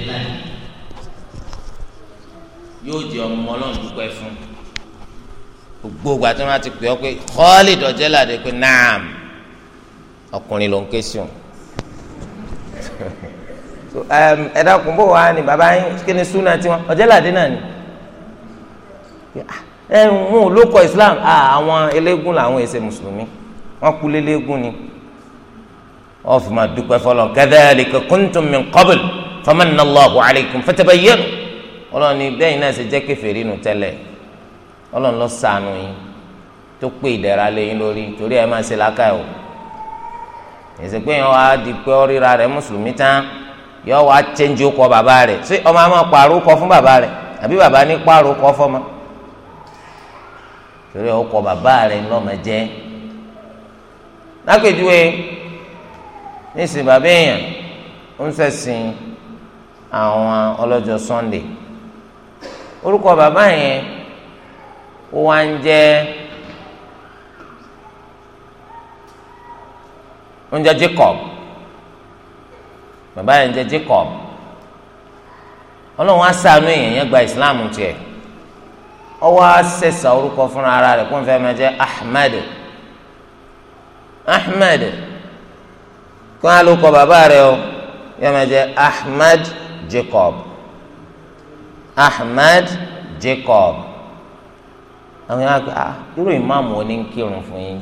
yẹn náà yóò jẹ ọmọ Ọlọ́run dúpẹ́ fún gbogbo ìgbà tí wọn ti pè ọ pé kọ́ọ̀lì dọ̀jẹ́ làdé pé naam ọkùnrin ló ń ké sí òun um, ẹ dákun bó wàá ní bàbá yín kí ni súnà tiwọn ọ̀jẹ́ làdé náà ni ah, ẹ ń mú ló kọ Islam àwọn eléégún làwọn èsè mùsùlùmí wọn kú léléégún ni wọn fi máa dúpẹ́ fọlọ́ kadhalika kuntum min qabl. famanna Allahu alaykum fatabayyanu ọlọ́run ní bẹ́ẹ̀ náà ṣe jẹ́ kèfèrí nu tẹ́lẹ̀ ọlọ́run ló ṣàánú yín tó pè ìdẹ̀ra lé lórí torí ẹ máa ṣe lákàá o ẹ̀sìn yẹn di pé ọ ríra rẹ̀ mùsùlùmí tán yọ wá kọ bàbá rẹ ṣé ọmọ pààrọ̀ kọ fún bàbá àbí bàbá ní pààrọ̀ kọ torí kọ bàbá lọ́mọ jẹ́ bàbá èèyàn ń àwọn ọlọ́jọ́ Sunday orúkọ bàbá yẹn ó wá ń jẹ́ ó ń jẹ́ Jacob bàbá yẹn ń gba Islam tiẹ̀ ọwọ́ á orúkọ fúnra ara rẹ̀ kó n fẹ́ máa jẹ́ Ahmed Ahmed kó bàbá rẹ̀ Ahmed. Jacob Ahmed Jacob àwọn yàrá pé ah irú ìmáàmù wo ni ń kírun fún yín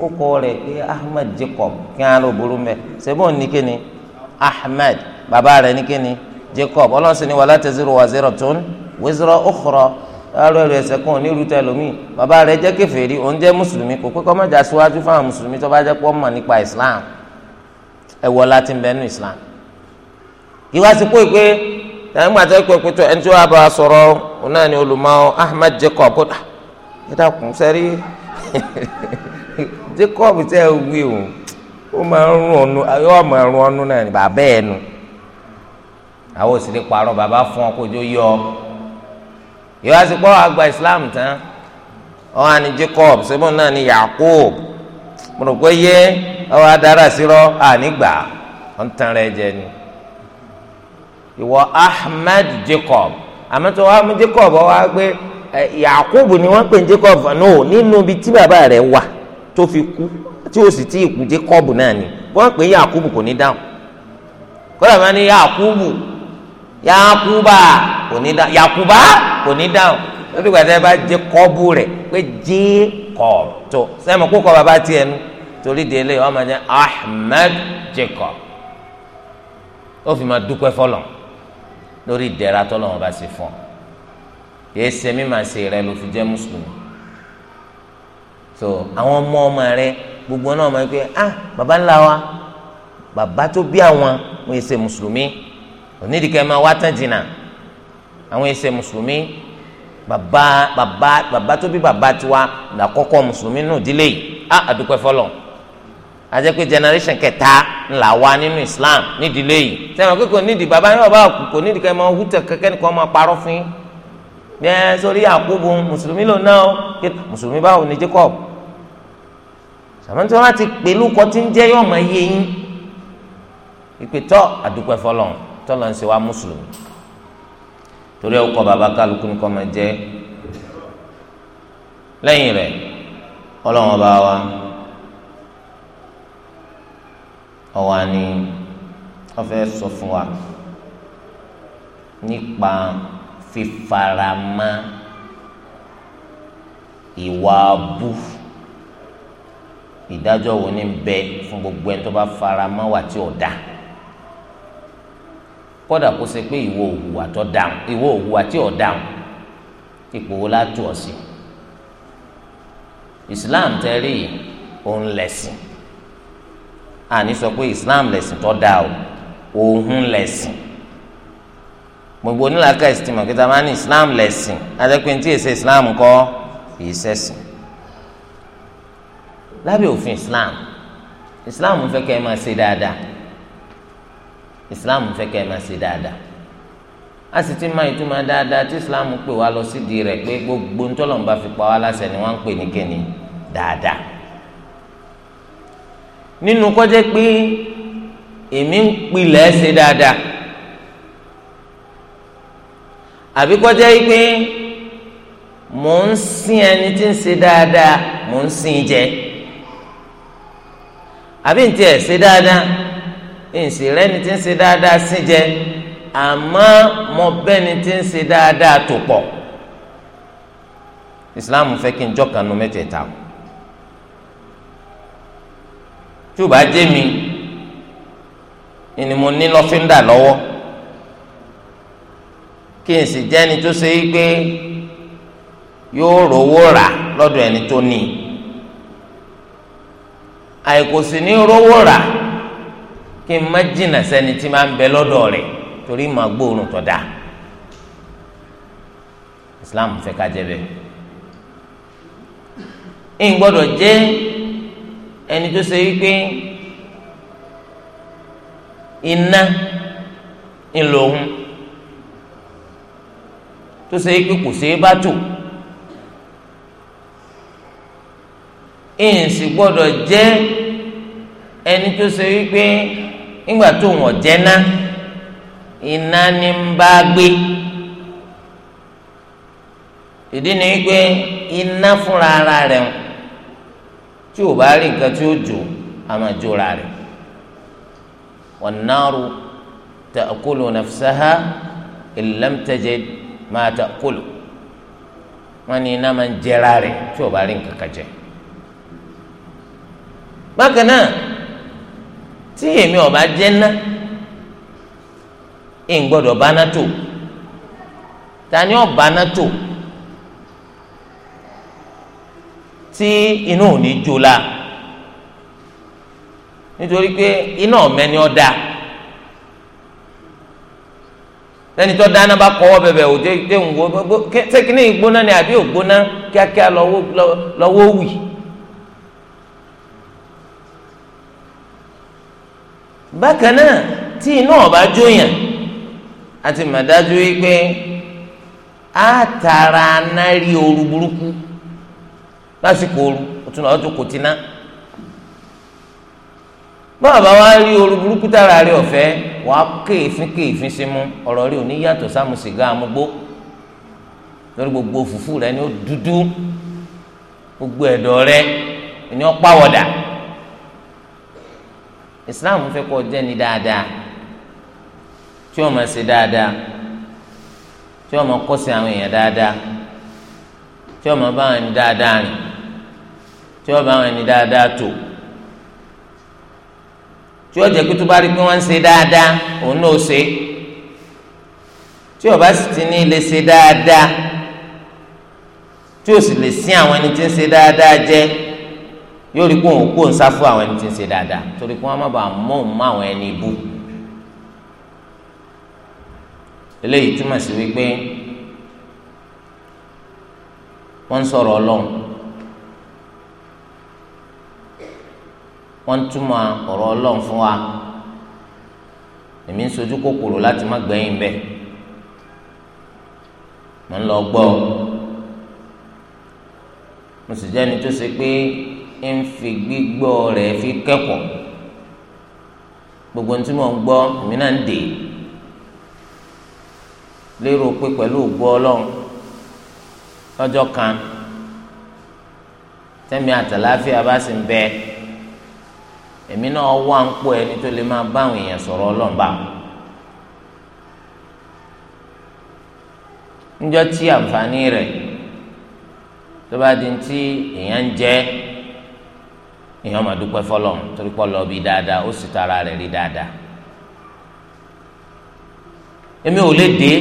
ó kọ rẹ̀ pé Ahmed Jacob kí á ló burú mẹ sẹbọn ní kíni Ahmed bàbá rẹ̀ ní kíni Jacob ọlọ́sìn ni wala taziru waziratun wizra ukhra arọ ẹrù ẹsẹ kan ní irúta ẹlòmíì bàbá rẹ̀ jẹ́ kèfèrí òun jẹ́ mùsùlùmí kò pé kó má jà síwájú fáwọn mùsùlùmí tó bá jẹ́ pọ́ mọ̀ nípa Islam ẹ̀wọ̀ láti bẹ́ẹ̀ nù Islam ìwà sí pé pé ẹ̀rọ ìgbà tó pé pẹ̀tọ́ ẹni tí wọ́n bá sọ̀rọ̀ òun náà ni olùmọ̀ Ahmad Jacob kó dà ah, ẹ dákun sẹ́rí Jacob tẹ́ ẹ wí o ó máa ń rún ọnu yóò máa rún ọnu náà ni bàbá ẹ̀ nu àwọn ò sì lè parọ́ bàbá fún ọ kójú yọ ìwà sí pé àgbà Islam tán ọ̀hún àni Jacob sẹ́bùn náà ni Yakub mo rò pé yé ọ̀hún adarasirọ́ ànígbà ọ̀ ń tan rẹ̀ jẹ ni. ìwọ Ahmed Jacob àmọ́ tó wàá Jacob ọ wá gbé Yakubu ni wọ́n pè Jacob no nínú ibi tí bàbá rẹ̀ wà tó fi kú tí o sì tí ì Jacob náà ni wọ́n pè Yakubu kò ní dáhùn kọ́lá máa ní Yakubu Yakuba kò ní dáhùn Yakuba kò ní dáhùn lórí ìgbà tí wọ́n bá Jacob rẹ̀ pé Jacob tó sẹ́mi kó kọ́ bàbá tiẹ̀ nu torí délé wọ́n máa jẹ́ Ahmed Jacob ó fi máa dúpẹ́ fọlọ́n. lórí ìdẹ̀ra tọ́lọ́wọ́n bá ṣe fún ọ yéé ṣe mímà ṣe rẹ ló fi jẹ́ mùsùlùmí so àwọn ọmọ ọmọ rẹ gbogbo náà mọ̀ pé ah baba ńlá wa baba tó bí àwọn wọn yéé ṣe mùsùlùmí onídìkẹ́ máa wá tán jìnnà àwọn yéé ṣe mùsùlùmí baba baba baba tó bí baba tiwa làkọ́kọ́ mùsùlùmí nù dílé yìí ah àdúpẹ́ fọlọ́ọ̀ àti pé generation kẹta ńlá wa nínú Islam nídìílé yìí sẹ́wọ̀n pé kò nídìí bàbá yín bàbá kù kò nídìí ká ẹ máa hútẹ̀ kẹ́kẹ́ nìkan máa parọ́ fún yín bẹ́ẹ̀ sórí Yakubu mùsùlùmí lò náà pé mùsùlùmí báwo ni Jacob sàmọ́tí wọn láti pẹ̀lú kọ́ tí ń jẹ́ yọ̀ máa yé yín ìpè tọ́ àdúgbò ẹ̀fọ́ lọ́n tọ́lọ́ ń ṣe wá mùsùlùmí torí ọkọ̀ bàbá kálukú nìkan máa jẹ́ lẹ́yìn rẹ̀ ọlọ́run ọba wa. ọ̀wà ni wọ́n fẹ́ sọ fún wa nípa fífaramá ìwà abú ìdájọ́ wo ni bẹ fún gbogbo ẹni tó bá faramá wà tí ò dáa kódà kó ṣe pé ìwọ òwúwa tó dáhùn ìwọ òwúwa tí ò dáhùn ipò wo látú Islam tẹ́lẹ̀ òun lẹ̀sìn àní sọ pé islam lẹ̀sìn tó dáa o òun lẹ̀sìn gbogbo onílàákà ìsìtìmọ̀ kí táwọn ní islam lẹ̀sìn adẹ́pẹ́ tí islam kọ́ kìí sẹ́sìn lábẹ́ òfin islam islam fẹ́ kẹ́ ẹ máa ṣe dáadáa islam fẹ́ kẹ́ ẹ máa ṣe dáadáa a sì ti máa ìtumọ̀ dáadáa tí islam pè wá lọ sídìí rẹ̀ pé gbogbo ntọ́lọ́mùbá fi pa wá láṣẹ ni wọ́n ń pè ní kíni dáadáa nínú kọjá pé èmi ń pilẹ̀ ṣe dáadáa àbí kọjá pé mò ń sin ẹni tí ń ṣe dáadáa mò ń sin jẹ àbí ń tiẹ̀ ṣe dáadáa ń sì rẹ́ni tí ń ṣe dáadáa sí jẹ àmọ́ mo bẹ́ni tí ń ṣe dáadáa tó pọ̀ Islam fẹ́ kí n jọ́ kanu mẹ́tẹ̀ẹ̀ta o. tí o mi ni mo ní lọ́fíńdà lọwọ kí n sì jẹ́ ẹni tó ṣe é pé yóò rówó rà lọ́dọ̀ ẹni tó ní àìkò sì ní rówó rà kí n má jìnnà sẹ́ni tí máa ń bẹ lọ́dọ̀ rẹ torí màá gbóòórùn tó dáa Islam fẹ́ ká jẹ́ bẹ́ẹ̀ ń gbọ́dọ̀ jẹ́ ẹni tó ṣe wípé iná ńlọhún tó ṣe wípé kò ṣe é bá tò ìyìn gbọdọ jẹ jẹ́ ẹni tó ṣe wípé nígbà tó wọ́n jẹ ná iná ní ń bá gbé ìdí ni wípé iná fúnra ara rẹ ń. tí o bá rí nǹkan tí ó jò a máa jóra rẹ̀ wan-nāru ta'kulu nafsahā in lam tajid mā ta'kulu wọ́n ní iná máa ń jẹra rẹ̀ tí o bá rí nǹkan kan jẹ. bákan náà tí èmi ọba jẹ́ ná ń bá ná tò ta ni ọba ná tò. tí inú ò ní jó la nítorí pé iná ọ̀mẹ́ni ọ̀dà lẹ́ni tó dáná bá kọ́wọ́ bẹ̀bẹ̀ òde dé ń wo sẹ́kìnì ìgbóná ni àbí ògbóná kíákíá lọ́wọ́ wì. bákan náà tí iná ọ̀bá jóyàn àti màdájú wípé á tara aná rí burúkú lásìkò ooru òtún náà ọjọ́ kò ti ná báwa bá wá rí ooru burúkú tára rí ọ̀fẹ́ wàá kéèfín kéèfín sí mú ọ̀rọ̀ rí òní yàtọ̀ sáàmù sìgá àmúgbó lórí gbogbo fùfú rẹ ni ó dúdú gbogbo ẹ̀dọ̀ rẹ ni ó pàwọ̀dà Islam fẹ́ kọ́ jẹ́ ni dáadáa tí ó máa ṣe dáadáa tí ó máa kọ́ sí àwọn èèyàn dáadáa tí ọmọ bá wọn ní dáadáa rìn tí ọmọ bá wọn ní dáadáa tò tí ọjà pé tó bá rí pé wọn ń ṣe dáadáa òun náà ṣe tí ọba sì ti ní lè ṣe dáadáa tí o sì lè sí àwọn ẹni tí ń ṣe dáadáa jẹ yóò rí pé òun kó ń sá fún àwọn ẹni tí ń ṣe dáadáa torí pé wọn má bàa mọ òun mọ àwọn ẹni bú eléyìí túmọ̀ sí wípé. wọ́n ń sọ̀rọ̀ ọlọ́run wọ́n ń túmọ̀ ọ̀rọ̀ ọlọ́run fún wa èmi ń sojú kòkòrò láti má gbẹ̀yìn bẹ́ẹ̀ mo ń lọ gbọ́ mo sì jẹ́ ẹni tó ṣe pé ń fi gbígbọ́ rẹ̀ fi kẹ́kọ̀ọ́ gbogbo tí mo ń gbọ́ èmi náà ń dè lérò pé pẹ̀lú ògbọ́ ọlọ́run lọ́jọ́ kan tẹ́mi àtàláfíà bá sì ń bẹ èmi náà wá ń pọ ẹni tó lè máa bá àwọn èèyàn sọ̀rọ̀ ọlọ́ọ̀bà níjọ́ tí àǹfààní rẹ̀ tó bá di ti èèyàn jẹ́ èèyàn máa dúpẹ́ bí dáadáa ó sì rẹ̀ rí dáadáa èmi ò lè dé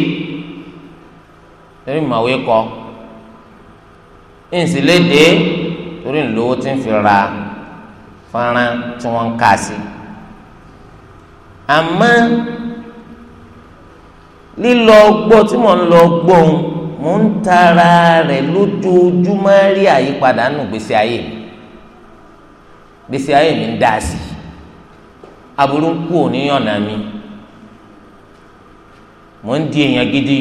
torí màwé ǹsì lede torí tí ń fi ra fọ́nrán tí wọ́n ń kà sí. àmọ́ lílọ gbọ́ tí mò ń lọ gbọ́ òun mò ń tara ma lójoojúmọ́ rí àyípadà nù gbèsè ayé mi gbèsè ayé mi ń dá sí i aburú ń kú òníyànnà mi mò ń di èèyàn gidi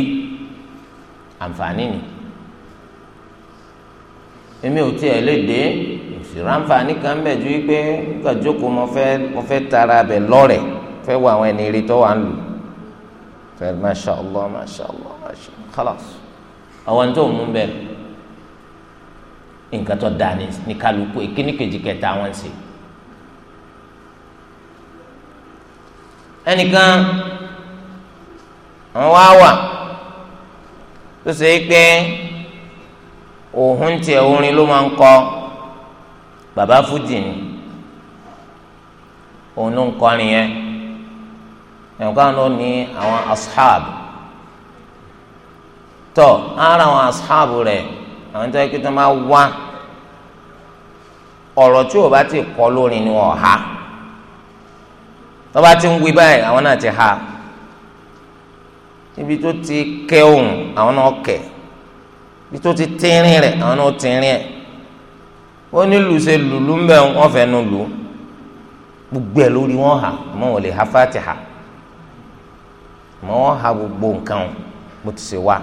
àǹfààní ni. èmi ò tiẹ̀ lè dé ìrànfààní kan bẹ̀ ju wípé nígbà jókòó mo fẹ́ mo fẹ́ tara bẹ̀ lọ́rẹ̀ fẹ́ wọ àwọn ẹni eré tó wà ń lù fẹ́ masha allah masha allah masha allah khalas àwọn tó mú bẹ́ẹ̀ nǹkan tó da ní kálukú ìkíní kejì kẹta wọn sí ẹnìkan àwọn wá wà tó ṣe é pé. òun tiẹ̀ orin ló máa ń kọ bàbá fújì ni òun ló ń kọrin yẹn ẹ̀ka ló ní àwọn ashab tọ́ ara àwọn ashab rẹ̀ àwọn tó yẹ kí tó máa wá ọ̀rọ̀ tí o bá ti kọ lórin ni wọ́n ha tó bá ti ń wí báyìí àwọn náà ti ha ibi tó ti kẹ́ òun àwọn náà kẹ́ ẹ̀. bí tó ti tínrín rẹ̀ àwọn náà tínrín ẹ̀ ó ní lùsẹ̀ lùlù ń bẹ̀ wọ́n fẹ́ nu lù gbogbo ẹ̀ lórí wọn hà mọ́ wọn lè ha fatiha mọ́ wọn ha gbogbo nǹkan bó ti ṣe wá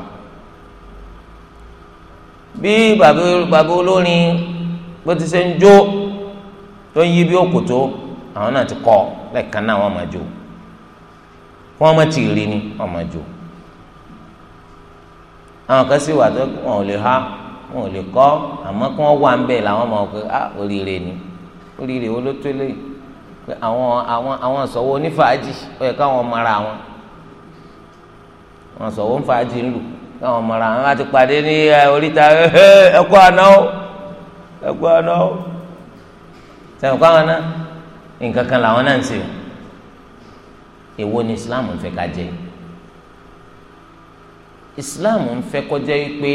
bí bàbá olórin bó ti ṣe ń jó tó ń yí bí òkòtó àwọn náà ti kọ́ lẹ́ẹ̀kan náà wọ́n máa jó wọ́n máa ti rí ni wọ́n máa jó. àwọn kan sì wà tó wọn ò lè ha wọn ò lè kọ́ àmọ́ kí wọ́n wà ń bẹ̀ làwọn ah, oríire ni oríire wo ló tó léyìí pé àwọn àwọn àwọn sọ̀wọ́ onífàájì ó yẹ káwọn mara wọn àwọn sọ̀wọ́ onífàájì ń lù káwọn mara wọn láti pàdé ní oríta ẹ̀kọ́ àná ẹ̀kọ́ àná sẹ́wọ̀n káwọn náà nǹkan kan làwọn náà ń ni Islam fẹ́ ká jẹ́ islam ń fẹ́ kọjá yìí pé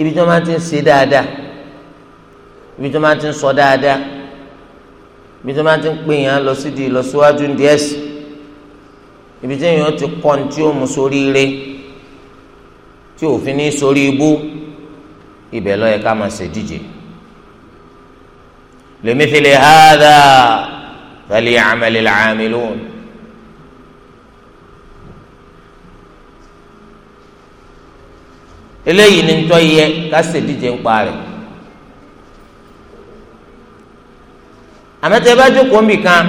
ibi tí wọ́n máa ti ń ṣe dáadáa ibi tí wọ́n máa ti ń sọ dáadáa ibi tí wọ́n máa ti ń pè yàn lọ sí di ìlọsíwájú díẹ̀ sí ibi tí èèyàn ti kọ́ tí ó mú sórí ire tí òfin ní sórí ibú ibẹ̀ ló yẹ ká máa ṣe díje limithli hadha faly'amalil 'amilun. eléyìí ni ntọ́ yẹ ká ṣèdíje ń pa rẹ̀ àmọ́tẹ́ bá jókòó mbì kan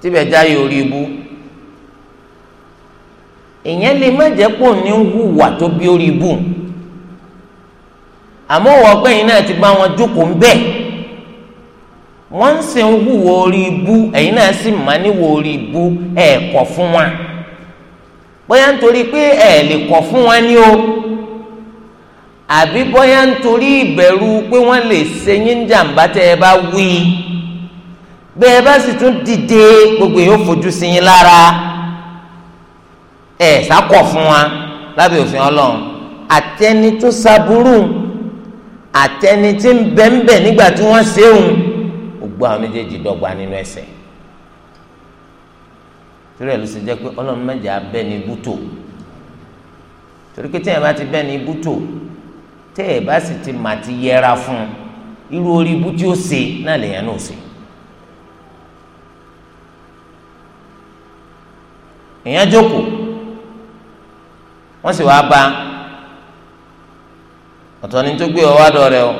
tíbẹ̀ já yóò rí ibú ìyẹn lè má jẹ́ pò ní hùwà tó bí ó rí ibú àmọ́ wọ́n pẹ́yìn náà ti bá wọn jókòó ń wọ́n ń sìn hùwà orí ibú ẹ̀yin náà sì má níwò orí ibú ẹ̀ kọ̀ fún wa bóyá nítorí pé ẹ̀ lè kọ̀ fún wa ní o àbí bóyá nítorí ìbẹ̀rù pé wọ́n lè ṣe yín jàǹbá tẹ́ ẹ bá wí bẹ́ ẹ bá sì tún dìde gbogbo yìí ó fojú sí yín lára ẹ sákọ̀ fún wa lábẹ́ òfin ọlọ́run àtẹni tó ṣaburú àtẹni tí ń bẹ́ńbẹ́ nígbà tí wọ́n ṣéhùn gbogbo àwọn méjèèjì dọ́gba nínú ẹsẹ̀ torí ẹ̀ ló ṣe jẹ́ pé ọlọ́run mẹ́jẹ̀ abẹ́ni bútò torí pé tí ẹ̀ bá ti bẹ́ni bútò tẹ́ ẹ̀ bá sì ti mà ti yẹra fún irú orí ibú tí ó ṣe náà lèèyàn náà ṣe. èèyàn jókòó wọ́n sì wáá bá ọ̀tọ̀ ni tó gbé ọwọ́ àdọ̀rẹ́ o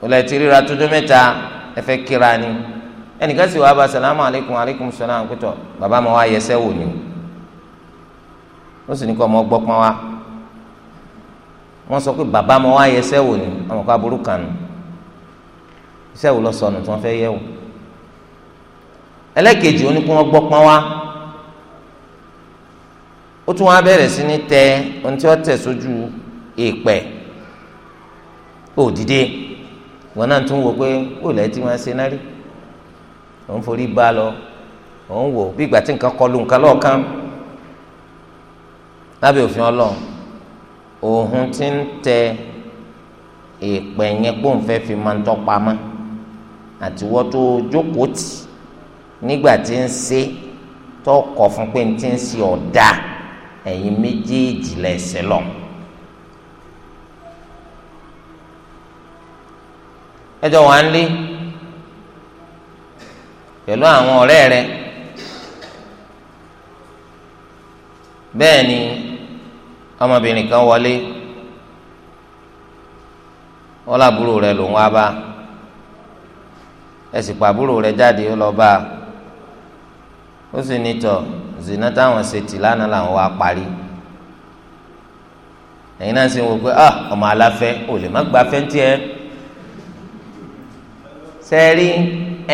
kò lè ti ríra tójó mẹ́ta ẹ fẹ́ kíra ni ẹnìkan sì wáá bá salamu alaykum alaykum salam pẹ̀tọ̀ bàbá mi wá yẹsẹ́ wò ni o ó sì ní kọ́ ọmọ gbọ́pọ́n wa. wọ́n sọ pé bàbá ọmọ wa yẹ sẹ́wò ni àwọn kan aburú kan nù sẹ́wò lọ sọnù tí wọ́n fẹ́ yẹ̀wò ẹlẹ́kejì ó ní kí wọ́n gbọ́ pọ́n wá ó tún wá bẹ̀rẹ̀ sí ní tẹ ohun tí wọ́n tẹ̀ sójú èèpẹ̀ òdìdé wọn náà tún wò pé ó lẹ́yìn tí wọ́n ṣe náà rí òun forí bá lọ òun wò bí ìgbà tí nǹkan kọlu nǹkan lọ́ọ̀kan lábẹ́ òfin ọlọ́run òun ti ń tẹ ìpè yẹn pé òun fẹ́ fi máa ń tọ́pamọ́ àtiwọ́ tó jókòó tì nígbà tí ń ṣe tọkọ fún pé ti ń ṣe ọ̀dà ẹ̀yin méjèèjì lẹ́sẹ̀ lọ. ẹjọ́ wa ń lé pẹ̀lú àwọn ọ̀rẹ́ rẹ bẹ́ẹ̀ ni ọmọbìnrin kan wọlé wọn làbúrò rẹ̀ lòún wá bá ẹsì pàbúrò rẹ̀ jáde ó lọ bá ó sì ní tọ zina táwọn ṣe tì lánàá làwọn wá parí ẹ̀yin náà sì ń wò pé ah ọmọ aláfẹ́ ò lè má gba fẹntì ẹ sẹẹrí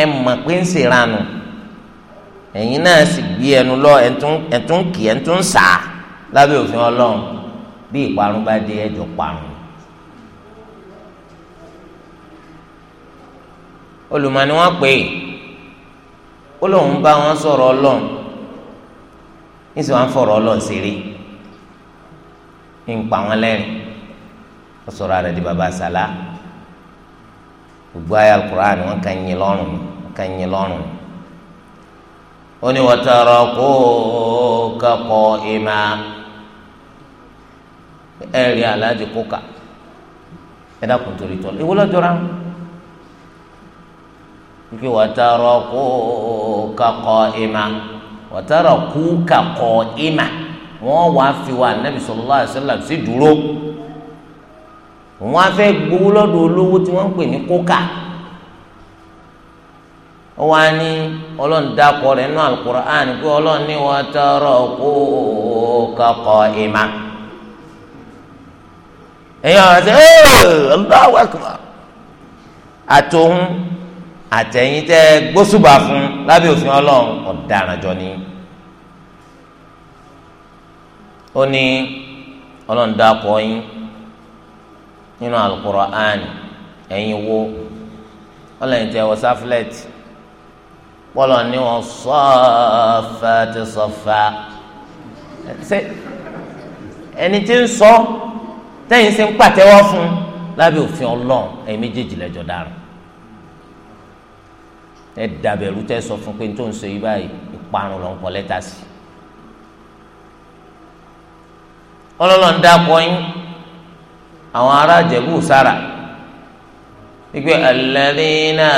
ẹ mọ̀ pé ń ṣèranù ẹ̀yin náà sì gbé ẹnu lọ ẹ tún kì ẹ tún sà lábẹ́ òfin Ọlọ́run bí ìparun bá dé ẹjọ parun olùmọ̀ni wọn pè é ó lóun bá wọn sọ̀rọ̀ ọlọ́run níṣẹ́ wọn fọ̀rọ̀ ọlọ́run ṣeré ń pa wọn lẹ́rìn ó sọ̀rọ̀ ara di baba sàlá gbogbo ayé alukóra ni wọn kàn yín lọ́rùn kàn yín lọ́rùn ó ní wọ́n tọrọ kó kakọ ìmá ẹ rí aláàjì kóka ẹ dákun torí tọ ìwọ lọjọra wípé wàtàrọ kó kakọ ìmà wàtàrọ kú kakọ ìmà wọn wà fi wà nàbì sallallahu alaihi wasallam sí dúró wọn á fẹ́ gbowó lọ́dọ̀ olówó tí wọn ń pè ní kóka wọ́n á ní ọlọ́run rẹ̀ nínú Al-Qur'an pé ọlọ́run ní wàtàrọ kó kakọ ìmà ẹ̀yin àwọn àti ẹ̀ Allahu Akbar àtòhun àtẹ̀yìn tẹ́ gbósùbà fún lábẹ́ òfin ọlọ́run ọ̀daràn jọ ni ó ní ọlọ́run dákọ̀ yín nínú Al-Qur'an ẹ̀yin wo ọlọ́run tẹ́ wọ sáfúlẹ̀tì pọ́lọ̀ ní wọn sọ́ọ̀fà ti sọ̀fà ẹni tí ń sọ. So, tẹ́yìn ṣe ń pàtẹ́wọ́ fún lábẹ́ òfin ọlọ́run ẹ̀yin méjèèjì lẹ́jọ́ dáràn ẹ dàbẹ̀rù tẹ́ sọ fún pé tó ń ṣe yí báyìí ìparun ló ń kọ lẹ́tà sí i ọlọ́lọ́n dàpọ̀ yín àwọn ará jẹ̀bú sára wípé alladhina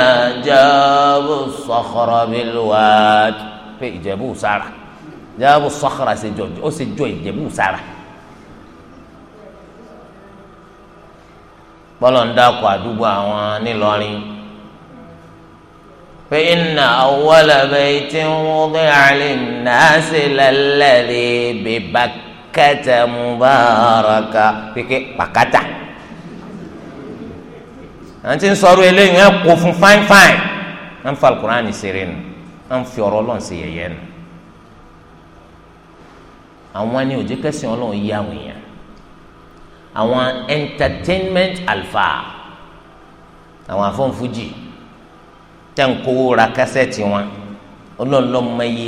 jabu sakhra bil wad pé ìjẹ̀bú sára jabu sakhra ṣe jọ ìjẹ̀bú sára. bọ́lọ̀ ń dákọ̀ àdúgbò àwọn nílọrin pé inna awwala baytin wudi'a lin-nasi lalladhi bi Bakkata mubaraka pèké pàkátà àwọn tí ń sọ̀rọ̀ eléyìí wọn kò fún fáin fáin wọn fa alukur'an ṣeré nu wọn fi ọ̀rọ̀ Ọlọ́run ṣe yẹ̀yẹ́ nu àwọn ni òjò kẹsàn-án Ọlọ́run yí àwọn èèyàn àwọn entertainment alfa àwọn afọ́nfújì tẹ̀ ń kówó ra kásẹ̀tì wọn ọlọ́ọ̀lọ́mọye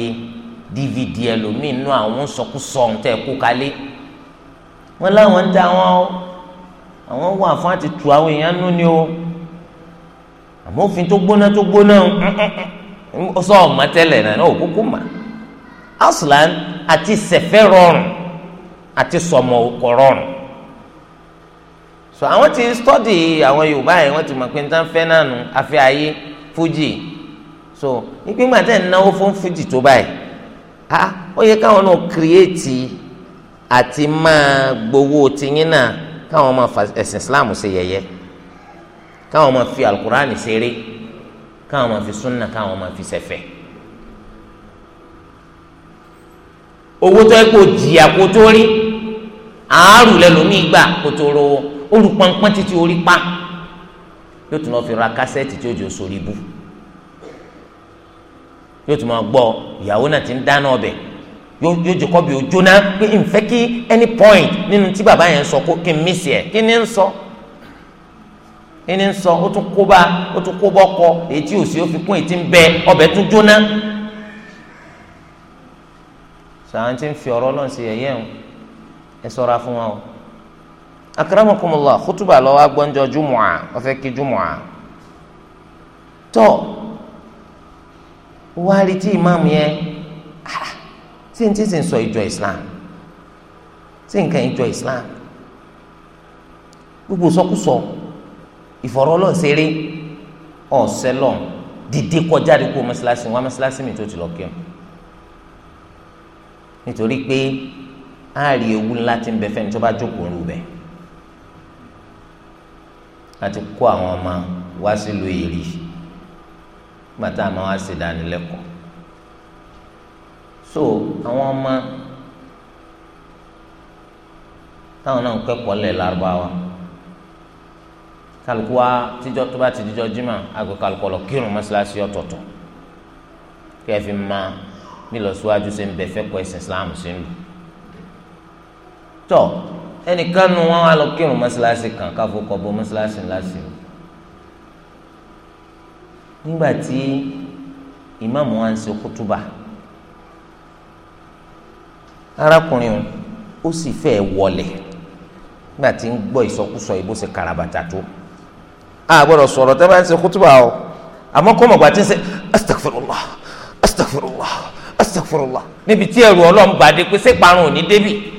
dvd ẹlòmíì nú àwọn sọkúsọ tẹ̀ kó kalẹ̀ wọn láwọn ń ta wọn o àwọn wà fún àti tu àwọn èèyàn nú ni o àmọ́ òfin tó gbóná tó gbóná ó sọ ọ̀ mọ́tẹ́lẹ̀ náà ó kúkú mà aslan àti sẹ̀fẹ́ rọrùn àti sọ̀mọ̀ kọ̀ rọrùn so àwọn ti study àwọn yorùbá yẹn wọ́n ti mọ̀ pé nǹkan fẹ́ náà nù afẹ́ ayé Fuji. so nígbà tẹ̀ ń náwó fún Fuji tó báyìí ah ó yẹ káwọn náà kírèétì àti máa gbowó tiyín náà káwọn máa fa ẹ̀sìn islam ṣe yẹ̀yẹ́ káwọn máa fi alukurani ṣeré káwọn máa fi sunna káwọn máa fi ṣẹ̀fẹ̀ owó tó yẹ kó jìyà kó tó rí àárò lẹ́lòmíì gbà kó tó rówó olùpọ̀npọ̀n títí orí pa yóò tún lọ fi ra kásẹ̀tì tí ó jò sórí bú yóò tún máa gbọ́ ìyàwó náà ti ń dáná ọbẹ̀ yóò jò kọ́ bí o jóná pé n fẹ́ kí any point nínú tí bàbá yẹn ń sọ kó kí n mísì ẹ̀ kí ni ń sọ kí ni ń sọ ó tún kó bá ó tún kó bọ́ kọ èyí tí òsì ó fi kún èyí ń bẹ ọbẹ̀ tún jóná sàn ń fi ọ̀rọ̀ náà sí ẹ̀yẹ́ ẹ ṣọ́ra fún wa o akramakumullah khutuba lọ wá gbọ́njọ jumua ọfẹ kí jumua tọ wá rí tí ìmáàmù yẹn ah, tí n tí sì ń sọ ìjọ islam tí nǹkan ìjọ islam gbogbo sọkúsọ ìfọ̀rọ̀ ọlọ́ọ̀sẹ̀rẹ̀ ọ̀sẹ̀lọ̀ dìde kọjá àdúgbò mọ́sálásí wọn mọ́sálásí mi tó ti lọ kírun nítorí pé a rí ewu ńlá tí ń bẹ fẹ́ni tó bá jókòó ń rú bẹ́ẹ̀ láti kó àwọn ọmọ wá sílùú èrì gbàtà àmọ́ wá sí ìdánilẹ́kọ̀ọ́ so àwọn ọmọ táwọn náà ń kẹ́kọ̀ọ́ lẹ̀ lárúbáwá kálukú wa tíjọ́ tó bá ti díjọ́ jimá àgọ kálukú ọlọ kírun mọ́ṣáláṣí ọ̀tọ̀ọ̀tọ̀ kí ẹ fi ma bí lọ síwájú ṣe ń bẹ fẹ́ kọ́ ẹ̀sìn Islam sínú tọ́. So, ẹnìkan nu wọn wá lọ kírun mọ́ṣáláṣí kan káfọkọ̀ bọ mọ́ṣáláṣí ńlá sí o nígbà tí ìmáàmù wa ń ṣe kútúbà arákùnrin ó sì fẹ́ wọlé nígbà tí ń gbọ́ ìsọkúsọ ìbò ṣe karabata tó a gbọ́dọ̀ sọ̀rọ̀ tẹ́ bá ń ṣe kútúbà o àmọ́ kọ́ mọ̀gbà tí ń ṣe astagfirullah astagfirullah astagfirullah níbi tí ẹ̀rù ọlọ́run bàdé pé ṣé parun ò ní débì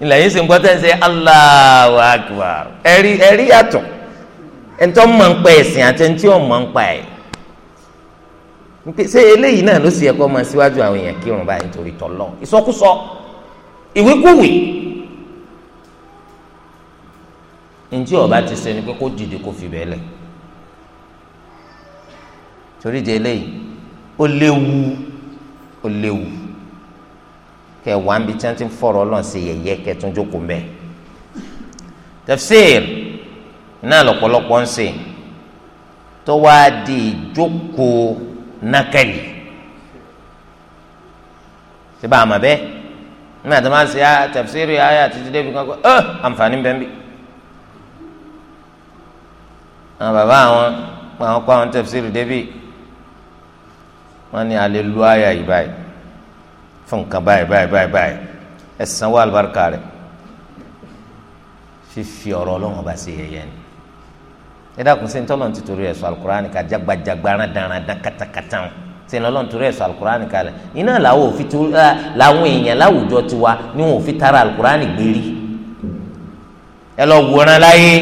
ilẹ̀ yìí sì ń gbọ́tẹ́ ṣe Allahu Akbar ẹ̀rí ẹ̀rí yàtọ̀ ẹ̀ńtọ́ mọ̀ ń pa ẹ̀sìn àti ẹ̀ńtí ò mọ̀ ń pa ẹ̀ ṣé eléyìí náà ló sì yẹ kó máa síwájú àwọn èèyàn kírun báyìí nítorí tọ́lọ́ ìsọkúsọ ìwíkúwì ntí ọba ti sẹni pé kó dìde kó fi bẹ́ẹ̀ lẹ̀ torí de eléyìí ó léwu ó léwu kẹ wà ń bi tí wọn ti ń fọ̀rọ̀ sí yẹ̀yẹ́ kẹ tún jókòó mbẹ tafsir náà lọ́pọ̀lọpọ̀ ń sè tó wáá di ìjókòó nákàlì ṣé bá a mọ̀ bẹ́ẹ̀ ní àti máa ṣe ah, tafsir ayé àti ti débi kan kó ẹ eh, àǹfààní bẹ́ẹ̀ bí àwọn bàbá àwọn àwọn kó àwọn tafsir débi wọn ni àlè lu ayé yìí fún nǹkan báyìí báyìí báyìí báyìí ẹ sanwó àlùbáríkà rẹ̀ fífi ọ̀rọ̀ ọlọ́run ọba sí yẹ̀yẹ́ ni ẹ dákun sí ní tọ́lọ́n ti torí ẹ̀sọ́ alukurani ká jagbajagba rándanrandan katakata wọn sí ní ọlọ́run torí ẹ̀sọ́ alukurani ká lẹ̀ iná làwọn òfin tó làwọn èèyàn láwùjọ tiwa ni wọn ò fi tara alukurani gbérí ẹ lọ wòran láyé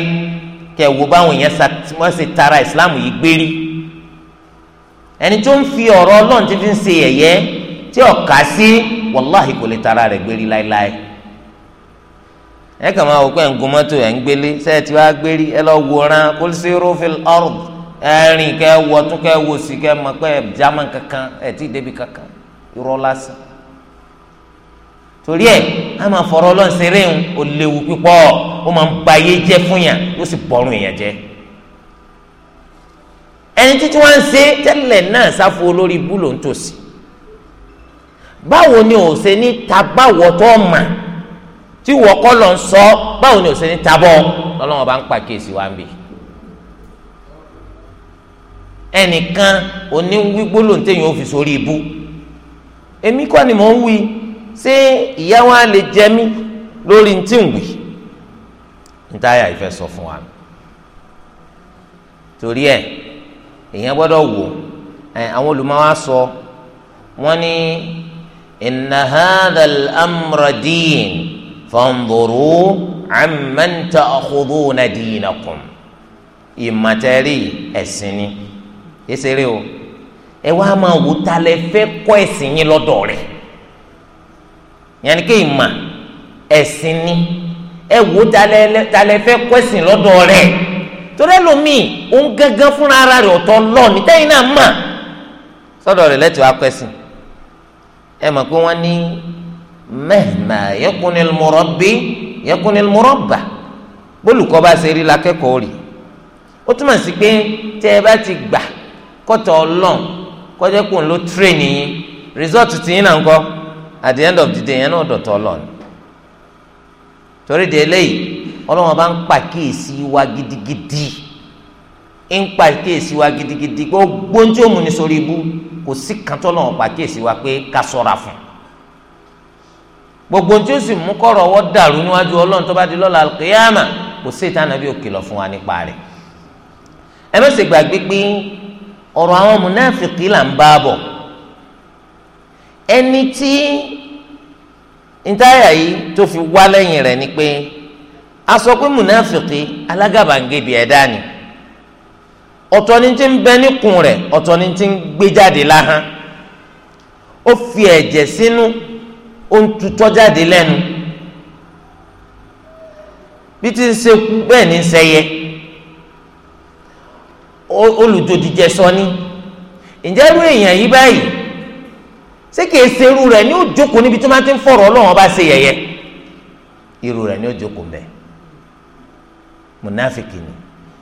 kẹ wo báwọn èèyàn wọn tara ìsìláàmù yìí gbérí ẹni tó ń fi ọ̀rọ̀ ọlọ́run ti fi ń ṣe yẹ̀yẹ́ tí ọ̀ka sí wàláhì kò lè tara rẹ̀ gbérí láéláé ẹ kàn máa wò pé ǹgun mọ́tò ẹ̀ ń gbélé sẹ́ẹ̀ tí wàá ẹ lọ wòran kó sí rófìl ọ̀rùn ẹ rìn wọ tún wò sí pé kankan ẹ̀ tí débi kankan irọ́ lásán torí ẹ a máa fọ̀rọ̀ ọlọ́run ṣeré ń o léwu báwo ni ò ṣe ní tabáwọ̀ tó mà tí wọ́n kọ́ lọ sọ báwo ni ò ṣe ní tabọ́ lọ́lọ́wọ́n bá ń pàkíyèsí wa ń bì ẹnìkan oníwí gbólóhùn téèyàn ò fi sórí ibú èmi kọ́ ni mò ń wí ṣé ìyá wa lè jẹ mí lórí ntí ń wì ntáyà ìfẹ́ sọ fún wa torí ẹ èèyàn gbọ́dọ̀ wò ẹ àwọn olùmọ̀ wa sọ wọ́n ní inna هذا amra دين، فانظروا عمن ta'khuduna دينكم. ìmọ̀tẹ́rì تري ni ìṣeré o ẹ wá máa wò ta lẹ fẹ́ kọ́ ẹ̀sìn yín lọ́dọ̀ rẹ̀ yẹn ni kí ìmọ̀ ẹ̀sìn ni ẹ wò ta lẹ fẹ́ kọ́ ẹ̀sìn lọ́dọ̀ rẹ̀ torí lomi òun gángan fúnra ara rẹ̀ ọ̀tọ̀ lọ ní náà mà sọ́dọ̀ rẹ̀ lẹtọ akẹsìn ẹ mọ̀ pé wọ́n ní mẹ́hìnà yẹkùnil mọ̀rọ́bí yẹkùnil mọ̀rọ́bà bólùkọ́ bá ṣe rí lakẹ́kọ̀ọ́ rí ó túmọ̀ sí pé tẹ́ ẹ bá ti gbà kọ́tọ̀ ọlọ́n kọjá kò ń lo tírénì yín rìsọ́ọ̀tù tì yín náà ń kọ́ at the end of the day yẹn náà dọ̀tọ̀ ọlọ́n torí de eléyìí ọlọ́wọ́n bá ń pàkíyèsí wa gidigidi. Gidi ń pa ìkéèsí wa gidigidi pé ó gbóhùn sórí ibú kò sí gbogbo tí ó sì mú kọ́rọ̀ ọwọ́ dàrú níwájú ọlọ́run tó bá di lọ́la alkiyama kò sí ìtàn àbí òkìlọ̀ fún wa nípa rẹ̀ ẹ má ṣe gbàgbé pé ọ̀rọ̀ àwọn ń bá bọ̀ ẹni tí ntáyà yìí tó fi wá lẹ́yìn rẹ̀ ni a pé ẹ̀dá ni. ọ̀tọ̀ ni ti ń bẹ níkùn rẹ̀ ọ̀tọ̀ ni ti ń gbé jáde láhán ó fi ẹ̀jẹ̀ sínú ó ń tutọ́ jáde lẹ́nu bí ti ń ṣekú bẹ́ẹ̀ ni ń ṣẹyẹ olùdòdìjẹ sọ ni ǹjẹ́ irú èèyàn yìí báyìí ṣé kìí ṣe irú rẹ̀ ní ó jókòó níbi tí wọ́n ti ń fọ̀rọ̀ ọlọ́run ọba ṣe yẹ̀yẹ́ irú rẹ̀ ní ó jókòó mbẹ́ mùnáfíkì ni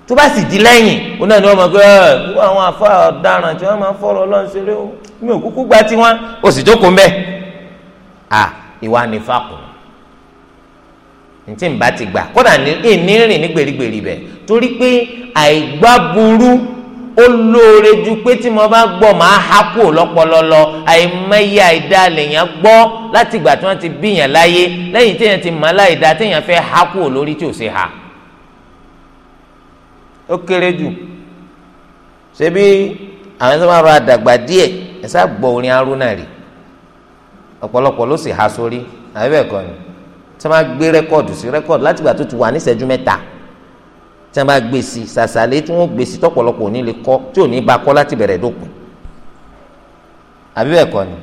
tó bá sì di lẹ́yìn ó náà ni wọ́n mọ̀ pé ẹ irú àwọn afa ọ̀daràn tí wọ́n máa ń fọ̀rọ̀ ọlọ́run ṣeré o mi ò kúkú gba tiwọn o sì jókòó ń bẹ́ à ìwà nífà kù ntí n bá ti gbà kódà ní rìn ní gbèrígbèrí bẹ̀ torí pé àìgbá burú ó lóore ju pé tí mo bá gbọ́ màá há kúrò lọ́pọlọlọ àìmọye àìdá lèèyàn gbọ́ láti ìgbà tí wọ́n ti bí yàn láyé lẹ́yìn téèyàn ti mọ̀ láìdá téèyàn fẹ́ há kúrò lórí tí ò ṣe hà ó kéré jù ṣebí àwọn tó máa ra àdàgbà díẹ̀ ẹ sá gbọ́ orin arúnà rè ọ̀pọ̀lọpọ̀ ló sì há sórí àbí bẹ́ẹ̀ kọ́ ni tí wọ́n bá gbé rẹ́kọ̀dù sí rẹ́kọ̀dù láti ìgbà tó ti wà ní ìṣẹ́jú mẹ́ta tí wọ́n bá gbé sí sàṣàlẹ̀ tí wọ́n gbé sí tọ́pọ̀lọpọ̀ òní lè kọ́ tí ò ní bá kọ́ láti bẹ̀rẹ̀ dópin àbí bẹ́ẹ̀ kọ́ ni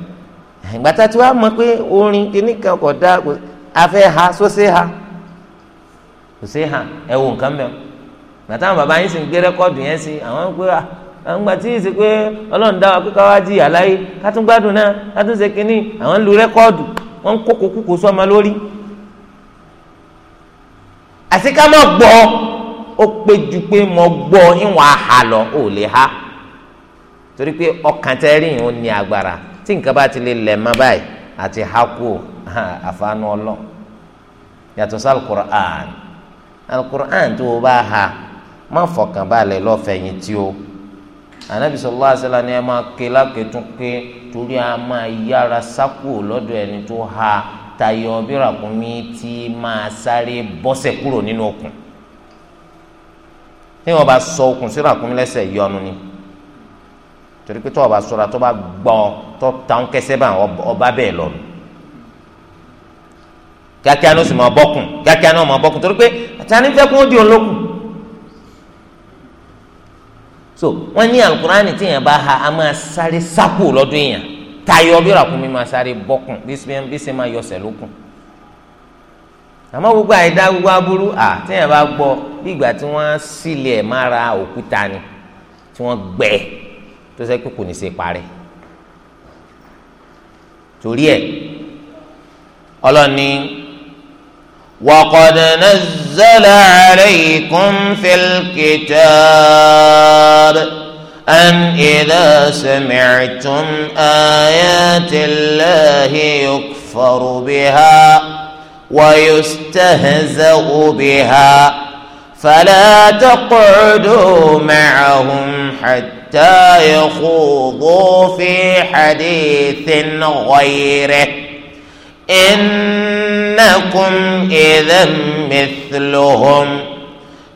ìgbà tá a ti wá mọ̀ pé orin kìíní kan kò dá afẹ́ ha sóṣe ha kò sí ha ẹ wo nǹkan mẹ́wọ́ gbàtà baba yín sì ń gbé rẹ́kọ́ọ̀dù yẹn sí àwọn pé àwọn gbà tí ìsìn pé ọlọ́run dá wa pé káwá jí àláyé ká gbádùn náà ká ṣe kínní àwọn o lu rẹ́kọ́ọ̀dù ń mo gbọ́ ìwọ̀n àhà lọ ò lè ha torí pé ọkàn tẹ́ rí ìhun ní agbára tí nǹkan bá ti lè lẹ̀ mọ́ báyìí àti ọlọ́ yàtọ̀ sí alukur'an alukur'an tó ha. má fọkàn balẹ̀ lọ́fẹ̀yìn tí o anabi sọlá àṣẹlá ni ẹ máa ké lákètún ké torí a máa yára sákò lọ́dọ̀ ẹni tó ha tayọ bíràkúnmí tí máa sáré bọ́sẹ̀ kúrò nínú okùn tí wọn bá sọ okùn sí ràkúnmí lẹ́sẹ̀ yọnu ni torí pé tó o bá sọra tó bá gbọ́n tó tàn kẹsẹ́ bá ọba bẹ́ẹ̀ lọ́nu kíákíá ni ó sì máa bọ́kùn kíákíá ni ó máa bọ́kùn torí pé àti ànífẹ́ ó di olókùn so wọ́n ní alukurani tí yẹn bá ha a máa sáré sápò lọ́dún yẹn tayọ bí ràkúnmí máa sáré bọ́kùn bí sẹ́ máa yọsẹ̀ lókun àmọ́ gbogbo àìdá gbogbo aburú à tí yẹn bá gbọ́ bí ìgbà tí wọ́n sílẹ̀ mára òkúta ni tí wọ́n gbẹ tó sẹ́ pé kò ní í ṣe parẹ́ torí ẹ̀ ọlọ́ni wọ́kọ̀dẹ̀ náà. نزل عليكم في الكتاب أن إذا سمعتم آيات الله يكفر بها ويستهزأ بها فلا تقعدوا معهم حتى يخوضوا في حديث غيره إن إنكم إذا مثلهم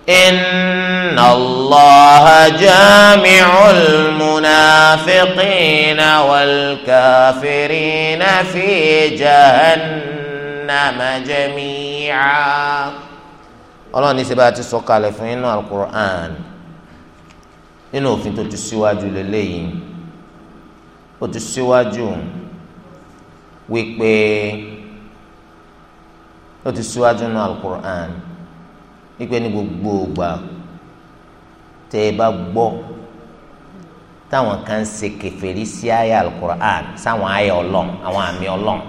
إن الله جامع المنافقين والكافرين في جهنم جميعا الله نسبات السكالة في القرآن إنه في tó الليل síwájú lélẹ́yìn ó ti síwájú nínú alukur'an wípé ní gbogbo ògbà tẹ ẹ bá gbọ́ táwọn kan ṣe kèfèrí sí àyà alukur'an sáwọn àyà Ọlọ́run àwọn àmì Ọlọ́run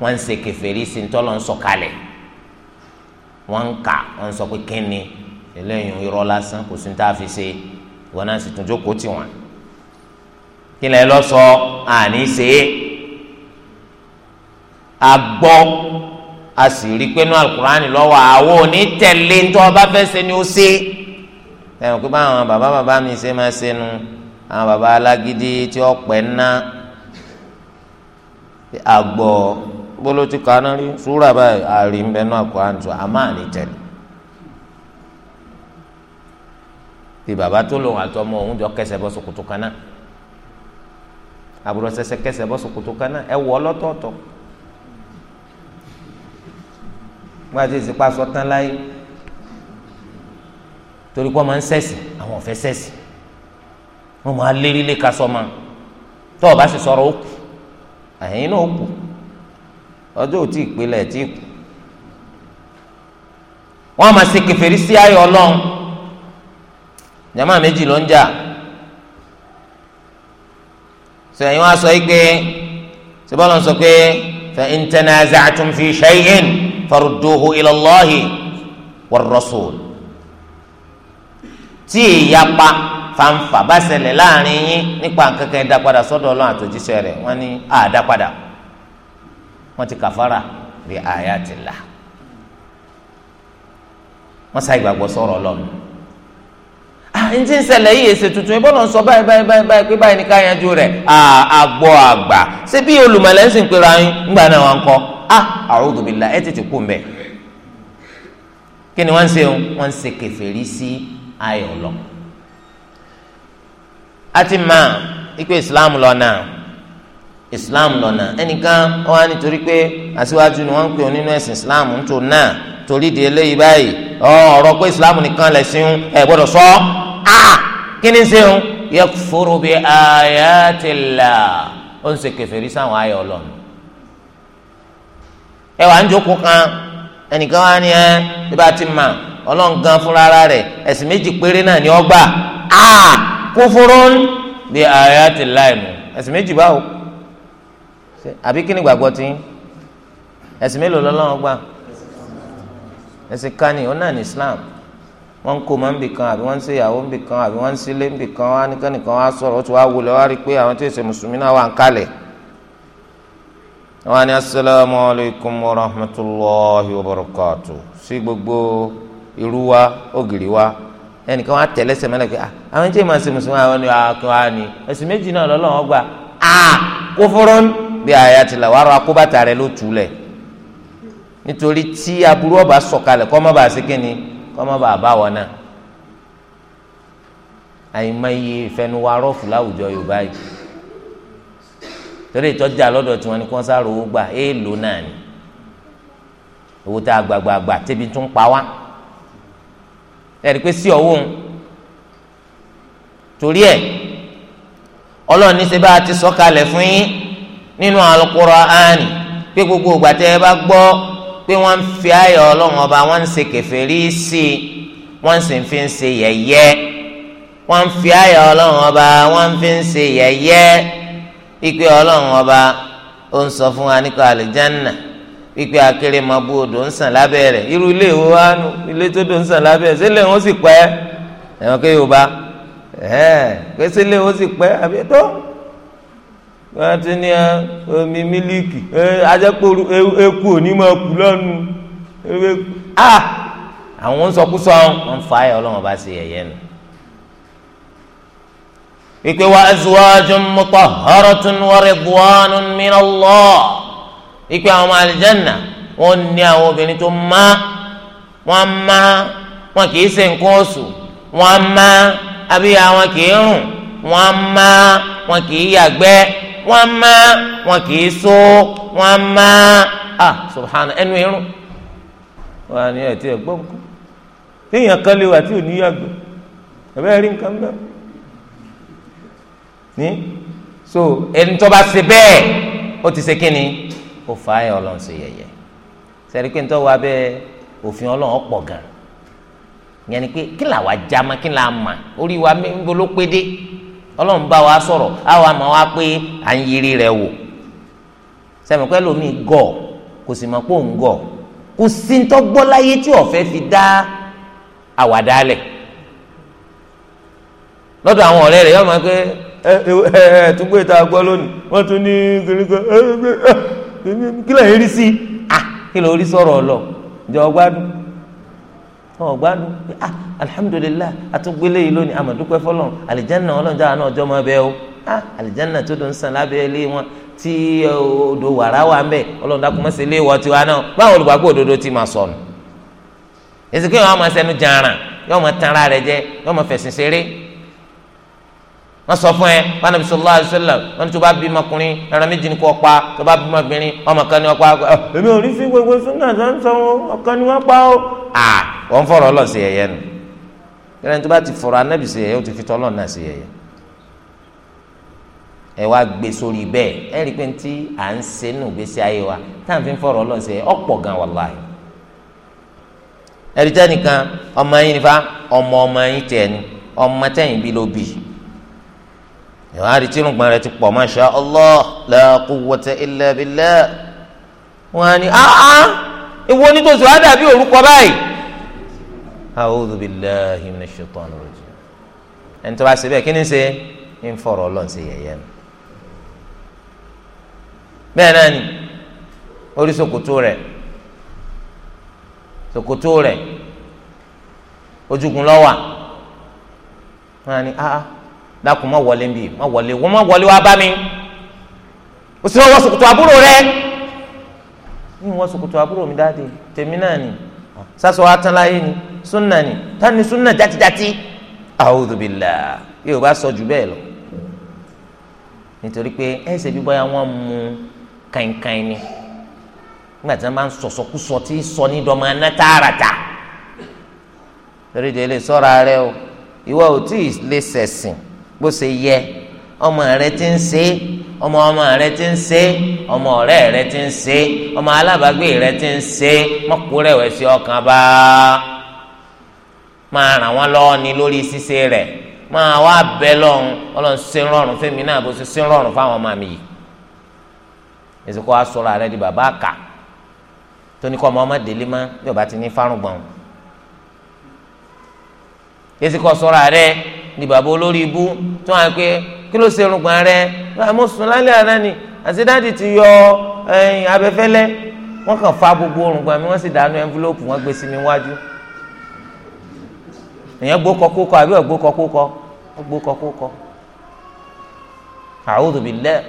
wọ́n ń ṣe kèfèrí sí ntọ́lọ́ ń sọ̀kalẹ̀ wọ́n ń kà wọ́n ń sọ pé kínni eléyìí irọ́ lásán kò sí ní tá a fi ṣe ìwọ náà sì tún jókòó tiwọn kí lẹ lọ sọ àní ṣe é agbọ́ a sì rí pé nínú alukurani lọ́wọ́ àwọn òní tẹ̀lé tó ọba fẹ́ ṣe ni ó ṣe ẹ̀rù pé báwọn bàbá bàbá mi ṣe máa ṣe nu àwọn bàbá alágídí tí ó pẹ́ ná àgbọ̀ bólótú kaná rí sùúrà báyìí àrìmbẹ́ náà kọ́ àǹtọ̀ àmọ́ àní tẹ̀lé bí bàbá tó lòun àtọmọ òun jọ kẹsẹ̀ bọ́ sòkòtò kaná àbúrò sẹsẹ kẹsẹ̀ bọ́ sòkòtò kaná ẹ wọ ọlọ́tọ̀ọ̀tọ̀. E wọn àti ìsìnkú aṣọ tán láyé torí pé wọn máa ń sẹ̀sìn àwọn ọ̀fẹ́ sẹ̀sìn wọn máa lérí lé ka sọ ma tọ́ ọ bá sì sọ̀rọ̀ ó kù àyìn náà ó kù ọjọ́ ò tí ì pélé ẹ̀ tí ì kù wọn máa ṣe kèfèrí sí ayọ̀ ọlọ́run jàmáà méjì ló ń jà sẹ́yìn wọn á sọ yìí pé sọ́bọ́lọ́ sọ pé fa in tanaza'tum fi shay'in farudduhu ilallahi warrasul tí ìyapa fanfa bá ṣẹlẹ̀ láàrin yín nípa kankan ẹ̀dá padà sọ́dọ̀ ọlọ́run àtòjíṣẹ́ rẹ̀ wọ́n ní àdá padà wọ́n ti kàfàrà bí ayatillah wọ́n sá ìgbàgbọ́ sọ̀rọ̀ ọlọ́run n ti ń ṣẹlẹ̀ yìí èsè tuntun ìbọn náà sọ báyìí báyìí báyìí báyìí pé báyìí ní ká yanjú rẹ̀ àgbọ̀ àgbà ṣé bí olùmọ̀lẹ́sìn pera yín ńgbà náà wọn kọ́ ah a'udhu billahi ẹ tètè kú mbẹ kí ni wọ́n ń ṣe o wọ́n ń ṣe kèfèrí sí ayọ̀ lọ a ti ikú islam lọ́nà islam lọ́nà ẹnìkan wọn á nítorí pé aṣíwájú ni wọ́n ń pè ọ nínú ẹ̀sìn islam nítorí náà torí di eléyìí báyìí ọ̀rọ̀ pé islam nìkan lẹ̀sìn ẹ̀ gbọ́dọ̀ sọ ah kí ni ṣe o yakfuru bi ayati llah ó ń ṣe kèfèrí sáwọn ẹ wà ń jókòó kan ẹnìkan wá ní ẹ bí bá ti mà ọlọ́run gan fúnra ara rẹ̀ ẹ̀sìn méjì péré náà ni ọ gbà á kufurun bí ayati Allah mu ẹ̀sìn méjì báwo àbí kí ni gbàgbọ́ ti ẹ̀sìn mélòó lọ́lọ́run gbà ẹ̀sìn kan ni náà ní Islam wọn kó ma ń bì kan àbí wọn ń ṣe ìyàwó ń bì kan àbí wọn ń sílé ń bì kan wọn á ní kánìkan wọn á sọ̀rọ̀ ó ti wá wọlé wọn á rí i pé àwọn tí ì wọ́n ní asalaamu alaykum wa rahmatulahi wa barakatu sí gbogbo irú wa ògiri wa ẹnìkan wọn àtẹlẹsẹ mẹlẹ pé ah, àwọn ẹjẹ máa ṣe mùsùlùmí àwọn ni àkàn ah, á ní ẹsùn méjì náà lọ́lọ́run gbà á ah, kó fọrọ bí àyà tilẹ̀ wàá rọ akóbàtà rẹ ló tù lẹ̀ nítorí tí aburú ọba sọ̀kalẹ̀ kọ́ má bàa ṣe kí ni kọ́ má bá wọn náà àyìnbáyé ìfẹnuwarọ́fù láwùjọ Yorùbá yìí torí ìtọ́jà lọ́dọ̀ tí wọ́n ní kí wọ́n sáré owó gbà èèlò náà ni owó tá a gbàgbàgbà tẹ́bi tún pa wá ẹ̀rí pé sí ọ̀wọ́ òun torí ẹ̀ ọlọ́ọ̀ni ṣe bá a ti sọ kalẹ̀ fún yín nínú Al-Qur'ani pé gbogbo ìgbà tẹ́ ẹ bá gbọ́ pé wọ́n ń fi ayọ̀ ọlọ́run ọba wọ́n ń ṣe kèfèrí sí i wọ́n sì ń fi ń ṣe yẹ̀yẹ́ wọ́n ń fi ayọ̀ ọlọ́run ọba wọ́n ń fi ń ṣe yẹ̀yẹ́ ikpe ọlọ́run ọba ó ń sọ fún wa nípa àlìjánà ikpe akéré máa bú odò ń sàn lábẹ́ rẹ̀ irú ilé ìwé wa nu ilé tó dò ń sàn lábẹ́ rẹ̀ sílẹ̀ wọn sì pẹ́ ẹ̀wọ̀n ké yorùbá pé sílẹ̀ wọn sì pẹ́ àbí wọ́n ti ní ah, omi mílíkì ajẹ́pọ̀ eku òní máa kú lọ́nu ah! àwọn ń sọkúsọ ń fa ẹ̀ ọlọ́run ọba sí ẹ̀yẹ́ nu ìpè wa azwajun mutahharatun wa ridwanun min Allah ìpè àwọn ọmọ àlìjánà wọn ní àwọn obìnrin tó má wọn má wọn kì í ṣe nǹkan oṣù wọn má abíyá wọn kì í rùn wọn má wọn kì í wọn má wọn kì so wọn má ah subhana ẹnu irun wọn ni ẹ ti ẹ gbọ́ nǹkan téèyàn kan lè tí ò ní yàgbẹ́ ẹ bẹ́ẹ̀ rí nǹkan bẹ́ẹ̀ ní so ẹni tó bá ṣe bẹ́ẹ̀ ó ti ṣe kíni ó fa ayé ọlọ́run ṣe yẹ̀yẹ́ sẹ́ni pé nítorí wa bẹ́ òfin ọlọ́run ọ̀pọ̀ gan yẹn ni pé kí là wá já ma kí là má orí wa ń bolo pé dé ọlọ́run bá wa sọ̀rọ̀ á wa mọ̀ wá pé à ń yiri rẹ̀ wò sẹ́mi pẹ́ lómi gọ̀ kò sì mọ̀ pé òun gọ̀ kò sí ntọ́gbọ́ láyé tí ọ̀fẹ́ fi dá àwàdálẹ̀ lọ́dọ̀ àwọn ọ̀rẹ́ rẹ̀ yọ̀ mọ̀ pé ẹ̀ẹ́dẹ́gbẹ́ tá a gbọ́ lónìí wọ́n tún ní kìnìkan kí lóò rí sí à kí lóò rí sọ̀rọ̀ lọ ǹjẹ́ ọ gbádùn ọ gbádùn ah alihamudulilayi àtúngbélé yìí lónìí amadukwe fọlọ́n alijanna ọlọ́njà àná ọjọ́ máa bẹ́ẹ̀ o ah alijanna tó dùn sàn lábẹ́ ilé wọn tí odò wàrà wà ń bẹ̀ ọlọ́run dákun mọ́ sí ilé ìwọ tiwa náà báwo olùgbàgbọ́ òdodo ti máa sọnù èsì kí wọn máa sẹnu jàǹrà yóò máa tanra rẹ jẹ yóò máa fẹ̀sìn ṣeré wọ́n sọ fún ẹ wọn nàbí sallallahu alaihi wasallam wọn tó bá bí ọmọkùnrin ẹran méjì ni kò pa tó bá bí ọmọbìnrin ọmọ kan ni wọ́n pa ọ. èmi ò rí sí gbogbo súnà tó ń sọ wọn ọ̀kan ni wọ́n pa ó. à wọ́n fọ̀rọ̀ ọlọ́ sí ẹ̀yẹ nu ẹni tó bá ti fọ̀rọ̀ anábì sí ẹ̀yẹ ó ti fi tọ́lọ̀ náà sí ẹ̀yẹ. ẹ wá gbé sórí bẹ́ẹ̀ ẹ rí i pé ní à ń ṣe nù gbèsè ayé wa táà fi ń fọ̀rọ̀ ọlọ́ sí ẹ̀yẹ ọ̀pọ̀ gan wàláhì ẹ̀rí tẹ́nìkan ọmọ yín ìwà àrí tí irùngbọ̀n rẹ ti pọ̀ masha Allah la quwwata illa billah wọn á ní áá ìwọ onítòsí wa dàbí orúkọ báyìí a'udhu billahi minash shaitanir rajim ẹni tó bá ṣe bẹ́ẹ̀ kí ni ṣe ń fọ̀rọ̀ ọlọ́run ṣe yẹ̀yẹ́ mi bẹ́ẹ̀ náà ni orí ṣòkòtò rẹ̀ ṣòkòtò rẹ̀ ojúgun lọ́wà wọn á ní dákun má wọlé bí má wọlé wọ́n má wọlé wá bá mi o sì wọ́n sòkòtò àbúrò rẹ ní wọ́n sòkòtò àbúrò mi dáadé tèmi náà ni sásọ atanláyé ni súnà ni tani súnà játijàti àwòdùbìlà yóò bá sọ jù bẹ́ẹ̀ lọ nítorí pé ẹsẹ̀ bíbọ́ ya wọ́n mú kankan ni nígbà tí wọ́n máa ń sọ̀sọ̀kúsọ tí sọ ní dọ́mọ aná tààràtà lórí ìdílé sọ́ra rẹ o ìwọ ò tí ì lè sẹ̀sìn bó ṣe yẹ ọmọ rẹ ti ń ṣe ọmọ ọmọ rẹ ti ń ṣe ọmọ ọrẹ rẹ ti ń ṣe ọmọ alábàágbé rẹ ti ń ṣe mọkò rẹ̀wẹ̀sì ọkàn bá máa ràn wọn lọ ni lórí ṣíṣe rẹ máa wá bẹ lọ́run Ọlọ́run ṣe rọrùn náà bó ṣe ọmọ mi yìí di bàbá àkà ọmọ ọmọ délé bí ọba ti ní ni bàbá olórí ibú tó wà pé kí ló ṣe irùngbọ̀n rẹ mo sùn lálẹ́ àná ni àti dáàdì ti yọ abẹ́fẹ́lẹ́ wọ́n kàn fa gbogbo irùngbọ̀n mi wọ́n sì dànù envelope wọ́n gbé sí mi wájú èèyàn gbó kọ kókọ àbí ọgbó kọ kókọ ọgbó kọ kókọ a'udhu billah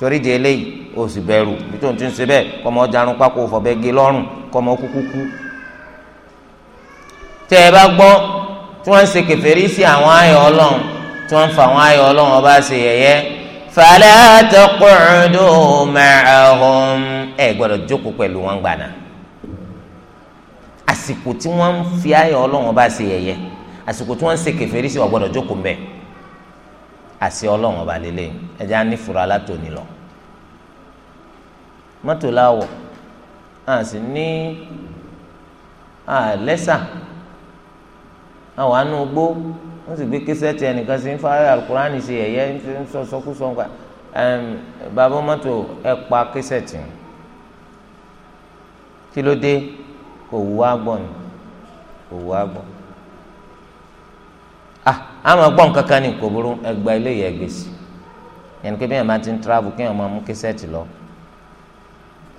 torí di eléyìí o sì bẹ̀rù bí tó ń tún ṣe bẹ́ẹ̀ kọ́mọ jarun pákó fọ̀bẹ́ gé lọ́rùn kọ́mọ kúkú kú tẹ́ ẹ bá gbọ́ tí wọ́n ń ṣe kèfèrí sí àwọn ayọ̀ ọlọ́run tí wọ́n ń fa àwọn ayọ̀ ọlọ́run ọba ṣe yẹ̀yẹ́ fala taqudu ma'ahum ẹ gbọ́dọ̀ jókòó pẹ̀lú wọn gbàna àsìkò tí wọ́n ń fi ayọ̀ ọlọ́run ọba ṣe yẹ̀yẹ́ àsìkò tí wọ́n ṣe kèfèrí sí wọn gbọ́dọ̀ jókòó mbẹ àṣẹ ọlọ́run ọba lélẹ̀ ẹja ní fura látòní lọ mọ́tò láwọ̀ àti ní àlẹ́sà àwọn àánú gbó wọ́n sì gbé késẹ́tì ẹnìkan sí ń fara alukurani sí ẹ̀yẹ́ ń sọ sọkúsọ nǹkan bàbá mọ́tò ẹ̀ pa késẹ́tì kí ló dé kò wú agbọ̀n kò wú agbọ̀n ah àmọ́ gbọ́n kankan ni kò burú ẹgbà eléyìí ẹgbèsì yẹn pé bẹ́ẹ̀ máa ti ń travel kí wọ́n máa mú késẹ́tì lọ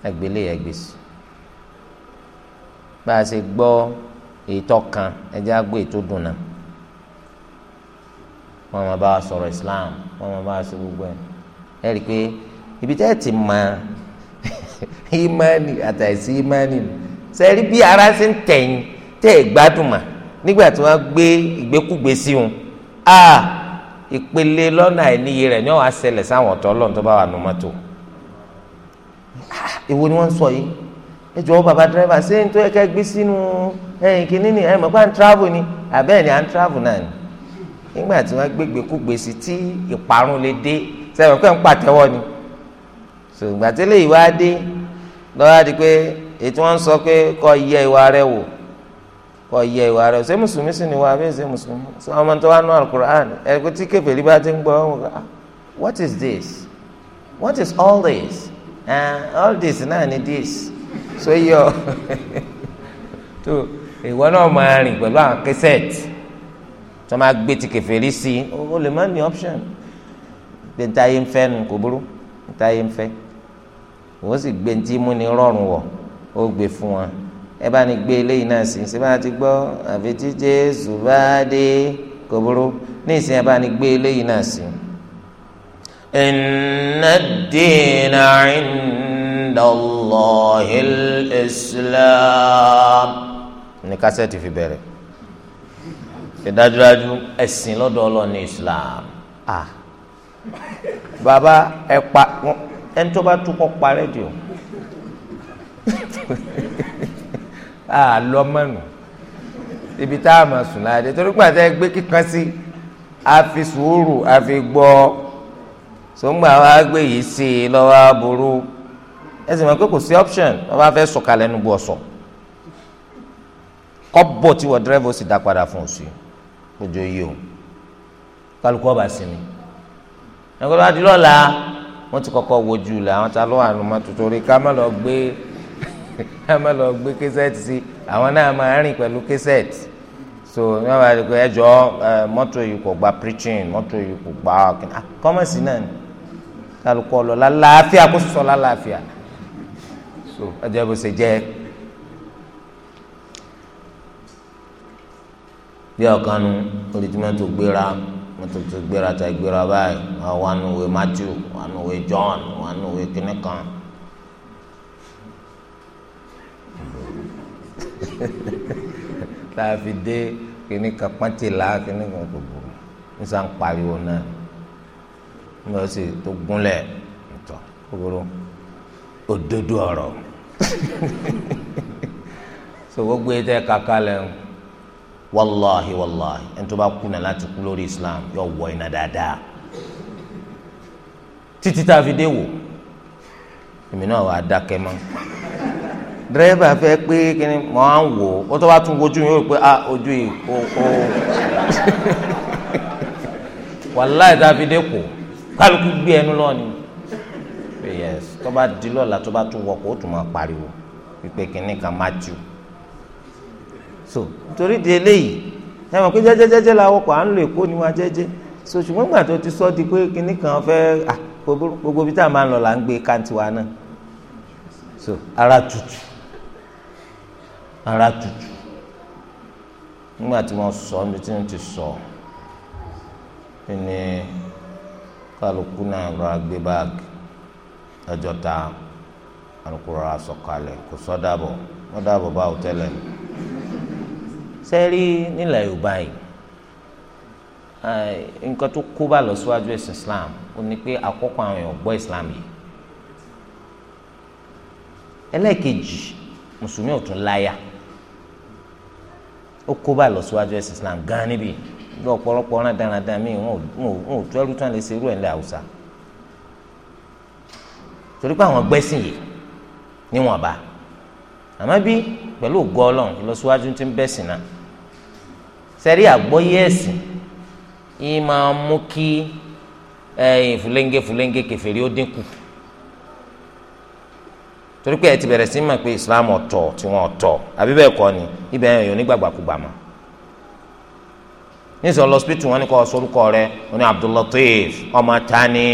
ẹgbẹ́ eléyìí ẹgbèsì bá a ṣe gbọ́. ètò kan ẹjẹ àgbò ètò dùnà wọn máa bá wa sọ̀rọ̀ islam Wọ́n máa bá wa sọ gbogbo ẹ ẹ rí i pé ibi tẹ́ ẹ ti mọ ìmánì àtàìsí ìmánì sẹ́rí bí ara ṣe ń tẹ̀yìn tẹ́ ẹ gbádùn mà nígbà tí wọ́n gbé ìgbékùgbé sí wọn a ìpele lọ́nà àìníye rẹ̀ ni wọ́n á ṣẹlẹ̀ sáwọn ọ̀tọ́ ọlọ́run tó bá wà nù mọ́tò ìwo ah, ni wọ́n ń sọ yìí ẹ jọ̀wọ́ bàbá dírẹ́fà ṣé n tó yẹ ká gbé sínú ẹ̀yìn kìíní ni ẹ̀ mọ̀ pé à ń travel ni àbẹ́ẹ̀ ni à ń travel náà ni nígbà tí wọ́n gbégbé kú gbèsè tí ìparun lè dé sẹ́wọ̀n pé ń pàtẹ́wọ́ ni ṣùgbọ́n àtẹ́lẹ̀ ìwà dé lọ́wọ́ di pé ètò wọn sọ pé kọ́ yẹ ìwà rẹ wò kọ́ yẹ ìwà rẹ wò ṣé mùsùlùmí sì ni wà á bẹ́ẹ̀ ṣe mùsùlùmí ṣé ọmọ tó wà nù alukur'an ẹ̀kú tí kẹfẹ́lí bá ti ń gbọ́ ah, what is this what is all this uh, all this náà ni this so yọ tó ìwọ náà máa rìn pẹ̀lú àwọn kẹsẹ̀tì tó máa gbé ti kèfèrí sí i o lè má ní option gbé níta yé ń fẹ́ nu kò burú níta yé ń fẹ́ òun sì gbé ntí mú ni rọrùn wọ̀ ó gbé fún wa ẹ bá ní gbé eléyìí náà sí ṣé bá ti gbọ́ àfi Jésù bá dé kò burú ní ìsìn ẹ bá ní gbé eléyìí náà sí. inna ad-dina 'inda inda Allahil Islam ní kásẹ̀tì fi bẹ̀rẹ̀ ìdájúdájú ẹ̀sìn lọ́dọ̀ Ọlọ́run ní Islam ah bàbá ẹ pa ẹni tó bá túkọ̀ pa rédíò ah lọ mọ́nu ibi tá a mọ̀ sùn láàdé torí pàtẹ́ gbé kíkan sí a fi sùúrù a fi gbọ́ sọ́ngbà wa gbé yìí sí i lọ́wọ́ aburú ẹ sì kò sí option wọ́n bá fẹ́ sọ̀kalẹ̀ nu bu ọ̀sọ̀ kọ́bọ̀ tí wọ́n dírẹ́fù sì dá padà fún òsì kójú yìí o kálukú ọba sinmi ẹ̀kọ́ bá di lọ́la wọ́n ti kọ́kọ́ wojú la àwọn ta lọ́wọ́ àlùmọ́ tuntun ká má lọ gbé ká má lọ gbé késẹ́ẹ̀tì sí àwọn náà máa rìn pẹ̀lú késẹ́ẹ̀tì so wọ́n bá dìgbò ẹjọ́ mọ́tò yìí kò gba preaching mọ́tò yìí kò gba ah, kọ́mọ̀sì náà kálukú ọlọ́lá láàfíà kó sọ lálàáfíà. La so ọjọ́ bó ṣe jẹ́ bí ọ̀kan nu olùtúmọ̀tò gbéra mọ́tò tó gbéra tá gbéra báyìí wọ́n wà nù wé Matthew wà nù wé John wà nù wé kínníkan. tá a fi dé kínníkan pọ́ńtìlá kínníkan gbogbo nísà ń pariwo náà nígbà tó gúnlẹ̀ ọ̀tọ̀ gbogbo òdodo ọ̀rọ̀. so gbogbo yìí tẹ kaka lẹ ń wàláhi wàláhi ẹni tó islam yóò wọ iná dáadáa títí tá a fi dé wò èmi náà wàá dákẹ́ mọ́ dírẹ́bà fẹ́ pé kíni mọ́ à ń wò ó tó bá tún a ah, ojú yìí o o wàláhi tá a fi dé kálukú gbé pé yes tó bá di lọ́la tó bá tún wọkọ̀ o tún máa pariwo wípé kínní kan Matthew so torí di eléyìí ẹ mọ̀ pé jẹ́jẹ́jẹ́jẹ́ la wọkọ̀ à ń lo èkó ni wọ́n jẹ́jẹ́ so ṣùgbọ́n gbà tó ti sọ di pé kínní kan fẹ́ à gbogbo bí tá a máa ń lọ là ń gbé kántiwa náà so ara tutù ara tutù nígbà tí wọ́n sọ níbi tí wọ́n ti sọ ní kálukú náà rà gbé báàgì. lọ́jọ́ ta alukóra sọ̀kalẹ̀ kò sọ́dàbọ̀ sọ́dàbọ̀ báwo tẹ́lẹ̀ sẹ́rí nílẹ̀ yorùbá yìí nǹkan tó kó bá lọ síwájú ẹ̀sìn islam ó ní pé àkọ́kọ́ àwọn èèyàn gbọ́ islam yìí ẹlẹ́ẹ̀kejì mùsùlùmí ò tún láyà ó kó bá lọ síwájú islam gan níbi bí ọ̀pọ̀lọpọ̀ dáradára wọn ò ẹrú tán lè torí pé àwọn gbẹ́sìn yìí níwọ̀nba àmọ́ bí pẹ̀lú ògo ọlọ́run ìlọsíwájú ti ń bẹ̀sìn náà sẹ́rí àgbọ́yé ẹ̀sìn yìí máa mú kí fúlẹ́ńgé kẹfẹ́rí ó dínkù torí pé ẹ ti bẹ̀rẹ̀ sí mọ̀ pé Islam ọ̀tọ̀ tiwọn ọ̀tọ̀ àbí bẹ́ẹ̀ kọ́ ni ibẹ̀ yẹn n'ígbàgbà nígbàgbàkúgbà mọ́ nísìnyí lọ́sibítù wọn ni kò sórúkọ rẹ wọn ni abdullatif ọmọ tani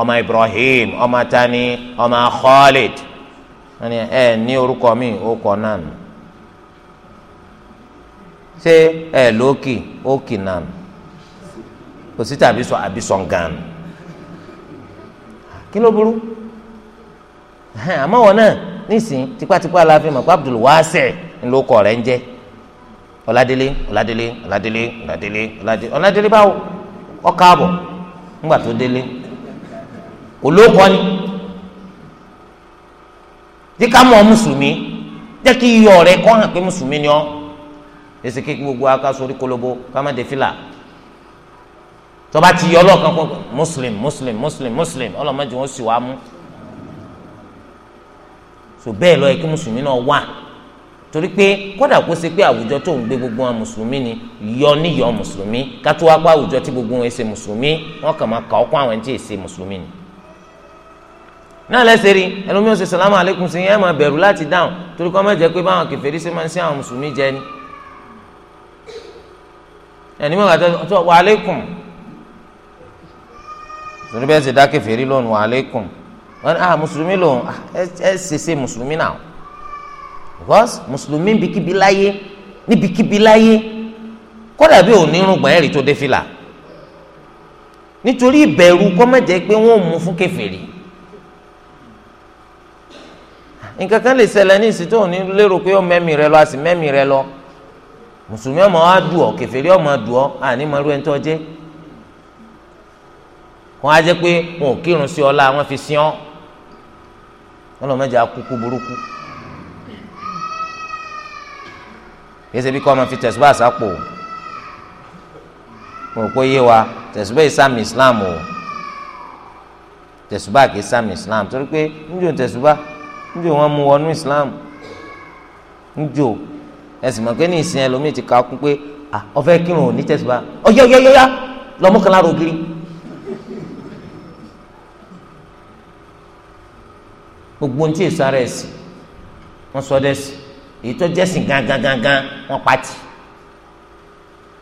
ọmọ ibrahim ọmọ tani ọmọ khalid wọn ni ẹ ní orúkọ mi orúkọ náà nù ṣé ẹ lókì ókì náà nù kò sí tàbí sọ àbí sọ gan kí ló burú àmọ́ wọn náà nísìnyí tipátipá la fi mọ̀ pé abdulwase ńlọkọ rẹ ń jẹ́ ọ̀làdélé ọ̀làdélé ọ̀làdélé ọ̀làdélé ọ̀làdélé ọ̀làdélé báwo ọ̀kaàbọ̀ ńgbà tó délé olóòkọ ni jẹ́ ká mọ̀ mùsùlùmí jẹ́ kí iyọ̀ rẹ kọ́ hàn pé mùsùlùmí ni ọ́ èsì kí gbogbo aka sórí kolobo ká má dé fìlà tọba ti yọ ọlọ́ọ̀kan kọ́ muslim muslim muslim muslim ọlọ́mọdé wọn sì wá mú so bẹ́ẹ̀ lọ́ọ́ yẹ kí mùsùlùmí náà wà torí pé kódà kó ṣe pé àwùjọ tó ń gbé gbogbo wọn mùsùlùmí ni yọ níyọ mùsùlùmí kátó wá pa àwùjọ tí gbogbo wọn ṣe mùsùlùmí wọn kàn máa kà ọ́ kó àwọn ẹni tí ì ṣe mùsùlùmí ni. náà lẹ́sẹ̀ rí ẹlòmíràn ṣe sàlámù alẹ́kùn sí ẹ̀ máa bẹ̀rù láti dáhùn torí kọ́ mẹ́jẹ pé báwọn kèfèrí ṣe máa ń ṣe àwọn mùsùlùmí jẹ ni. ẹni mọ̀ àti wà alẹ́kùn torí because mùsùlùmí bíkíbi láyé níbikíbi láyé kódà bí onírùngbọ̀n ẹ̀rí tó dé fìlà nítorí ìbẹ̀rù kọ́mẹ̀jẹ̀ pé wọ́n ò mú fún kèfèrí nǹkan kan lè ṣẹlẹ̀ ní ìsìn tó ní lérò pé ó mẹ́mì rẹ lọ a sì mẹ́mì rẹ lọ mùsùlùmí ọmọ wa dù ọ kèfèrí ọmọ dù ọ àní mọ irú ẹni tó jẹ wọn á jẹ pé wọn ò kírun sí ọ la wọn fi sí ọ wọn lọ mẹjọ akúkú burúkú. yẹsẹ bí kọ́ ọmọ fi tẹ̀síwá sápò mo yé wa tẹ̀síwá ìsàmì islam o tẹ̀síwá kì í sàmì islam torí pé níjò tẹ̀síwá níjò wọn mú wọnú islam níjò ẹsìn mọ̀ pé ní ìsìn ẹlòmíì ti ka kún pé ọfẹ́ kírun ò ní tẹ̀síwá ọ̀yọ́yọ́yọ́yá lọ́mọkànlá rògiri. gbogbo ohun tí èso ara ẹ̀ sí wọ́n sọ ọ́ dẹ́sì èyí tó jẹ́sìn gangan gangan wọ́n pati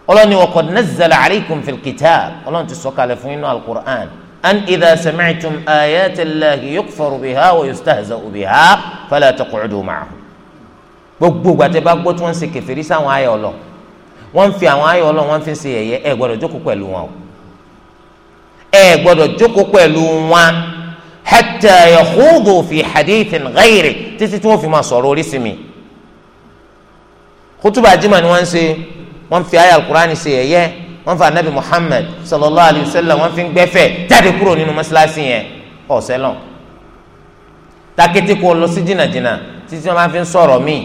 ọlọ́ni wa qad nazzala alaykum fil kitab ọlọ́ni ti sọ̀kalẹ̀ fún inú alukur'an an idha sami'tum ayati llahi yukfaru biha wa yustahza'u biha fala taq'udu ma'ahum gbogbo gbàtẹ́ bá gbọ́ tí wọ́n ń ṣe kẹfìrí sáwọn ayọ̀ ọlọ́ wọ́n ń fi àwọn ayọ̀ ọlọ́ wọ́n fi ń ṣe yẹ̀yẹ́ ẹ gbọ́dọ̀ jókòó pẹ̀lú wọn ẹ gbọ́dọ̀ jókòó pẹ̀lú wọn hatta yakhudu fi hadithin ghayri títí tí wọ́n fi máa sọ̀rọ̀ orí mi kútùbà jimá ni wọ́n ń ṣe wọ́n fi ayé alukur'an ṣe ẹ̀yẹ wọ́n fi anabi muhammed sallallahu alayhi wa sallam wọ́n fi ń gbẹ́fẹ̀ jáde kúrò nínú mọ́ṣáláṣí yẹn ọ̀sẹ̀ lọ. takété kó lọ sí jìnnàjìnnà títí wọ́n máa fi ń sọ̀rọ̀ míì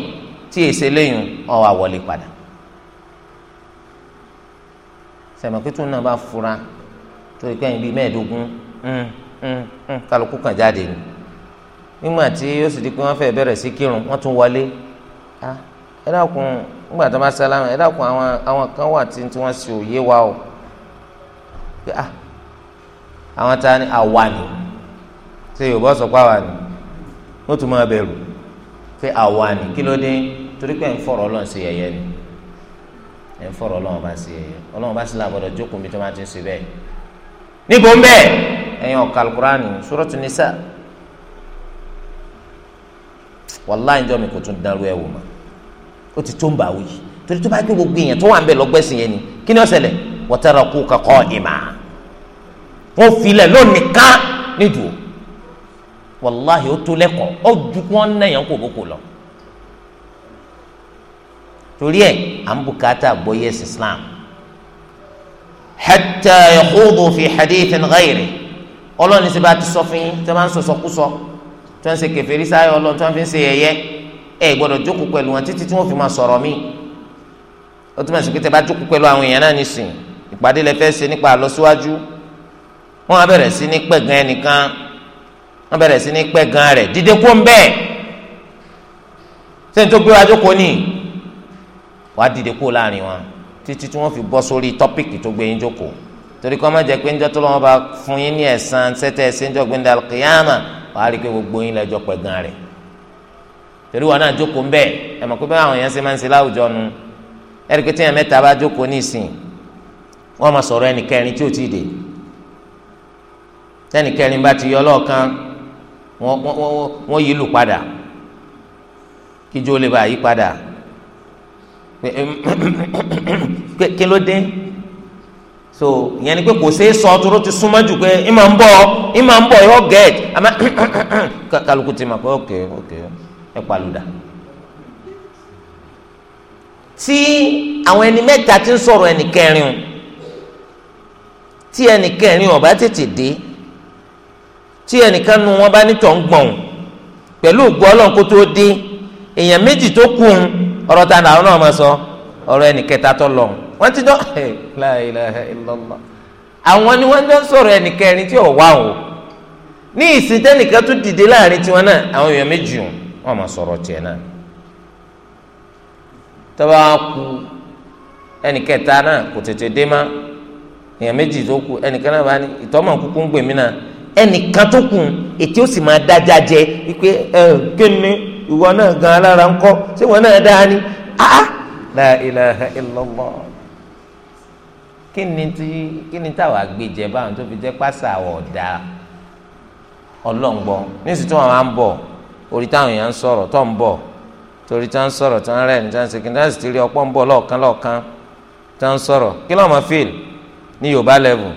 tí èsè lẹ́yìn ọ̀wà wọlé padà. sẹ̀mọ̀kítù náà bá fura torí pé ẹ̀yin bíi mẹ́ẹ̀ẹ́dógún hmm, hmm, hmm, kálukú kan jáde ni nígbà tí ó sì di pé wọ́n fẹ́ bẹ̀rẹ̀ sí kírun wọ́n tún wọlé ah ẹ dákun nígbà tó bá sálámù ẹ dákun àwọn àwọn kan wà tí tí wọn sì òye wa o pé ah àwọn ta ni àwa ni ṣe Yorùbá sọ pé àwa ni wọn tún máa bẹ̀rù pé àwa ni kí ló dé torí pé ń fọ̀rọ̀ Ọlọ́run ṣe yẹ̀yẹ́ ni ẹ ń fọ̀rọ̀ Ọlọ́run bá ṣe yẹ̀yẹ́ Ọlọ́run bá sì là gbọ́dọ̀ jókòó mi tó máa ti ń ṣe bẹ́ẹ̀ níbo ń bẹ ẹ̀yin ọkà alukurani Suratu Nisa wàláhì ìjọ mi kò tún dárú ẹ wò mọ́ ó ti tó ń bá wí torí tó bá gbé gbogbo èèyàn tó wà ń bẹ lọ́gbẹ́sìn yẹn ni kí ni ó ṣẹlẹ̀ wọ́tẹ́rọ kú kọ́kọ́ ìmà wọ́n filẹ̀ lónìí ká nídùú wàláhì ó tó lẹ́kọ̀ọ́ ó ju kí wọ́n ná yẹn kó boko lọ torí ẹ̀ à ń bùkátà gbọ́yé Islam hatta yahudu fi hadithin ghayri ọlọ́ni sì bá ti sọ fún yín tí wọ́n máa ń sọ sọkúsọ tí wọ́n ń ṣe kẹfẹ́rí sáyọ ọlọ́run tí wọ́n fi ń ṣe yẹ̀yẹ́ ẹ gbọ́dọ̀ jókòó pẹ̀lú wọn títí tí wọ́n fi máa sọ̀rọ̀ mí ó túmọ̀ sí pé tẹ́ bá jókòó pẹ̀lú àwọn èèyàn náà nísìn ìpàdé lẹ fẹ́ ṣe nípa àlọ́síwájú wọ́n á bẹ̀rẹ̀ sí ní pẹ̀gàn ẹnìkan wọ́n bẹ̀rẹ̀ sí ní pẹ̀gàn rẹ̀ dídé kó ń bẹ́ẹ̀ sẹ́ni tó gbé wa jókòó ní wàá dìde kó láàrin wọn títí tí wọ́n fi bọ́ sórí tọ́pìkì tó gbé yín jókòó torí kọ́ má jẹ́ pé njọ́ tó lọ́wọ́ bá fún yín ní ẹ̀san sẹ́tẹ̀ ẹ̀sìn jọ́gbìn dàlùkìyàmà wàá rí i pé gbogbo yín lẹ́jọ́ pẹ̀gàn rẹ̀ torí wọn náà jókòó ńbẹ ẹ mọ̀ pé báwọn àwọn èèyàn ṣe máa ń ṣe láwùjọ nu ẹ̀rí pé téèyàn mẹ́ta bá jókòó nísìn wọ́n máa sọ̀rọ̀ tí ò dé bá ti yọ lọ́ọ̀kan wọ́n yí lù padà kíjó lè bá yí padà kí ló dé so ìyẹn ni pé kò ti jù pé ìmọ̀ ń bọ̀ ìmọ̀ ń bọ̀ yọ gẹ̀ẹ́d ẹ palùdà tí àwọn ẹni mẹ́ta ti ń sọ̀rọ̀ ẹni kẹrin tí ẹni kẹrin ọba tètè dé tí ẹnìkan nu wọn bá nítọ̀ ń gbọ̀n pẹ̀lú ògbó ọlọ́run kó tó dé èèyàn méjì tó kù ń ọ̀rọ̀ ta làwọn náà máa sọ ọ̀rọ̀ ẹni kẹta tó lọ wọ́n ti dán ẹ̀ la ilaha àwọn ni wọ́n jọ ń sọ̀rọ̀ ẹni kẹrin tí ò wá o ní ìsìn tẹ́nìkan tó dìde láàrin tiwọn náà àwọn èèyàn méjì ń wọn ma sọrọ tiẹ̀ náà tọ́ba ku ẹnì kẹta náà kò tètè dé ma èèyàn méjì tó ku ẹnìkan náà bá ní ìtọ́mọ̀ kúkú ń gbèmí náà ẹnìkan tó kù ètí ó sì máa dájà jẹ wípé ẹ kéne ìwọ náà gan alára ń kọ́ ṣé ìwọ náà dáa ni ah la ilaha illallah kí ni tí kí ni báwọn tó fi jẹ pásá ọ̀dà ọlọ́ngbọ́n ní ìsìtú àwọn orí táwọn èèyàn ń sọ̀rọ̀ tó ń bọ̀ torí tá ń sọ̀rọ̀ tá ń rẹ̀ ní tá ń sèkìndí láti ti rí ọpọ́ ń bọ̀ lọ́ọ̀kan lọ́ọ̀kan tá ń sọ̀rọ̀ kí lọ́ọ̀ máa ní yorùbá lẹ́bù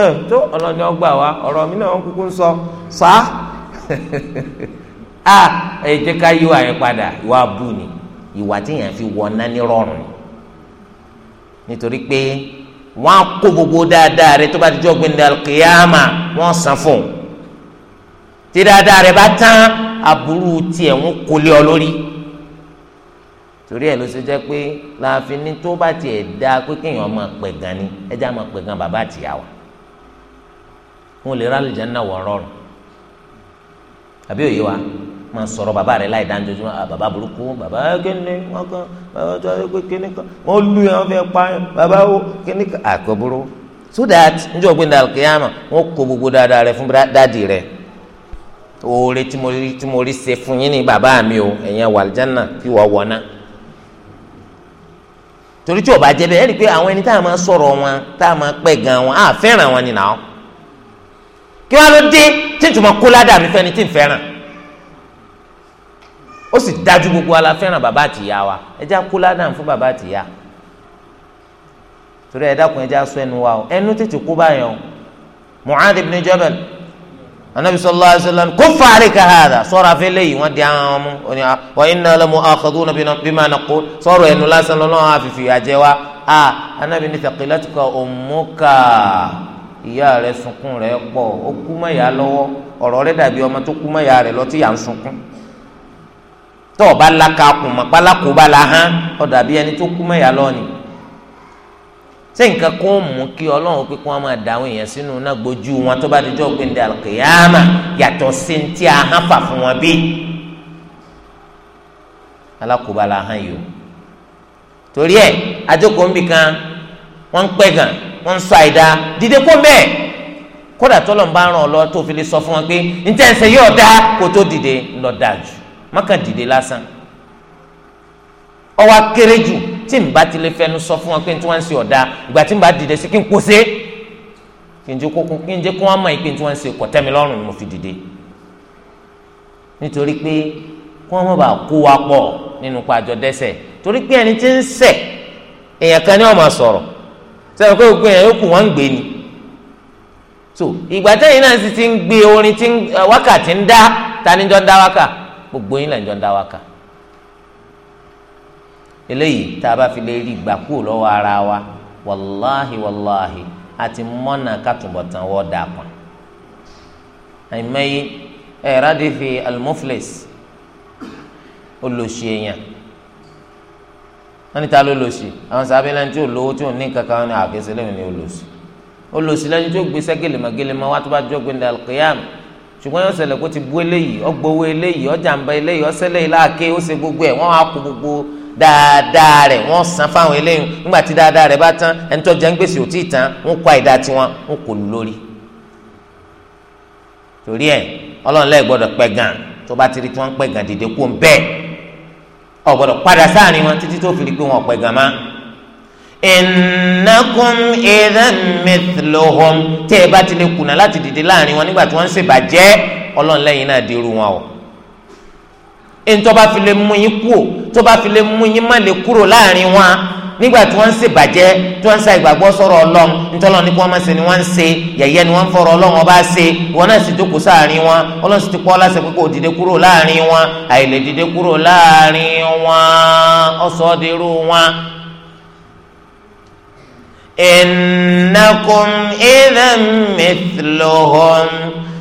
ẹ tó ọlọ́ni ọgbà wa ọ̀rọ̀ mi náà ń kúkú sọ sá a ẹ jẹ́ ká yíwà yẹn padà ìwà bù ni ìwà tí yẹn fi wọ ná ní rọrùn nítorí pé wọ́n á kó gbogbo dáadáa rẹ tó bá ti jọ gbẹndẹ wọ́n san fún tí dáadáa rẹ bá tán aburú tiẹ̀ ń kólé ọ lórí torí ẹ ló ṣe jẹ́ pé láàfin ní tó bá tiẹ̀ dáa pé kéèyàn máa pẹ̀ gan ni ẹjẹ́ máa pẹ̀ gan bàbá àtìyàwó wọn lè náà àbí òye wa máa sọ̀rọ̀ bàbá rẹ̀ láì bàbá burúkú bàbá kíni wọn kan bàbá tó pé kíni kan wọn lu yẹn fẹ́ pa yẹn bàbá wo kíni kan so that njọ́ gbẹ̀ndàlùkìyàmà wọn kó gbogbo dáadáa rẹ fún oore tí mo rí tí mo rí ṣe fún yín ní bàbá mi o ẹ̀yin wàlìjánà kí wọ́n wọ̀nà torí tí o bá jẹ bẹ́ẹ̀ rí i pé àwọn ẹni tá a máa sọ̀rọ̀ wọn tá a máa pẹ̀ gan wọn á fẹ́ràn wọn ni nàá kí wọ́n ló dé tí n tún mọ kóládà mi fẹ́ni tí n fẹ́ràn ó sì dájú gbogbo ala fẹ́ràn bàbá àtìyá wa ẹ já kóládà fún bàbá àtìyá torí ẹ dákun ẹ já sọ ẹnu wa ẹnu tètè kó báyọ̀ Mu'adh ibn Jabal anabi sallallahu alayhi wa sallam kó fari ka hada sọ̀rọ̀ afẹ lẹ́yìn wọn di àwọn ọmọ oní ah, wa iná lọmọ akadú na bímọ anakó sọ̀rọ̀ ẹnu lásán lọnà àfìfì àjẹ wa a ah, anabi ní taqilatuka ummuka ìyá rẹ sunkún rẹ pọ̀ ó kú mọ́ ìyá lọ́wọ́ ọ̀rọ̀ rẹ dàbí ọmọ tó kú mọ́ ìyá rẹ lọ tí yà ń sunkún tọ́ ọ bá lakakùn mọ́ la hán ọ dàbí tó kú mọ́ ìyá ni. ṣé nǹkan kó mú kí ọlọ́run pé kí wọ́n máa èèyàn sínú náà gbójú wọn tó bá dijọ́ gbẹ̀ndẹ̀ àlùkìyàmà yàtọ̀ sí ní tí a fà fún wọn bí. alákòóbá la hàn yìí o torí ẹ adókòó ń bì kan ń gan ń sọ àìda dìde kó kódà tọ́lọ̀ ń bá ràn ọ́ lọ tó fi lè sọ fún wọn pé níta ẹsẹ̀ yóò tí n bá ti lè fẹnu sọ fún wọn pé tí wọ́n ń ṣe ọ̀dà ìgbà tí n bá dìde sí kí n kó ṣe kí n jẹ́ kó kí n jẹ́ kó wọ́n mọ̀ pé tí wọ́n ń ṣe kò tẹ́ lọ́rùn ni mo fi dìde nítorí pé kí wọ́n mọ̀ bá kó wa pọ̀ nínú pàjọ dẹ́ṣẹ̀ torí pé ẹni tí ń ṣẹ̀ èèyàn kan ní ó sọ̀rọ̀ sẹ́yìn pé gbogbo èèyàn yókù wọ́n ń gbé ni so ìgbà tẹ́yìn náà sì ti ń gbé orin tí wákàtí ń dá tani jọ ń dá wákà gbogbo yín lẹ́yìn jọ ń dá wákà eléyìí tá a bá fi lè rí gbà kúrò lọ́wọ́ ara wa wàláhi wàláhi àti mọ́nà kàtúbọ̀tán wọ́ dà pọ̀n. àìmọye ẹ̀rá dé fi almuflis olóṣì èèyàn wọ́n ní ta ló lòṣì àwọn sábẹ́ lẹ́ni tí ò lówó tí ò ní kankan ní àkẹ́sẹ̀ lẹ́yìn ní olóṣì olóṣì lẹ́ni tí ó gbé sẹ́gẹ̀lẹ̀ mọ́ gẹ́lẹ́ mọ́ wá tó bá jọ́ gbé alqiyam ṣùgbọ́n yóò ṣẹlẹ̀ kó ti bú eléyìí ọgbọ́wọ́ eléyìí ọjàmbá eléyìí ọsẹ́lẹ̀ ìlàkẹ́ ó ṣe gbogbo ẹ̀ wọ́n á kó gbogbo dáadáa rẹ̀ wọ́n san fáwọn eléyìí nígbà tí dáadáa rẹ̀ bá tán ẹni tó jẹ́ ń gbèsè òtí tán ń kọ́ àìdá tiwọn ń kò lórí. torí ẹ ọlọ́run lẹ́yìn gbọ́dọ̀ pẹ́ gan tó bá ti rí tí wọ́n ń pẹ́ gan dìde kó ń bẹ́ẹ̀ ọ̀ gbọ́dọ̀ padà sáàrin wọn títí tó fi rí pé wọn ò pẹ́ gan má. innakum idhan mithluhum tẹ́ ẹ bá ti lè kùnà láti dìde láàrin wọn nígbà tí wọ́n ń ṣèbàjẹ́ ọlọ́run náà dirú wọn o. ntọ́ba file lè mú yín kúò tọ́ba fi lè mú yín má lè kúrò láàrin wọn nígbà tí wọ́n ń ṣèbàjẹ́ tí wọ́n ń sa ìgbàgbọ́ sọ̀rọ̀ ọlọ́run ntọ́lọ́ ni kí wọ́n máa ni wọ́n ń ṣe yẹ̀yẹ́ ni wọ́n ń fọ̀rọ̀ ọlọ́run ọba ṣe ìwọ náà sì jókòó sáàrin wọn ọlọ́run sì ti pọ́ láṣẹ pé kò dìde kúrò láàrin wọn àìlè dìde kúrò láàrin wọn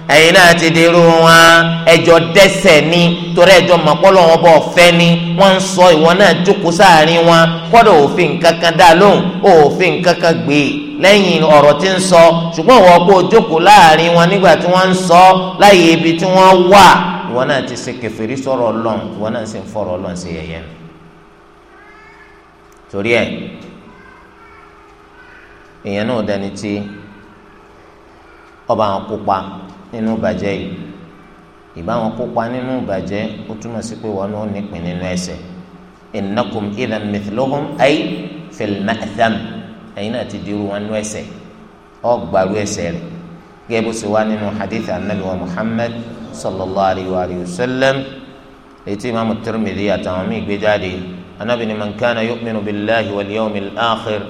ẹ̀yin náà ti di irú wọn ẹjọ dẹsẹ ni torí ẹjọ mọ̀pọ́lọ́ wọn bọ̀ fẹ ni wọn ń sọ ìwọ náà jókòó sáàrin wọn kọ́dọ̀ òfin kankan dá lóhùn òfin kankan gbé e lẹ́yìn ọ̀rọ̀ tí ń sọ ṣùgbọ́n ìwọ kó o jókòó láàrin wọn nígbà tí wọ́n ń sọ láyé ibi tí wọ́n wà ìwọ náà ti ṣe kèfèrí sọ̀rọ̀ Ọlọ́run ìwọ náà sì ń fọ̀rọ̀ Ọlọ́run sí yẹ̀yẹ́ torí ẹ̀ èèyàn náà dẹni tí ọba àwọn kópa nínú ìbàjẹ́ yìí ìbáwọn kópa nínú ìbàjẹ́ ó túmọ̀ sí pé wọn náà nípìn nínú ẹ̀ṣẹ̀ innakum idhan mithluhum ay fil ma'tham ẹ̀yin náà ti di irú wọn nínú ẹ̀ṣẹ̀ ọ gbàrú ẹ̀ṣẹ̀ rẹ̀ gẹ́gẹ́ bó ṣe wá nínú hadith anabi wa muhammad sallallahu alayhi wa alihi wa sallam ètò imaamu tirmidhi àtàwọn míì gbé jáde anabi ni man kana yu'minu billahi wal yawmil akhir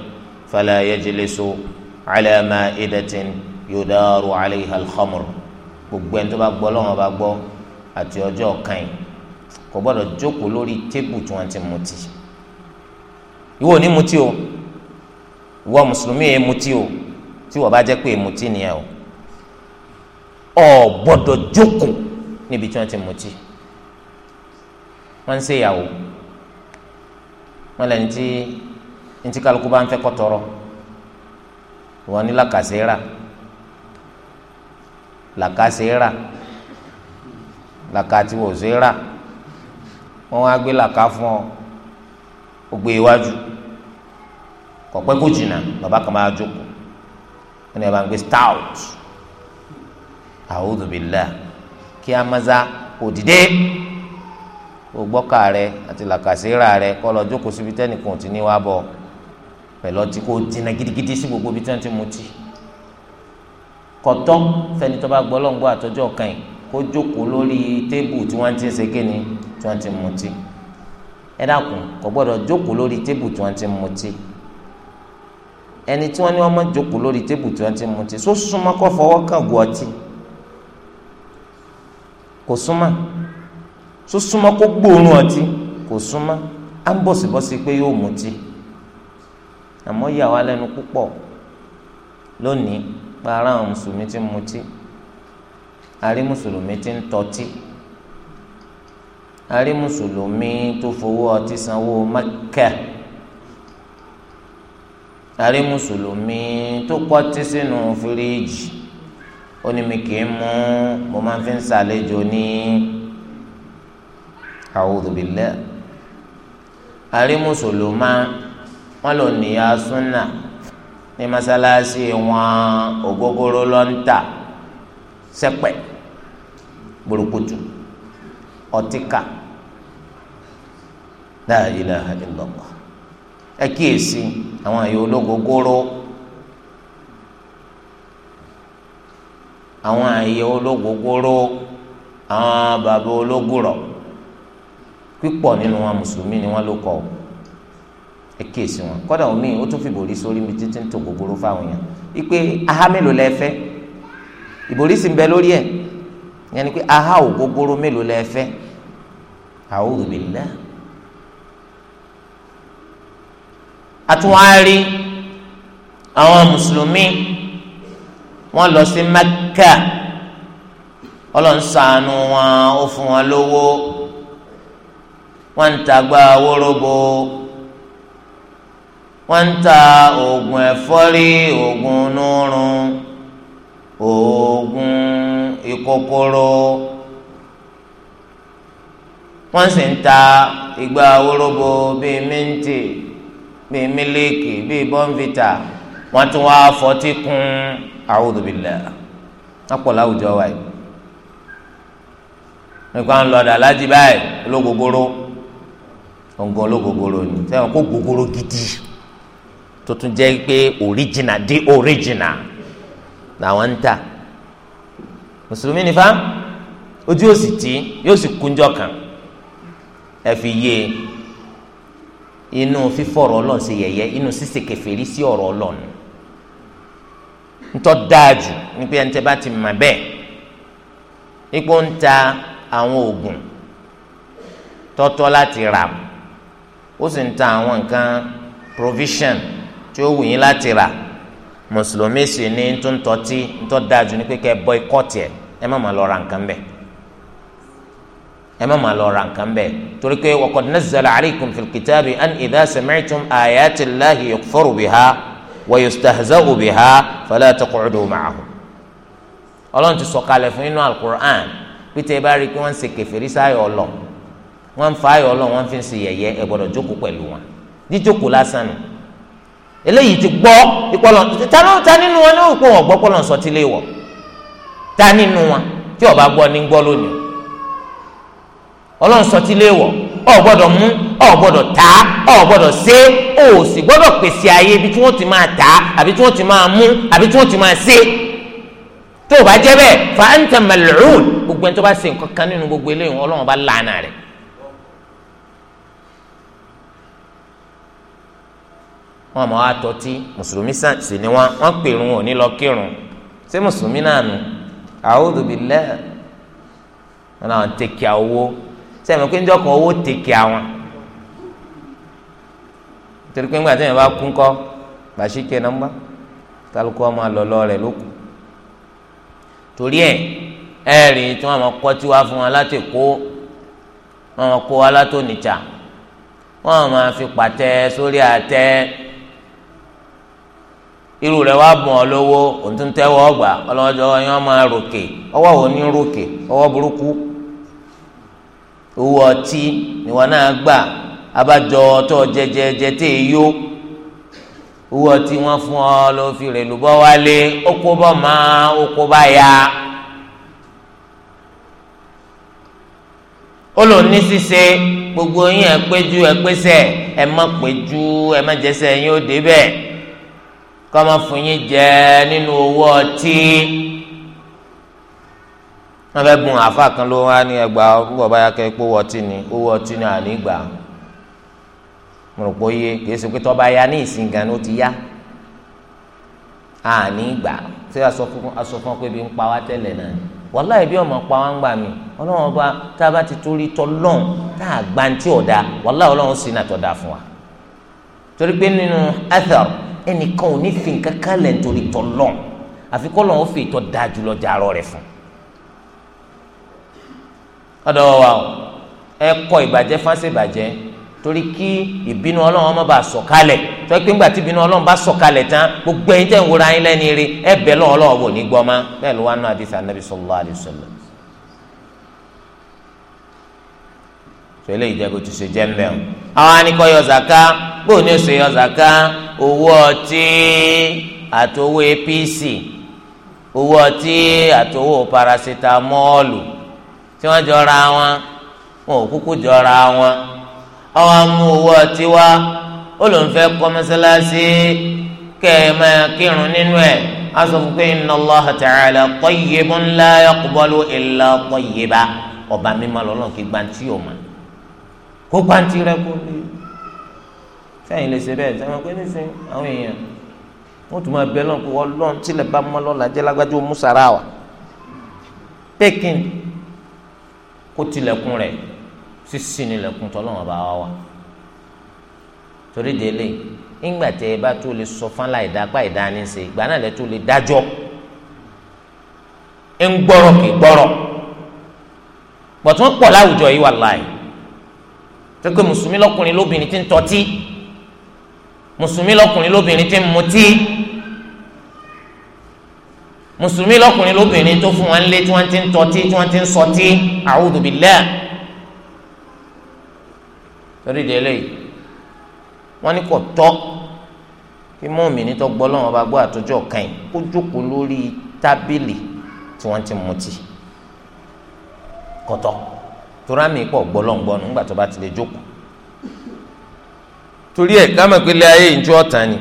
fala yajlisu ala ma'idatin yudaru alayha al gbogbo ẹni tó bá gbọ́ lọ́wọ́ bá gbọ́ àti ọjọ́ kan yìí kò gbọ́dọ̀ jókòó lórí tébù tí wọ́n ti mutí ìwọ ò ní mutí o ìwọ mùsùlùmí yẹn mutí o tí wọ́n bá jẹ́ pé mutí nìyẹn o ò gbọ́dọ̀ jókòó níbi tí wọ́n ti mutí wọ́n ń ṣèyàwó wọ́n lẹ́ni tí ntí kálukú bá ń fẹ́ kọ́ tọrọ ìwọ ní làkàṣẹ́ rà làkà ṣe é rà làkà tí wò ṣe é wọn wá gbé làkà fún ọ ó gbé iwájú e kò jìnnà bàbá kan máa jókòó wọn ni wọn bá ń gbé stout a'udhu billah kí a máa za òdìdé o gbọ́kà rẹ àti làkàṣírà rẹ kọ́ lọ jókòó síbi tẹ́nìkan ò ti ní wá bọ̀ pẹ̀lú ọtí kó dínà gidigidi sí gbogbo ibi tí wọ́n ti kọtọ fẹni tó bá gbọ́ lọ́ngbọ́ àtọ́jọ́ kan yìí kó jókòó lórí tébù tí wọ́n ti ń ṣe kíni tí wọ́n ti ń mutí ẹ dákun kò gbọ́dọ̀ jókòó lórí tébù tí wọ́n ti ń mutí ẹni tí wọ́n ní wọ́n máa jókòó lórí tébù tí wọ́n ti ń mutí só súnmọ́ kó fọwọ́ kàn gu ọtí kò súnmọ́ só súnmọ́ kó gbóòórùn ọtí kò súnmọ́ á ń bọ̀sibọ́sí pé yóò mutí àmọ́ yà wá lẹ́nu púpọ̀ lónìí kpara àwọn mùsùlùmí tí ń mutí àrí mùsùlùmí tí ń tọ́tí àrí mùsùlùmí tó fowó ọtí sanwó Mẹ́kà àrí mùsùlùmí tó kọ́tí sínú fíríjì ó ní mi kì í mú mo máa fi ń ṣàlejò ní a'udhu billah àrí mùsùlùmá wọn lò níyà súnà ní masalasi wọn ògógóró ló ń tà sẹpẹ burúkutu ọtíkà la ilaha illallah ẹ kíyèsí àwọn àyè ológógóró àwọn àyè ológógóró àwọn bàbá ológùrọ pípọ̀ nínú wọn mùsùlùmí ni wọ́n ló kọ́ ọ ẹ kíyèsí wọn kọ́dà omi ó tún fi ìbòrí sórí mi títí ń tò gbogbooro fáwọn èèyàn ipe aha mélòó lẹ fẹ́ ìbòrí sì ń bẹ lórí ẹ̀ yẹn ni pé aha ò gbogbooro mélòó lẹ fẹ́ a'udhu billah àtúwárí àwọn mùsùlùmí wọ́n lọ sí Mẹ́kà Ọlọ́run ṣàánú wọn ó fún wọn lówó wọ́n ń tagbá wóróbo wọ́n ń ta oògùn ẹ̀fọ́rí oògùn nírun oògùn ìkòkòrò wọ́n sì ń ta igba wóróbo bíi mẹ́ńtì bíi mílíkì bíi bọ́ǹvìtà wọ́n tún wá fọtí kún a'udhu billah ọ̀pọ̀ láwùjọ wa yìí nípa ń lọ́dà láti báyìí ológogoro òǹgọ̀ ológogoro ni sẹ́wọ̀n kó gogoro gidi. tó tún di original làwọn ń tà mùsùlùmí nífa ojú si sì tí yóò sì kúnjọ kan ẹ fi yé e. inú fífọ̀rọ̀ ọlọ́run sí yẹ̀yẹ́ inú sísè kèfèrí sí ọ̀rọ̀ ọlọ́run ntọ́ dáa jù ní pé ẹni bá ti mọ̀ bẹ́ẹ̀ ipò ń ta àwọn oògùn tọ́tọ́ láti rà ó sì ń ta provision tí ó wù yín láti rà mùsùlùmí sì ní tó ń tọ́tí ń tọ́ dáa jù ní pé kẹ́ ẹ boycott ẹ̀ ẹ má máa lọ ra nǹkan bẹ́ẹ̀ ẹ má máa lọ ra nǹkan bẹ́ẹ̀ torí pé wa qad nazzala alaykum fil kitabi an idha sami'tum ayati llahi yukfaru biha wa yustahza'u biha fala taq'udu ma'ahum ọlọ́run ti sọ̀kalẹ̀ fún inú alukur'an pété bá rí pé wọ́n ń ṣe kẹfẹ́rí sáyọ̀ ọlọ́ wọ́n ń fa ayọ̀ ọlọ́ wọ́n fi ń ṣe yẹ̀yẹ́ ẹ gbọ́dọ̀ jókòó pẹ̀lú wọn jíjókòó lásán nù eléyìí ti gbọ́ ìpọlọ ta nínú wọn ní òkú wọn gbọ́ pọlọ sọ ti lé wọ ta nínú wọn tí ọba gbọ́ ní gbọ́ lónìí Ọlọ́run sọ ti lé wọ ọ gbọ́dọ̀ mú ọ gbọ́dọ̀ ta ọ gbọ́dọ̀ ṣe ó sì gbọ́dọ̀ pèsè ayé ibi tí wọ́n ti máa ta àbí tí wọ́n ti máa mú àbí tí wọ́n ti máa ṣe tó o bá jẹ́ bẹ́ẹ̀ fa anta mal'un gbogbo ẹni tó bá ṣe nǹkan kan nínú gbogbo eléyìí Ọlọ́run bá lànà rẹ̀ wọn mọ àtọtí mùsùlùmí sì ni wọn wọn pèrún òní lọ kírun ṣé mùsùlùmí náà nù a'udhu billahi wọn náà tẹkẹ owó sẹmi pé njọ owó tẹkẹ àwọn torí pé ńgbà tí wọn bá kú bàṣíkẹ kálukú ọmọ àlọlọ rẹ ló torí ẹ ẹ rí tí wọn máa kọ tiwa fún láti kó wọn máa kó wọn máa fi irú rẹ̀ wá bùn ọ́ lówó òtún ọgbà ọlọ́jọ́ yẹn wọ́n máa ròkè ọwọ́ wo ní ròkè ọwọ́ burúkú owó ọtí níwọ̀n náà gbà abájọ ọtọ́ jẹjẹjẹ tẹ̀ yó owó ọtí wọ́n fún ọ ló fi rè lùbọ́ wálé ókó bọ́ máa ókó bá ya. ní ṣíṣe gbogbo yín ẹ péjú ẹ pèsè ẹ má péjú ẹ má jẹsẹ yín ó débẹ̀. kọ́mọ fún yín jẹ nínú owó ọtí wọ́n fẹ́ bùn àfa kan ló wá ní ẹgbà púpọ̀ báyà kẹ́ pé owó ọtí ni owó ọtí ni àní gbà mo rò pé ó kìí ṣe pé tọ́ba ya ní ìsìn gan ni ó ti yá àní gbà ṣé aṣọ fún ọ pé bí ń pa wá tẹ́lẹ̀ náà ni wàláì bí ọmọ pa wá ń gbà mí ọlọ́run ọba tá a bá ti torí tọ́lọ́n tá a gba ní tí ọ̀dà wàláì ọlọ́run sì nà tọ́da fún wa torí pé nínú ẹ̀thẹ̀r ẹnìkan ò ní fi nǹkan kan lẹ̀ nítorí tọ́lọ́n àfi kọ́ lọ́n ó fi ìtọ́ da jùlọ jaarọ́ rẹ̀ fún. ọ̀dọ̀ wa o ẹ kọ ìbàjẹ́ fáṣẹ̀ ìbàjẹ́ torí kí ìbínú ọlọ́run má bàa sọ̀kalẹ̀ torí pé ńgbà tí ìbínú ọlọ́run bá sọ̀kalẹ̀ tán gbogbo ẹ̀yin tẹ̀ ń wúra yín lẹ́ni rí ẹ bẹ̀ lọ́wọ́ ọlọ́run wò ní gbọ́ ma bẹ́ẹ̀ ló wá nù sallallahu alaihi tẹlẹ ìjẹbù ti ṣe jẹ mbẹ o àwọn anìkọ yọ zaka bóun ní oṣù yọ zaka owó ọtí àti owó apc owó ọtí àti owó parasitamọọlù tí wọn jọra wọn wọn ò kúkú jọra wọn àwọn amú owó ọtí wá ó lòún fẹ́ kọ́ mọ́sálásí kẹ́ ẹ máa kírun nínú ẹ̀ á fún pé inna Allah ta'ala tayyibun la yaqbalu illa tayyiba ọba mímọ́ lọ́nà kí gbantí ò mọ́ kó pàǹtí rẹ kó lé sẹ́yìn lè ṣe bẹ́ẹ̀ sẹ́yìn pé nísìnyí àwọn èèyàn wọ́n tún máa bẹ lọ́n pé ọlọ́run tilẹ̀ bá mọ́ lọ́la jẹ́ lágbájú musara wa pékin kó tilẹ̀kùn rẹ̀ sísìn nílẹ̀kùn tọ́lọ́wọ́n bá wa wa torí délé ńgbà tẹ ẹ bá tó lè sọ fún aláìdá apá ìdá ni ṣe ìgbà náà lẹ tó lè dájọ́ ń gbọ́rọ̀ kì í gbọ́rọ̀ pọ̀tún pọ̀ láwùjọ yìí wà láì pé mùsùlùmí lọkùnrin lóbìnrin ti ń tọ́tí mùsùlùmí lọkùnrin lóbìnrin ti ń mutí mùsùlùmí lọkùnrin lóbìnrin tó fún wọn lé tí wọn ti ń tọ́tí tí wọn ti ń sọtí a'udhu billah torí de eléyìí wọn ní kò tọ́ kí mọ́ọ̀mìnì tó gbọ́ lọ́wọ́ bá gbọ́ àtọ́jú ọ̀kan yìí kó jókòó lórí tábìlì tí wọ́n ti mutí kò tọ́ tora mi pọ̀ gbọ́lọ́ngbọ́n nígbà tó bá ti lè jókòó torí ẹ̀ ká mọ̀ pé ilé ayé ìjọ ọ̀tàn ni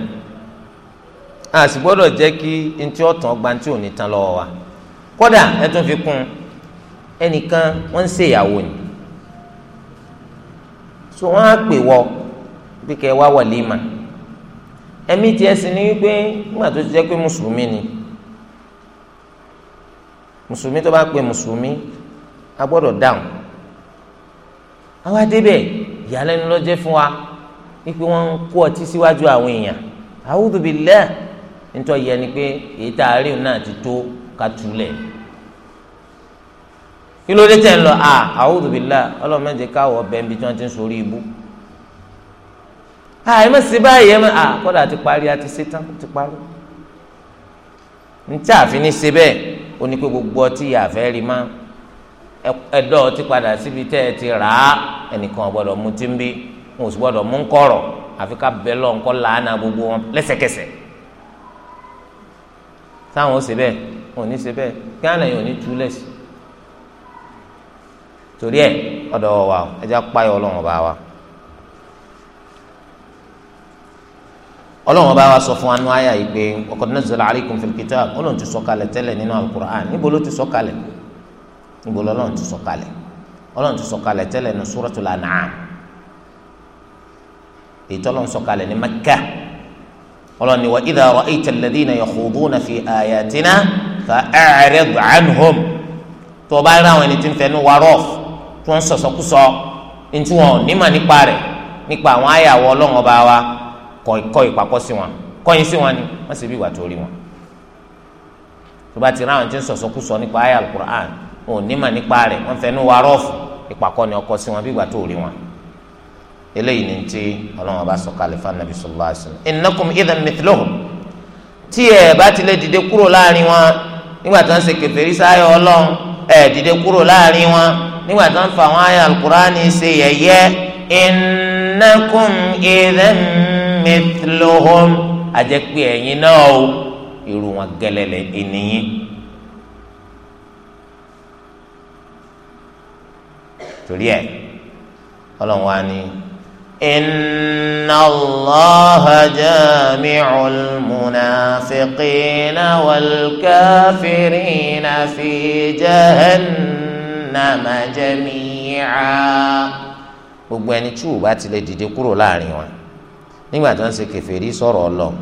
a sì gbọ́dọ̀ jẹ́ kí ntí ọ̀tàn gba ntí òní tán lọ́wọ́ wa kódà ẹ tún fi kún ẹnìkan wọ́n ń ṣèyàwó ni so wọ́n á pè wọ́ bí kẹ́ wá wọlé mà ẹ̀mí tiẹ̀ sì ni wípé nígbà tó ti jẹ́ pé mùsùlùmí ni mùsùlùmí tó bá pè mùsùlùmí a gbọ́dọ̀ dáhùn àwa débẹ̀ ìyàlẹ́nu ló jẹ́ fún wa wípé wọ́n ń kó ọtí síwájú àwọn èèyàn a'udhu billah nítorí yẹ ni pé èyí tá a rí òun náà ti tó ká túlẹ̀ kí ló dé tẹ̀ ń lọ à a'udhu billah ọlọ́run mẹ́jẹ káwọ̀ bẹ́ẹ̀ bí tí wọ́n ti ń sọ orí ibú à ẹ má ṣe báyìí ẹ má à kọ́dà ti parí a ti ṣe tán ti parí ní tí àfi ní ṣe bẹ́ẹ̀ ó ní pé gbogbo ọtí yà fẹ́ rí máa ẹdọ ti padà síbi tẹ ẹ ti rà á ẹnìkan gbọ́dọ̀ mutí ń bí wọn ò sì gbọ́dọ̀ mú kọ̀rọ̀ àfi ká bẹ lọ nǹkan làánà gbogbo wọn lẹ́sẹ̀kẹsẹ̀ táwọn ó ṣe bẹ́ẹ̀ wọn ò ní ṣe bẹ́ẹ̀ gánà yìí ò ní tú lẹsì torí ẹ ọ̀dọ̀ wa ẹjẹ apáyọ Ọlọ́run ọba wa Ọlọ́run ọba wa sọ fún anú àyà yìí pé ọkọ náà zọlá alaykum fil kitab Ọlọ́run ti sọ kalẹ̀ tẹ́lẹ̀ nínú alukur'an níbo ló ti sọ kalẹ̀ níbo lọ́lọ́run ti sọ̀kalẹ̀ ọlọ́run ti sọ̀kalẹ̀ tẹ́lẹ̀ ní suratul an'am èyí tọ́lọ́run sọ̀kalẹ̀ ní mẹ́kà ọlọ́run ni wa idha ra'ayta alladhina yakhuduna fi ayatina fa'rid anhum tó o bá rí àwọn ẹni tí ń fẹnu wa rọ́ọ̀f tó ń sọ̀sọ́kúsọ ní tí wọn ò ní mà nípa rẹ̀ nípa àwọn àyàwó ọlọ́run ọba wa kọ́ ìpàkọ́ sí wọn kọ́yìn sí wọn ni wọ́n sì bí ìwà tó rí wọn tó bá ti rí àwọn tí ń sọ̀sọ́kúsọ nípa àyà al-Qur'an wọn ò ní mà nípa rẹ̀ wọ́n fẹnu wa rọ́ọ̀fù ìpàkọ́ ni ọkọ sí wọn bí ìgbà tó rí wọn eléyìí ni ti ọlọ́run ọba sọ kalẹ̀ fún anabi sallallahu alaihi wasallam innakum idhan tí ẹ bá tilẹ̀ dìde kúrò láàrin wọn nígbà tó ń ṣe kèfèrí sáyọ ọlọ́run ẹ dìde kúrò láàrin wọn nígbà tó ń fa àwọn àyà alukurani ṣe yẹ̀yẹ́ innakum idhan mithluhum àjẹpẹ́ ẹ̀yin náà o irú wọn gẹ́lẹ́ lẹ́yìn torí ẹ ọlọ́run wa ni inna allaha jami'ul munafiqina wal kafirina fi jahannama jami'a gbogbo ẹni tí ó bá ti lè dìde kúrò láàrin wa nígbà tí wọ́n ṣe kèfèrí sọ̀rọ̀ Ọlọ́run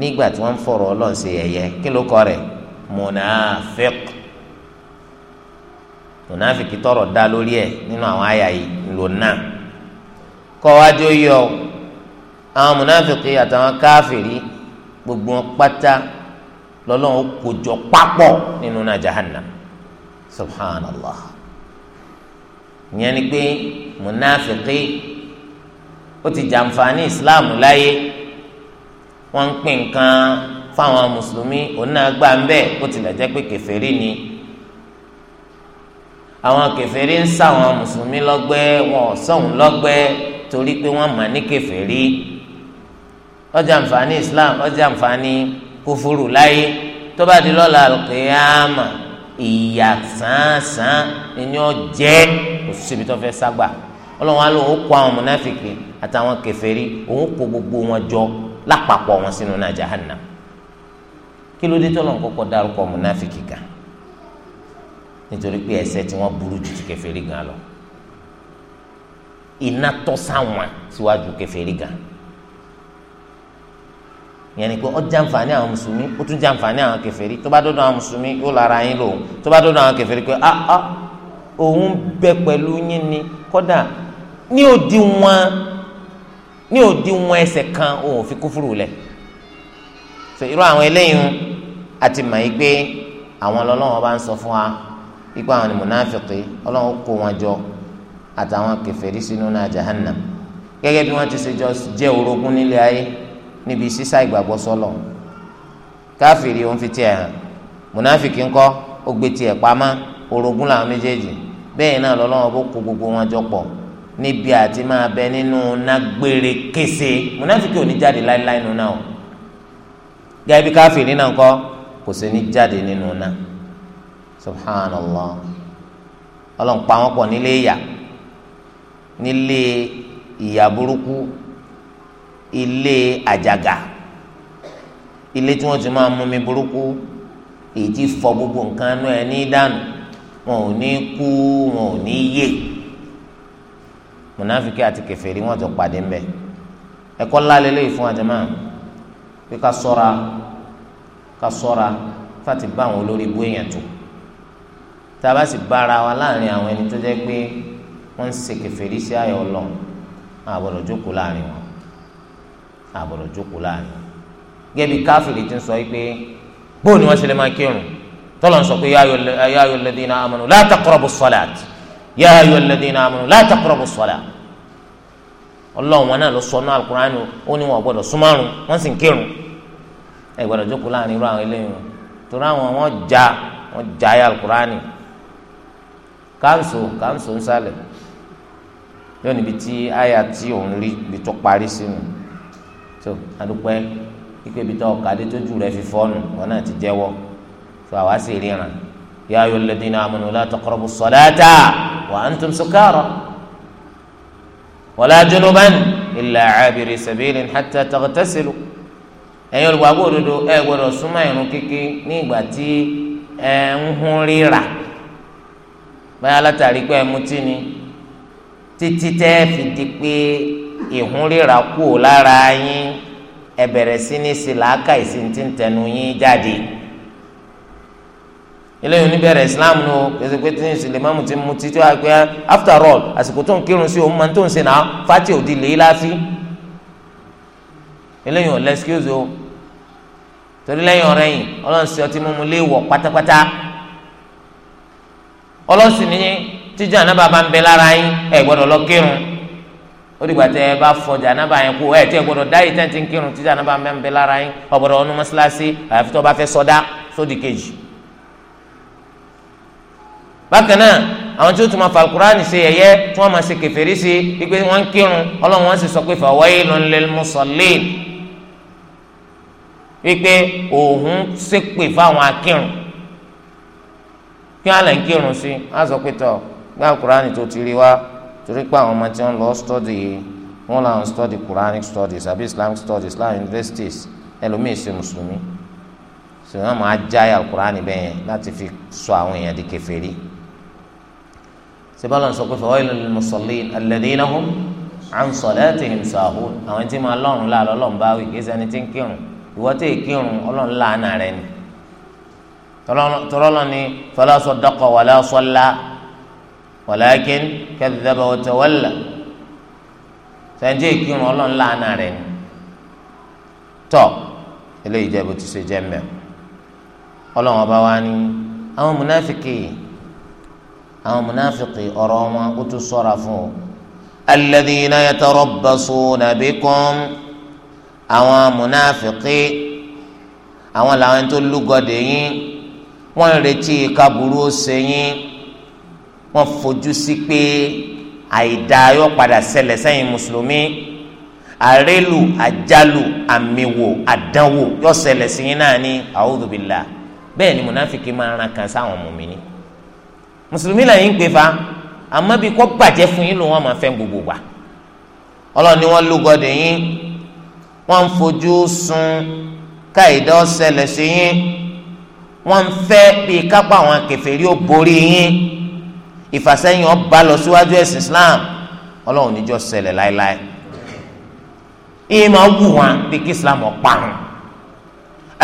nígbà tí wọ́n fọ̀rọ̀ Ọlọ́run ṣe yẹ̀yẹ́ kí ló kọ rẹ̀ munafik mùnàfíkì tọrọ dá lórí ẹ nínú àwọn àyà yìí lò náà kọ́ wájú yọ àwọn mùnàfíkì àtàwọn káfìrí gbogbo pátá lọ́lọ́run kò jọ nínú náà subhanallah ìyẹn ni pé mùnàfíkì ó ti jàǹfààní islam láyé wọ́n ń pín nǹkan fáwọn mùsùlùmí òun náà gbà ń bẹ́ẹ̀ ó tilẹ̀ jẹ́ pé kèfèrí ni àwọn kèfèrí ń sá àwọn mùsùlùmí lọ́gbẹ́ wọn ò sọ̀hún lọ́gbẹ́ torí pé wọ́n mà ní kèfèrí ọjà àǹfààní islam ọjà àǹfààní kúfúrú láyé tó bá di lọ́la alqiyama ìyà sánsan ni ó jẹ́ kò síbi tó fẹ́ ságbà ọlọ́run á lò kó àwọn mùnáfìkì àtàwọn kèfèrí òun kó gbogbo wọn jọ lápapọ̀ wọn sínú náà jahannam kí ló dé tọ́lọ́ nǹkan kọ́ dárúkọ mùnáfìkì kan nítorí pé ẹ̀ṣẹ̀ tí wọ́n burú ju ti kèfèrí gan lọ iná tọ́ sáwọn síwájú kèfèrí gan yẹn ni pé ó jàǹfààní àwọn mùsùlùmí ó tún jàǹfààní àwọn kèfèrí tó bá dọ́dọ̀ àwọn mùsùlùmí yóò lára yín lòun tó bá dọ́dọ̀ àwọn kèfèrí pé ah ah òun bẹ pẹ̀lú yín ni kódà ní òdi wọn ní òdi wọn ẹ̀ṣẹ̀ kan òun ò fi kúfúrú lẹ̀ so irú àwọn eléyìí àti màá yí pé àwọn lọ́lọ́wọ́n bá ń sọ fún wa. ikú àwọn ni mùnàfìkì ọlọ́run kó wọn jọ àtàwọn kèfèrí sínú náà jahannam gẹ́gẹ́ bí wọ́n ti ṣe jẹ́ orogún nílé ayé níbi sísá ìgbàgbọ́ sọ́lọ̀ káfìrí òun fi tiẹ̀ hàn mùnàfìkì ńkọ́ ó gbé tiẹ̀ orogún làwọn méjèèjì bẹ́ẹ̀ náà lọ́lọ́run kó gbogbo wọn jọ pọ̀ níbi àti máa bẹ nínú kése ò ní jáde láéláé nínú náà gẹ́gẹ́ bí náà ńkọ́ kò sí ní jáde nínú subhanallah ọlọ́run pa wọ́n pọ̀ nílé ìyà nílé ìyà burúkú ilé àjàgà ilé tí wọ́n ti máa mú mi burúkú èyí tí fọ gbogbo nǹkan náà ẹ ní dànù wọn ò ní kú wọn ò ní yè mùnàfíkì àti kèfèrí wọn ti pàdé mbẹ ẹ̀kọ́ ńlá lélẹyìí fún àjẹmọ pé ká ṣọ́ra ká ṣọ́ra fàtí bá àwọn olórí ibú èèyàn tó tá a bá sì bára wa láàrin àwọn ẹni tó jẹ́ pé wọ́n ń ṣe kèfèrí sí ayọ̀ ọlọ́run àbọ̀dọ̀ jókòó láàrin wọn àbọ̀dọ̀ jókòó láàrin wọn. gẹ́gẹ́ bí káfíìrì ti ń sọ pé bóun ni wọ́n ṣe lè máa kírun tọ́lọ̀ ń sọ pé yá ayọ̀ alladhina amanu la taqrabu salat yá ayọ̀ alladhina amanu la taqrabu salat ọlọ́run wọn náà ló sọ náà alukur'an ó ní wọn gbọdọ̀ súnmọ́run wọ́n sì ń kírun ẹ gbọdọ̀ jókòó láàrin irú àwọn eléyìí torí àwọn wọn já wọn já ayé alukur'an kanṣu kanṣu nsàlẹ̀ yóò níbi tí àyà tí òun rí ibi tó parí sínú tó adúpẹ́ ikpe ibi tó ọ̀kadé tójú rẹ̀ fi fọ́ọ̀nù wọn náà ti jẹ́wọ́ tó àwa sì ríran ya ayyul ladina amanu la taqrabu salata wa antum sukara wala junuban illa abiri sabilin hatta taghtasilu ẹ̀yin olùgbàgbọ́ òdodo ẹ̀ gbọ́dọ̀ súnmọ́ ìrun kíkí ní ìgbà tí ẹ̀ ń hún rírà. báyà látàrí pé ẹmutí ni títí tẹ́ fi di pé ìhúnríra kú lára yín ẹ sí ní sí làákà yín jáde oníbẹ̀rẹ̀ islam ní pèsè pé tí ìsìlẹ̀mọ́mù ti mutí tí wàá pé ah, after all àsìkò tó ń kírun sí òun máa tó ń fati òdi lè láfi eléyìí o torí lẹ́yìn ọ̀rẹ́yìn ọlọ́run sí ọlọ́sìn ní tíjà anábà bá ń bẹ lára yín ẹ gbọ́dọ̀ lọ kírun ó dìgbà tẹ ẹ bá fọjà anábà yẹn kú ẹ tí ẹ gbọ́dọ̀ dáyìí tẹ́ ti ń kírun tíjà anábà ń bẹ lára yín ọ̀gbọ̀dọ̀ ọ̀nù mọ́ṣáláṣí àyàfi tó bá fẹ́ sọdá sódì kejì. bákan náà àwọn tí ó tún máa fa alukurani ṣe yẹyẹ tí wọ́n máa ṣe kẹfẹ́rí sí pípé wọ́n ń kírun ọlọ́run wọn sì sọ pé fawailun lil musallin kí wọn lè ń kírun sí wọn sọ pé tọ gbá kúránì tó ti rí wa torí pé àwọn ọmọ tí wọn lọ stọdì wọn làwọn stọdì Quranic studies àbí Islamic studies láwọn universities ẹlòmíì ṣe mùsùlùmí sì wọn máa jáyà kúránì bẹ́ẹ̀ láti fi sọ àwọn èèyàn di kèfèrí sibala sọ pé fawailul lil musallin alladhina hum an salatihim sahun àwọn tí máa lọ́rùn láàlọ́ lọ́nbáwí kí sẹ́ni tí ń kírun ìwọ́tẹ̀ kírun ọlọ́run láàánà rẹ ni tọ́lọ́lọ́ ni fala saddaqa wala salla walakin kadhaba wa tawalla sẹ́ńtì ìkírun ọlọ́run láàánà rẹ̀ ni tọ́ eléyìí jẹ́ bó ti ṣe jẹ́ mẹ́ ọlọ́run ọba wa ni àwọn múnáfìkì àwọn múnáfìkì wọn ó tún sọ́ra fún o alladhina yatarabbasuna bikum àwọn múnáfìkì àwọn làwọn tó lúgọ̀dẹ̀ yín wọ́n ń retí kaburú ó ṣe yín wọ́n fojú sí pé àìdá yóò padà ṣẹlẹ̀ sẹ́yìn mùsùlùmí àrélù àjálù àmìwò àdánwò yóò ṣẹlẹ̀ sí náà ní a'udhu billah bẹ́ẹ̀ ni mùnàfíkì máa ran kan sáwọn mùmínì mùsùlùmí là yín pè fa àmọ́ bí kò bàjẹ́ fún yín ló wọ́n máa fẹ́ gbogbo wa ọlọ́ni wọ́n lúgọ̀dẹ̀ yín wọ́n fojú sun káìdá ó ṣẹlẹ̀ wọ́n fẹ́ bíi kápá àwọn kèfèrí ó borí yín ìfàsẹ́yìn ọba lọ síwájú ẹ̀sìn islam ọlọ́run níjọ́ ṣẹlẹ̀ láéláé ìmọ̀ wù wọn bíi kí islam ọ̀parun.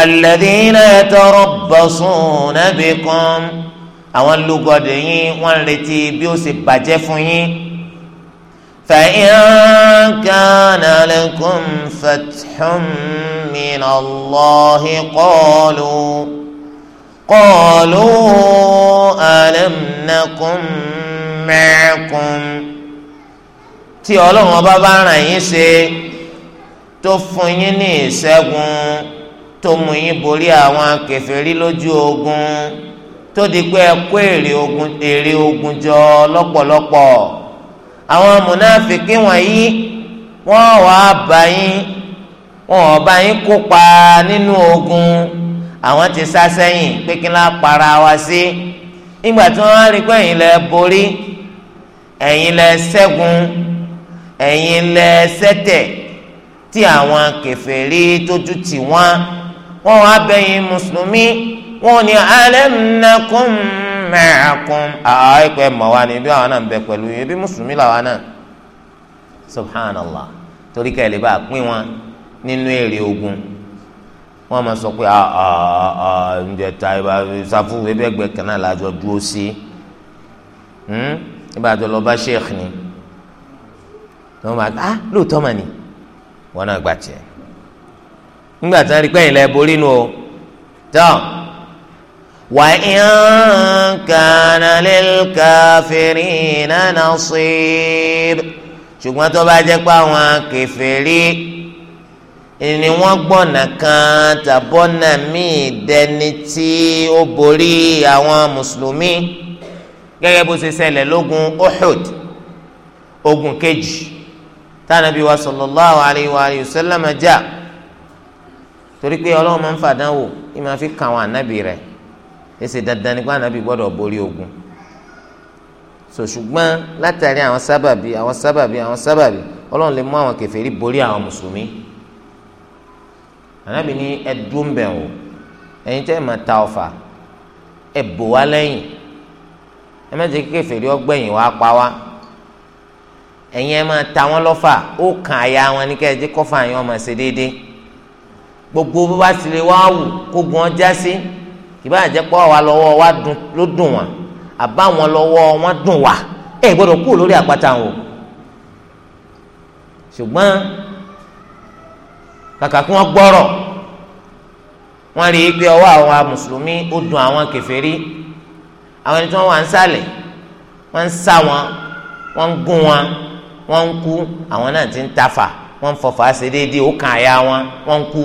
alladhina yatarabbasuna bikum àwọn lúgọ̀dì yín wọ́n ń retí bí ó ṣe bàjẹ́ fún yín. fa in kana lakum fathun min قالوا ألم نكن معكم tí ọlọ́run ọba bá ràn yín ṣe tó fún yín ní ìṣẹ́gun tó mú yín borí àwọn kèfèrí lójú ogun tó di pé ẹ kó èrè ogun jọ lọ́pọ̀lọpọ̀ àwọn mùnáfìkí wọ̀nyí wọ́n wàá bá yín wọ́n bá yín kópa nínú ogun. àwọn ti sá sẹ́yìn pé kí para wa sí nígbà tí wọ́n rí pé ẹ̀yin lẹ borí ẹ̀yin lẹ ṣẹ́gun ẹ̀yin lẹ ṣẹ́tẹ̀ tí àwọn kèfèrí tójú tì wọ́n wọ́n wá bẹ̀yìn mùsùlùmí wọ́n ní alam nakum ma'akum àwọn ìpẹ́ mọ̀ wá ní bí àwọn náà ń bẹ pẹ̀lú yín bí mùsùlùmí làwọn náà subhanallah torí ká ẹ lè bá a pín wọn nínú èrè ogun. wọ́n máa sọ pé ah, ah, ah, ǹjẹ́ ta ṣàfù ẹgbẹ́gbẹ́ kan náà lájọ dúró sí ibà hmm? tó lọ bá sheikh ni wọ́n máa gbà lóòótọ́ mà ni wọ́n náà gbà tiẹ̀ nígbà tí wọ́n rí pẹ́yìn lẹ́ nu o tán wà in kana lil kafirina nasib ṣùgbọ́n tó bá jẹ́ pé àwọn kèfèrí ni wọ́n gbọ́nà kan tàbọ́nà míì dẹni tí ó borí àwọn mùsùlùmí gẹ́gẹ́ bó ṣe ṣẹlẹ̀ lógun Uhud ogun kejì tánàbí wa sallallahu alayhi wa alihi wa sallam jà torí pé ọlọ́run máa ń fàdánwò yìí máa fi kàn wọn ànábì rẹ̀ èsì dandan ni ànábì gbọ́dọ̀ borí ogun so ṣùgbọ́n látàrí àwọn sábàbí àwọn sábàbí àwọn sábàbí ọlọ́run lè mú àwọn kèfèrí borí àwọn mùsùlùmí anabi ní ẹdùn bẹ̀ o ẹ̀yin tẹ́ ẹ máa ta ọfà ẹ bò wá lẹ́yìn ẹ má jẹ́ kékeré fèrè ọgbẹ́yìn wá pa wá ẹ̀yin ẹ máa ta wọ́n lọ́fà ó kàn àyà wọn ní kẹ́ ẹ jẹ́ kọ́fà yẹn ọmọ ṣe gbogbo bá ti lè wù kó gun ọjà sí ìbá àjẹpọ̀ wa lọ́wọ́ wa ló dùn wọn àbá wọn lọ́wọ́ wọn dùn wá ẹ gbọ́dọ̀ kú lórí àpáta wọn ṣùgbọ́n kàkà kí wọ́n gbọ́rọ̀ wọ́n rí i pé ọwọ́ àwọn mùsùlùmí ó dùn àwọn kèfèrí àwọn ẹni tí wọ́n wà ń sàlẹ̀ wọ́n ń sá wọn wọ́n ń gún wọn wọ́n ń kú àwọn náà ti ń tafà wọ́n ń fọfà ṣe déédéé ó kàn àyà wọn wọ́n ń kú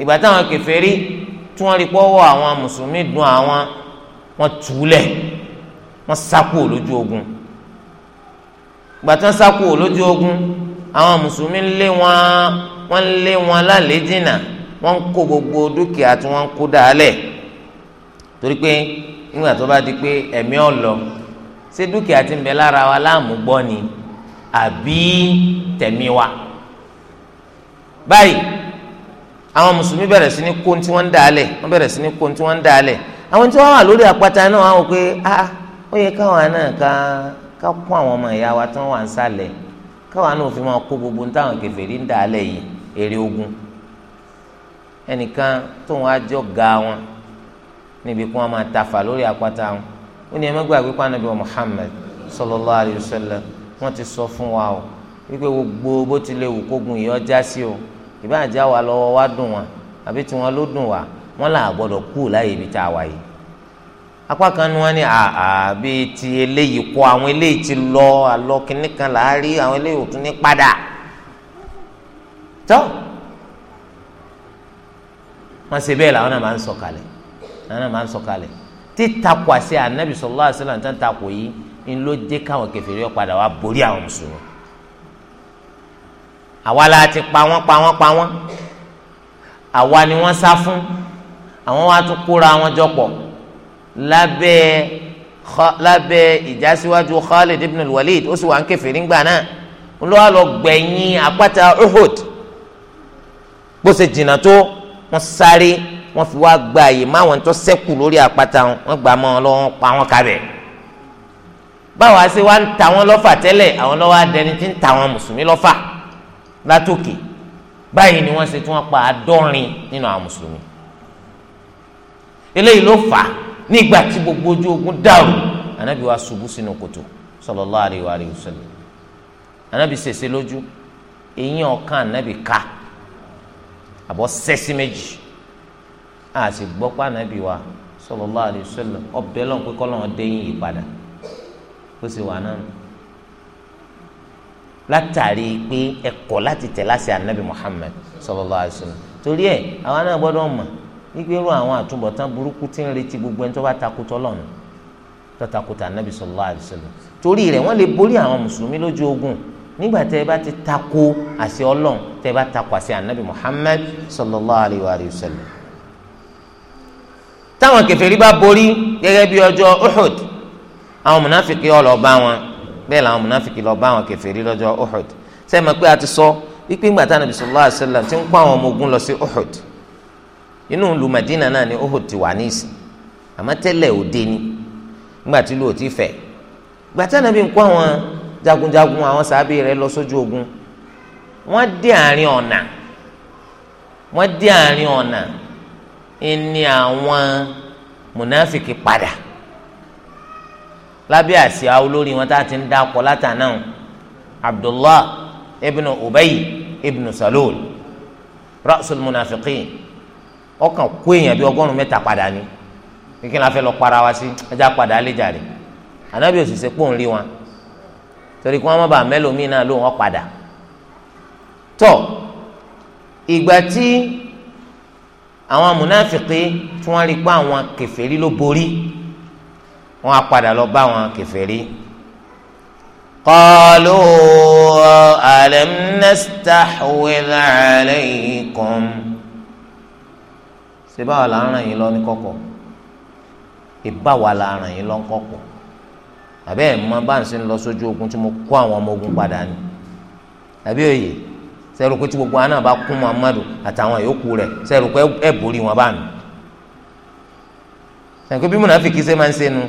ìgbà táwọn kèfèrí tí wọ́n rí i pé ọwọ́ àwọn mùsùlùmí dùn àwọn wọ́n túlẹ̀ wọ́n sákò lójú ogun ìgbà tí wọ́n sákò lójú ogun àwọn mùsùlùmí lé wọn. wọ́n lé wọn lálẹ́ jìnnà wọn ń kó gbogbo dúkìá tí wọn kó dálẹ̀ torí pé nígbà tó bá di pé ẹ̀mí ọ̀lọ́ ṣé dúkìá ti ń bẹ lára wa ni àbí tẹ̀mí wa báyìí àwọn mùsùlùmí bẹ̀rẹ̀ sí ní kó tí wọ́n ń dálẹ̀ wọ́n bẹ̀rẹ̀ sí ní kó tí wọ́n ń dálẹ̀ àwọn tí wọ́n wà lórí náà wọ́n á wò pé ó yẹ káwọn náà ká ká kó àwọn ọmọ wa tí wọ́n wà ń sálẹ̀ káwọn náà fi ní táwọn èrè ogun ẹnìkan tó wọn àjọ ga wọn níbi kí wọn máa tafa lórí àpáta wọn ó ní ẹ má gbàgbé pàánù bíi Muhammad sallallahu alayhi wa sallam wọn ti sọ fún wa o wípé gbogbo bó ti lè wù kógun yìí ọjà sí o ìbáàjá wa lọ́wọ́ wa dùn wá àbí tiwọn ló dùn wá wọn là gbọ́dọ̀ kú láyé ibi tá a wà yìí apá kan ni wọn ní àà bíi ti eléyìí kọ àwọn eléyìí ti lọ àlọ kìnnìkan làárí àwọn eléyìí ò tún ní padà tọ́ wọn ṣe bẹ́ẹ̀ làwọn náà máa ń sọ̀kalẹ̀ làwọn náà máa ń sọ̀kalẹ̀ títakò àṣẹ anabi sallallahu alaihi wasallam takò yìí ń ló dé káwọn kèfèrí ọ̀padà wa borí àwọn mùsùlùmí àwa la ti pa wọ́n pa wọ́n pa wọ́n àwa ni wọ́n sá fún àwọn wa tún kóra wọn jọ pọ̀ lábẹ́ lábẹ́ ìjásíwájú Khalid ibn al-Walid ó sì wà ń kèfèrí ńgbà náà ń lọ́wọ́ lọ gbẹ̀yìn àpáta Uhud bó ṣe jìnnà tó wọ́n sáré wọ́n fi wá gba àyè má wọn tó ṣẹ́kù lórí àpáta wọn gbà mọ́ wọn lọ́wọ́ pa wọn kabẹ̀ báwa ṣe wá ń ta wọn lọ́fà tẹ́lẹ̀ àwọn lọ́wọ́ adẹni tí ń ta wọn mùsùlùmí lọ́fà látòkè báyìí ni wọ́n ṣe tí wọ́n pa àádọ́rin nínú àwọn mùsùlùmí eléyìí ló fà á nígbà tí gbogbo ojú ogun dàrú anabi wa ṣubú sínú kòtò sallallahu alaihi wa alihi wasallam anabi ṣèṣe lójú eyín ọ̀kan anabi ká àbọ̀ sẹ́sí méjì a sì gbọ́ pé ànábì wa sallallahu alaihi wasallam ọbẹ̀ lọ́n pé kọ́lọ́n dẹ́yìn yìí padà ó sì wà náà látàrí pé ẹ̀kọ́ láti tẹ̀ láti ànábì Muhammad sallallahu alaihi wasallam torí ẹ̀ àwọn náà gbọ́dọ̀ mọ̀ nígbèrú àwọn àtúbọ̀tán burúkú tí ń retí gbogbo ẹni tó bá takùtọ̀ Ọlọ́run tó takùtọ̀ ànábì sallallahu alaihi wasallam torí rẹ̀ wọ́n lè borí àwọn mùsùlùmí lójú ogun nígbà tẹ́ ẹ bá ti tako àṣẹ ọlọ́run tẹ́ ẹ bá tako àṣẹ anabi muhammed sallallahu alayhi wa sallam. táwọn kèfèrí bá borí gẹ́gẹ́ bí ọjọ́ uhud àwọn munafiki ó lọ bá wọn bẹ́ẹ̀ làwọn munafiki lọ bá wọn kèfèrí lọ́jọ́ uhud sẹ́ẹ̀ mọ̀ pé a ti sọ wípé ńgbà tá anabi sallallahu alayhi wa sallam ti ń kó àwọn ọmọ ogun lọ sí uhud inú ìlú náà ni uhud ti wà ní ìsìn àmọ́ òde ni ńgbà tí lóòótì fẹ̀ gbàtà nàbí ń kó àwọn jagunjagun àwọn sábẹ́ rẹ̀ lọ sójú ogun wọ́n dé àárín ọ̀nà wọ́n dé àárín ọ̀nà ìní àwọn mùnáfìkì padà lábẹ́ àsíá olórí wọn tá a ti ń dákọ̀ látàná Abdullah ibn Ubay ibn Salul rasul munafiqin ọkàn kó èèyàn bíi ọgọ́rùn mẹ́ta padà ni kíkín la fẹ́ lọ para wa sí ẹja padà alẹ́ jàre ànábì òṣìṣẹ́ ń rí wọn torí kí wọ́n má bàa mẹ́lòmíì náà lóun ọ̀padà tọ́ ìgbà tí àwọn amúnáfìkì tí wọ́n rí pé àwọn kèfèrí ló borí wọ́n á lọ bá àwọn kèfèrí. قالوا ألم نستحوذ عليكم ṣe báwa la ń ràn yín lọ ní kọ̀kọ̀ ìbáwa la ń ràn yín lọ ní kọ̀kọ̀ àbẹ́ ẹ̀ mọ bá ń sin lọ sójú ogun tí mo kó àwọn ọmọ ogun padà ni àbí òye sẹ́rù pé tí gbogbo àwọn náà bá kún Muhammadu àtàwọn yòókù rẹ̀ sẹ́rù pé ẹ̀ borí wọn bánu sẹ́rù pé bí múnàfíkì ṣe máa ń sẹ́nu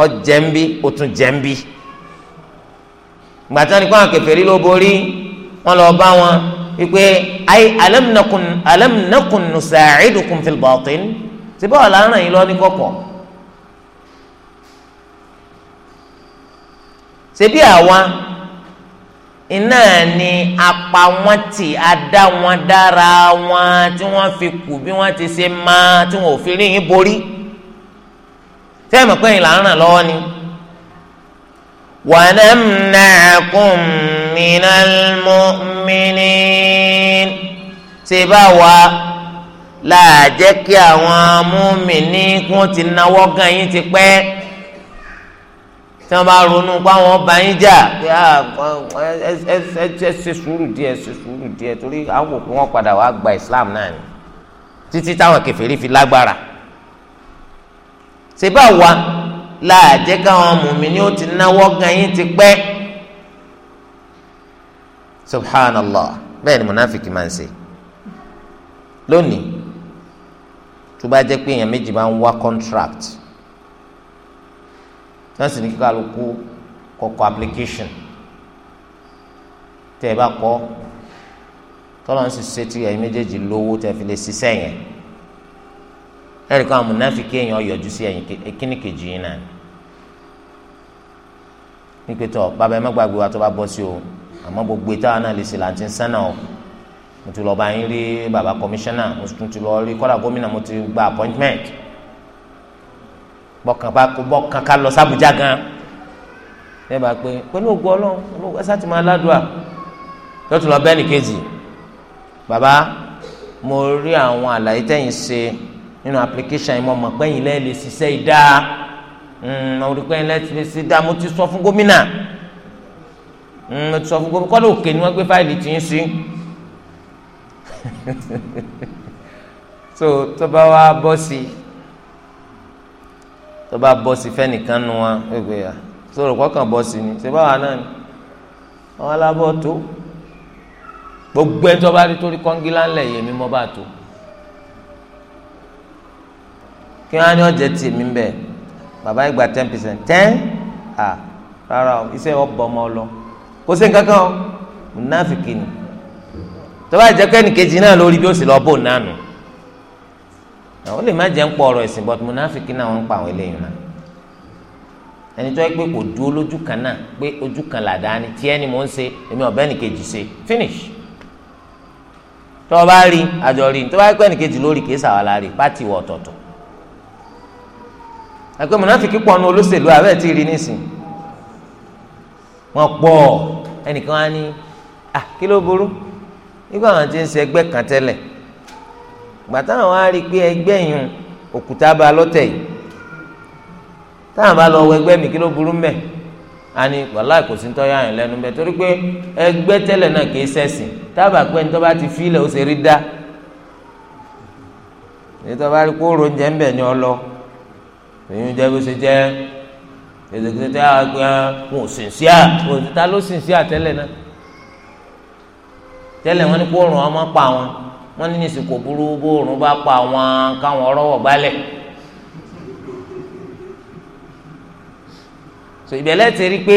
ọ jẹ́ńbí ó tún jẹ́ńbí gbàtà ni kó àwọn kèfèrí ló borí wọn lọ bá wọn wípé ayé alam nakun alam nakun nusaacidukum fil baatin síbáwọ̀ làárọ̀ yìí lọ ní kọ̀kọ̀ Sebi àwa iná ni apá wọn tì adá wọn dára wọn tí wọn fi kù bí wọn ti ṣe máa tí wọn ò fi rí yín borí sẹ́yìn mọ̀ pé ń ràn lọ́wọ́ ni. ونمنعكم من المؤمنين ṣe bá wa láàjẹ́ kí àwọn múmi ní kún ti náwó gan yín ti pẹ́ tí wọ́n bá ronú pé àwọn ọba yín jà pé ah, ẹ ṣe sùúrù díẹ̀ ṣe sùúrù díẹ̀ torí àwọn òkú wọn padà wàá gba Islam náà ni títí táwọn kèfèrí fi lágbára ṣèbá wa láàjẹ́ káwọn mùmíní ó ti náwó gan yín ti pẹ́ subhanallah bẹ́ẹ̀ ni munafiki máa ń ṣe lónìí tó bá jẹ́ pé èèyàn méjì máa ń wá contract náà sì ní kí kálukú kọkọ application tẹ ẹ bá kọ tọ́lá ń ṣiṣẹ́ tí ẹ̀yin méjèèjì lówó tẹ fi lè ṣiṣẹ́ yẹn ẹ̀rí kan àmúnáfíkì èèyàn yọjú sí ẹ̀yin kíní kejì yín náà nípe tọ bàbá ẹ má gbàgbé wa tó bá bọ́ sí o àmọ́ gbogbo ìtawà náà lè ṣe là ń ti o mo ti lọ bá yín rí bàbá kọmíṣánná mo tún ti lọ rí kọ́dà gómìnà mo ti gba appointment bọ́kàn bá kó bọ́kàn ká lọ sábùjá gan ẹ bá pé pẹ̀lú ògùn ọlọ́run olóògùn ẹ̀sà ti máa ládùá lọ́tún lọ bẹ́ẹ̀ nìkejì bàbá mo rí àwọn àlàyé tẹ̀yìn ṣe nínú application yìí mo mọ̀ pé yìí lẹ́yìn lè ṣiṣẹ́ ìdá hmm, mo rí pé yìí lẹ́yìn lè ṣiṣẹ́ ìdá mo ti sọ fún gómìnà hmm, mo ti sọ fún gómìnà kọ́dọ̀ òkè ni wọ́n gbé fáìlì tì í sí so tó bá wá bọ́ sí i tó bá bọ́ọ̀sì fẹ́nìkan nu wa ẹgbẹ́ yà sọ̀rọ̀ kọ́kàn bọ́ọ̀sì ni ṣe báwa náà ni àwọn alábọ̀ tó gbogbo ẹjọ́ bá rí torí kọ́ngílá ńlẹ̀ yẹn mi mọ́ bá tó kí wọ́n á ní ọ̀jẹ̀ tì mí bẹ́ẹ̀ bàbá ìgbà ten percent ten ah rárá o iṣẹ́ ọ̀bọ̀ ọmọ ọ lọ kó sí nǹkan kan o mùnáfìkì ni tó bá jẹ́ pé náà lórí bí ó sì lọ bò náà ó lè má jẹ́ ń pọ̀ ọ̀rọ̀ ẹ̀sìn but munafiki náà wọ́n ń pa àwọn eléyìí náà ẹni tó yẹ pé kò dúró lójú kan náà pé ojú kan làdá ni tiẹ́ ni mò ń ṣe èmi ọ̀bẹ nìkejì ṣe finish tó o bá rí àjọ rí tó bá yẹ pé nìkejì lórí kìí sàwọn alárí pátì wọ ọ̀tọ̀ọ̀tọ̀ ẹgbẹ́ mọ̀nàfíkì pọ̀ nu olóṣèlú abẹ́ ti rí nísìn wọ́n pọ̀ ẹnìkan á ní à ah, kí ló burú nígbà wọn ti ń ṣe ẹgbẹ́ kan tẹ́lẹ̀ gbàtà àwọn á pé ẹgbẹ́ yìí òkúta bá lọ́tẹ̀ yìí táwọn bá lọ wọ ẹgbẹ́ mi kí ló burú mẹ́ ani egbe kò sí tọ́yà yẹn lẹ́nu bẹ́ẹ̀ torí pé ẹgbẹ́ tẹ́lẹ̀ náà kì í sẹ́sìn tábà pé ní bá ti fílẹ̀ ó ṣe rí dá ní tó bá rí kó ro oúnjẹ ń bẹ̀ ọ lọ èyí ń jẹ́ bó ṣe jẹ́ ah, ta ló sìn sí à tẹ́lẹ̀ náà wọ́n ní nísìkò burú bóòrùn bá pa àwọn káwọn rọ́wọ́ gbálẹ̀ so ìbẹ̀lẹ̀ ti rí i pé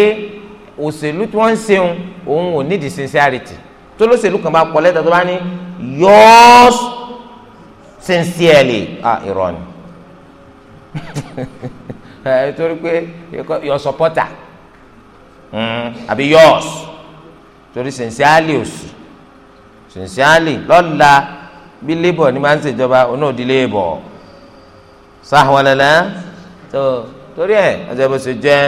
òṣèlú tí wọ́n ń ṣeun òun ò nídìí sincerity tó lóṣèlú kan bá pọ̀ lẹ́tọ̀ tó bá ní yours sincerely ah irọ́ ni ẹ eh, torí pé your supporter hmm, àbí yours torí sincerely ò sincerely lọ́la bí labour ni máa ń ṣèjọba òun náà di labour sahwalala tó torí ẹ ọjọ́ bó ṣe jẹ́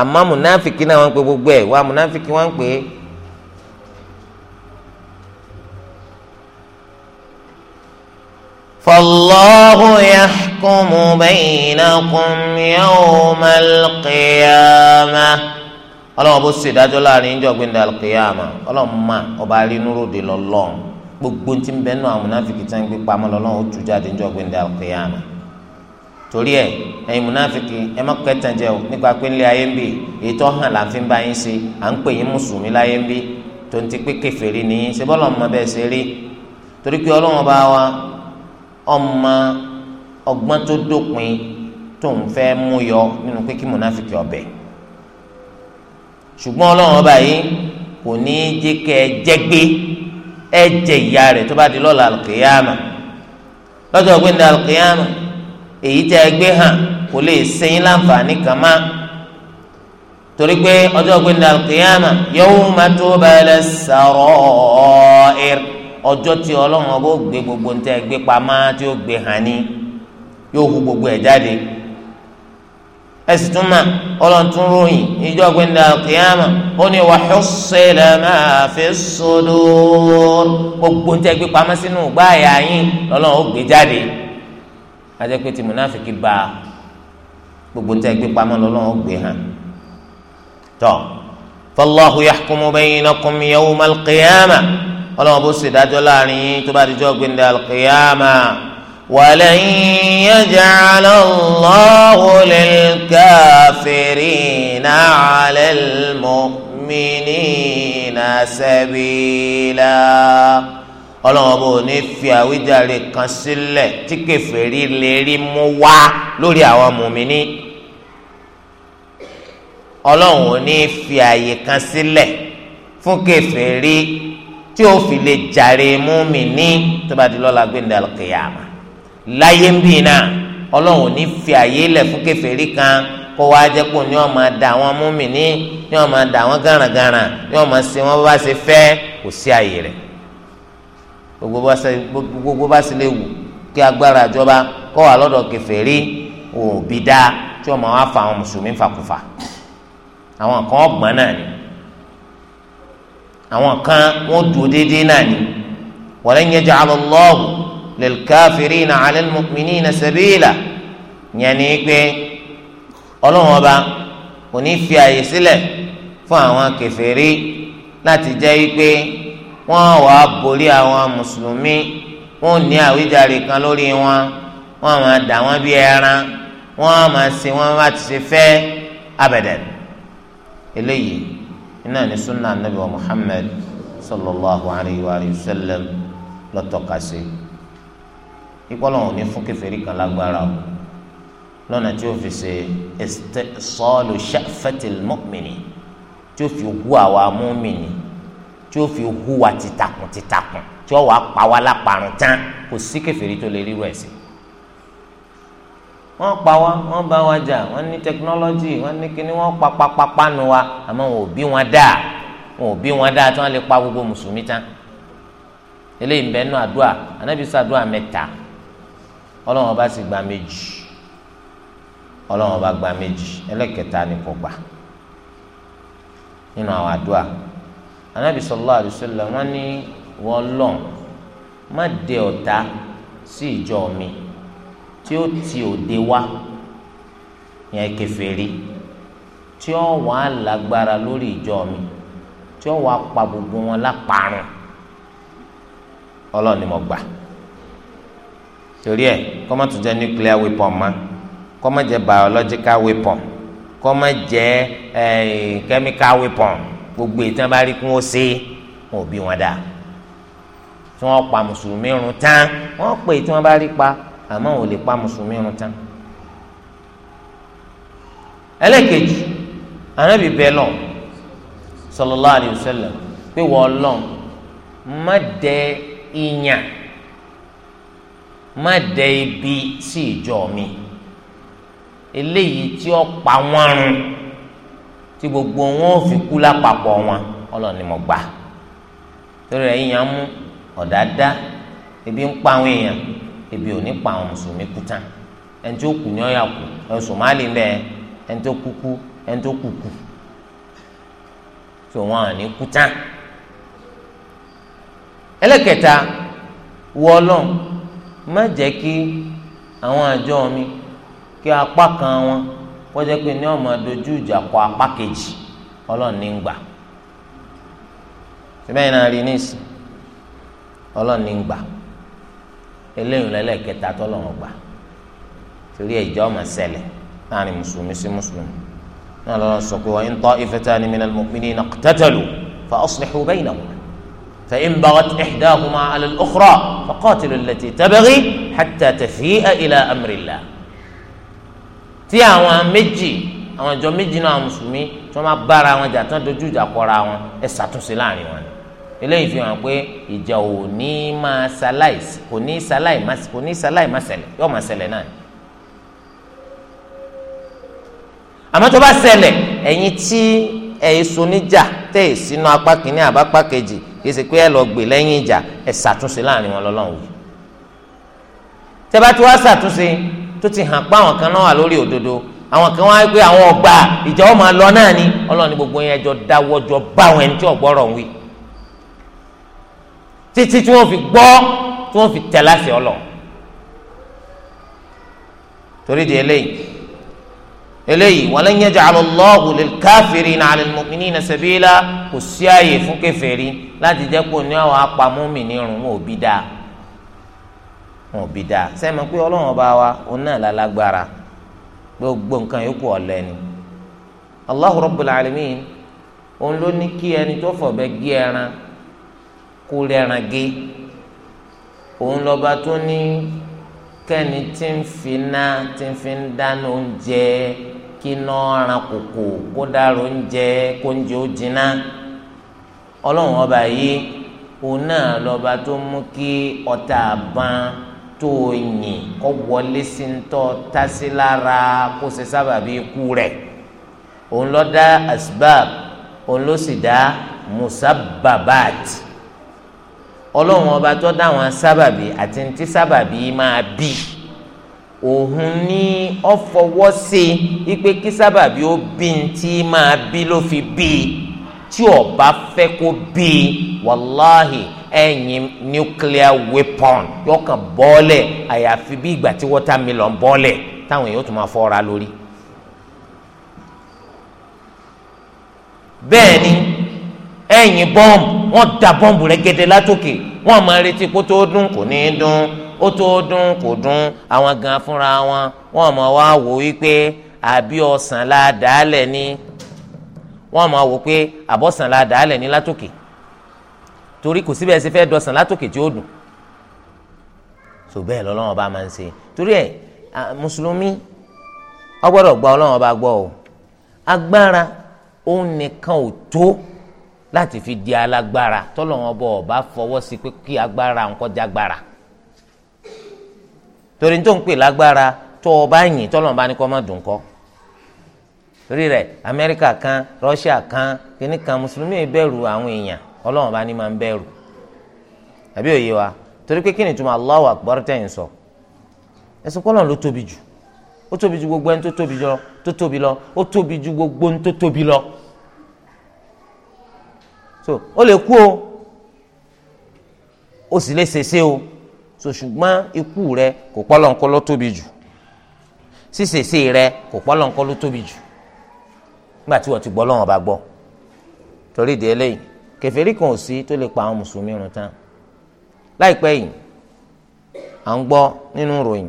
àmọ́ munafiki náà wọ́n pe gbogbo ẹ̀ wá munafiki wọ́n pe. fọlọ́hu yahkumu baynakum yawmal qiyamah. ọlọ́run bó ṣe ìdájọ́ láàrin ìjọ gbẹ̀ndà alqiyama ọlọ́run mà ọba gbogbo tí ń bẹ àwọn munafiki tí wọ́n ń gbé pamọ́ lọ́lọ́run ó jáde ìjọ torí ẹ munafiki ẹ má kẹtàn jẹ o nípa pé ńlẹ ayé ń bì ètò ń bá yín ṣe à ń pè yín mùsùlùmí láyé ń bì tó ń ti pé ni ṣùgbọ́n ọlọ́run ọba yìí kò ní í jẹ́ kẹ́ ẹ jẹ́ ẹ jẹ ìyá rẹ̀ tó bá di lọ́la alùkìyàmà lọ́jọ́ gbẹ̀ndẹ̀ alùkìyàmà èyí tẹ́ ẹ gbé hàn kò lè sẹ́yìn láǹfààní kan má torí pé ọjọ́ gbẹ̀ndẹ̀ alùkìyàmà yawma tubala sarair ọjọ́ tí ọlọ́run ọba ó gbé gbogbo ntẹ́ gbé pamá tí ó gbé hàn ní yóò gbogbo ẹ̀ ẹsì tún mà ọlọ́ntún ròyìn ìjọ gbẹ̀ndà kìámà ó ní wà hussila ma fi sudur gbogbo tẹ gbé pamọ́ sínú gbáàyà yín lọ́lọ́run ó gbé jáde ajẹ́ pé ti múnáfìkì bá gbogbo tẹ gbé pamọ́ lọ́lọ́run ó gbé hàn tọ́ fallahu yahkumu baynakum yawmal qiyamah ọlọ́run bó ṣèdájọ́ láàrin yín tó bá dijọ́ gbẹ̀ndà kìámà. ولن يجعل الله للكافرين على المؤمنين سبيلا ọlọ́wọ́n bò ní fi àwíjàre kan sílẹ̀ tí kèfèrí lè rí mú wá lórí àwọn mùmíní ọlọ́wọ́n ò ní fi àyè kan sílẹ̀ fún kèfèrí tí ó fi lè jàre mùmíní tó bá di lọ́la gbẹ̀ndẹ̀ al-qiyamah láyé ń bì náà ọlọ́run ò ní fi àyè lẹ̀ fún kèfèrí kan kó wá jẹ́ pò ní ọmọ dà wọn múmìnì ní ọmọ dà wọn gàràngàràn ní ọmọ ṣe wọn bá ṣe fẹ́ kò sí àyè rẹ̀ gbogbo bá ṣe lè wù kí agbára àjọba kọ́ wà lọ́dọ̀ kèfèrí òbí dá tí ọmọ wa fa àwọn mùsùlùmí fakùfà àwọn kan ọgbọ́n náà ni àwọn kan wọ́n dúró déédéé náà ni walan yaj'ala Allahu lilkafirina ala almu'minina sabila yẹn ni pé ọlọ́run ọba kò ní fi àyè sílẹ̀ fún àwọn kèfèrí láti jẹ́ pé wọ́n wàá borí àwọn mùsùlùmí wọ́n ní àwíjàre kan lórí wọn wọ́n máa dà wọ́n bí ẹran wọ́n máa ṣe wọ́n bá ti ṣe fẹ́ abẹ̀dẹ̀ eléyìí iná ní sunna anabi wa muhammad sallallahu alayhi wa sallam lọ́tọ̀ka sí i ìpọ́lọ̀ ò ní fún kèfèrí kan lágbára o lọ́nà tí ó fi ṣe sọ́ọ̀lù ṣàfẹ́tìl mọ́mìnì tí ó fi hu àwa mọ́mìnì tí ó fi hu wa tìtakùn tìtakùn tí ó wàá pa wá láparun tán kò sí kèfèrí tó lè ríru ẹ̀sìn wọ́n pa wá wọ́n bá wa jà wọ́n ní tẹkinọ́lọ́jì wọ́n ní kíní wọ́n pa papapa nu wa àmọ́ wọn ò bí wọn dáa wọn ò bí wọn dáa tí wọ́n lè pa gbogbo mùsùlùmí tán eléyìí ń bẹ́ẹ̀ nù àdúrà anábìsọ àdúrà mẹ́ta ọlọ́run ọba sì gba méjì ọlọ́run ọba gba méjì ẹlẹ́kẹta ni kò gbà nínú àwọn àdúrà anabi sallallahu alaihi wasallam wọn ní wọn lọ́n má de ọ̀tá sí ìjọ mi tí ó ti òde wá yẹn kèfèrí tí ó wà á lágbára lórí ìjọ mi tí ó wà á pa gbogbo wọn láparun ọlọ́run ni mo gbà torí ẹ kọ́mọ tó jẹ́ nuclear weapon ma kọ́mọ jẹ́ biological weapon kọ́mọ jẹ́ chemical weapon gbogbo ìtàn bá rí kí wọ́n ṣe wọn ò bí wọn dá tí wọ́n pa mùsùlùmí run tán wọ́n pè tí wọ́n bá rí pa àmọ́ wọn ò lè pa mùsùlùmí run tán. ẹlẹ́kejì anábì bẹ́ẹ̀ lọ sallallahu alayhi wa sallam pé wọ́n lọ má dẹ ìyàn má dẹ ibi sí ìjọ mi eléyìí tí ó pa wọ́n run tí gbogbo wọn ò fi kú lápapọ̀ wọn ọlọ́run ni mo gbà torí ẹ̀yìn yẹn mú ọ̀dà dá ebi ń pa àwọn èèyàn ebi ò ní pa àwọn mùsùlùmí kú tán ẹni tó kù ní ọ̀yà kù ẹ̀ sòmálì ń bẹ ẹni tó kúkú ẹni tó kùkù tó wọn à ní kú ẹlẹ́kẹta wọ́ ọlọ́run má jẹ́ kí àwọn àjọ mi kí apá kan wọn wọ́n jẹ́ pé ní ọmọ dojú ìjà kọ apá kejì ọlọ́run ní ń gbà síbẹ̀ yìí náà rí níìsín ọlọ́run ní ń gbà eléyìí lẹ́lẹ́kẹta tọ́lọ́run gbà torí ìjà ọmọ ṣẹlẹ̀ láàrin mùsùlùmí sí mùsùlùmí náà lọ́wọ́ sọ pé wa in ta'ifatani minal mu'minina iqtatalu fa aslihu baynahuma فإن بغت إحداهما على الأخرى فقاتل التي تبغي حتى تفيء إلى أمر الله tí àwọn méjì àwọn ìjọ méjì náà mùsùlùmí tí wọn bá bára wọn jà tán dojú ìjà kọra wọn ẹ ṣàtúnṣe wọn eléyìí fi hàn pé ìjà ò ní máa ṣaláìsì kò ní ṣaláìmásì kò ní ṣaláìmásẹlẹ yóò máa ṣẹlẹ̀ náà ni. àmọ́ tó bá ṣẹlẹ̀ ẹ̀yin tí ẹ̀yin sọ tẹ̀ sínú apá kìíní àbápá kejì yẹsẹ pé ẹ lọ gbè lẹ́yìn ìjà ẹ ṣàtúnṣe láàrin wọn lọ́lọ́run yìí tẹ́bá tí wàá ṣàtúnṣe tó ti hàn pa àwọn kan náà wà lórí òdodo àwọn kan wá pé àwọn ọgbà ìjà ọmọ lọ náà ni Ọlọ́run ní gbogbo yẹn jọ dáwọ́jọ bá àwọn ẹni tí ọ̀gbọ́rọ̀ ń wí títí tí wọ́n fi gbọ́ tí wọ́n fi tẹ̀ láṣẹ Ọlọ́run torí di eléyìí eléyìí walan yaj'ala Allahu lil kafirina 'ala al-mu'minina sabila kò sí ààyè fún kèfèrí láti jẹ́ kó ní àwọn apamọ́mìnì rùn wọn ò bí dáa wọn ò bí dáa sẹ́mi pé ọlọ́run ọba wa òun náà lálágbára gbogbo nǹkan yòókù ọ̀lẹ́ ni Allahu Rabbul Alamin òun ló ní kí ẹni tó fọ̀bẹ gé ẹran kó rẹran gé òun lọ́ba tó ní kẹ́ni tí ń fi tí ń fi ń dáná oúnjẹ kí iná ara kòkò kó dárò ń jẹ kó ń jẹ ó jiná ọlọ́run ọba yìí òun náà lọ́ba tó mú kí ọta àbọn tó yìn kó wọlé sí ń tọ́ tásí lára kó ṣe sábàbí ikú rẹ̀ òun ló dá asbab òun ló sì dá musababat ọlọ́run ọba tó dá àwọn sábàbí àti ntí sábàbí máa bí. òun ní ọ ọfọwọ́ sí i pé kí sábàbí ó bí ní tí máa bí ló fi bí i tí ọba fẹ́ kó bí i wàláhì ẹ̀yìn nuclear weapon yọkàn bọ́ọ̀lẹ̀ àyàfi bí ìgbà tí watermelon bọ́ọ̀lẹ̀ táwọn èèyàn tún máa fọ́ra lórí. bẹ́ẹ̀ ni ẹ̀yìn bọ́ọ̀mù wọ́n da bọ́ọ̀mù rẹ̀ gẹ́dẹ́ látòkè wọ́n máa retí kó tó dún kò ní í dún ó tó dún kò dún àwọn gan fúnra wọn wọn mọ wá wò wípé àbí ọsàn la dàálẹ̀ ni wọn mọ wò pé àbọ̀sàn la dàálẹ̀ ni látòkè torí kò síbẹ̀ ṣe fẹ́ dọ̀sàn látòkè tí ó dùn tó bẹ́ẹ̀ lọ́lọ́wọ́n bá máa ń ṣe torí ẹ̀ mùsùlùmí ó gba Ọlọ́run bá gbọ́ o agbára òun nìkan ò tó láti fi di alágbára tọ́lọ́wọ́n bọ̀ ọba fọwọ́ sí pé kí agbára nǹkan jágbára torí tó ń pè lágbára tó o bá yìn tọ́lọ̀ bá ní kọ́ má dùn kọ́ torí rẹ̀ amẹ́ríkà kan rọ́ṣíà kan kíní kan mùsùlùmí bẹ̀rù àwọn èèyàn ọlọ́run bá ní máa bẹ̀rù àbí òye wa torí pé kí ni ìtumọ̀ Allahu Akbar tẹ̀yìn sọ ẹ̀sìn kọ́lọ̀ ló tóbi jù ó tóbi ju gbogbo ẹni tó tóbi lọ tó tóbi lọ ó tóbi ju gbogbo ẹni tó tóbi lọ so ó lè kú o ó sì lè ṣèṣe o so ṣùgbọ́n ikú rẹ kò pọ́ lọ́nkọ́ ló tóbi jù sísèsè rẹ kò pọ́ lọ́nkọ́ ló tóbi jù nígbà tí wọ́n ti gbọ́ lọ́wọ́n bá gbọ́ torí ìdí eléyìí kèfèrí kan ò sí tó lè pa àwọn mùsùlùmí run tán láìpẹ́ yìí à ń gbọ́ nínú ìròyìn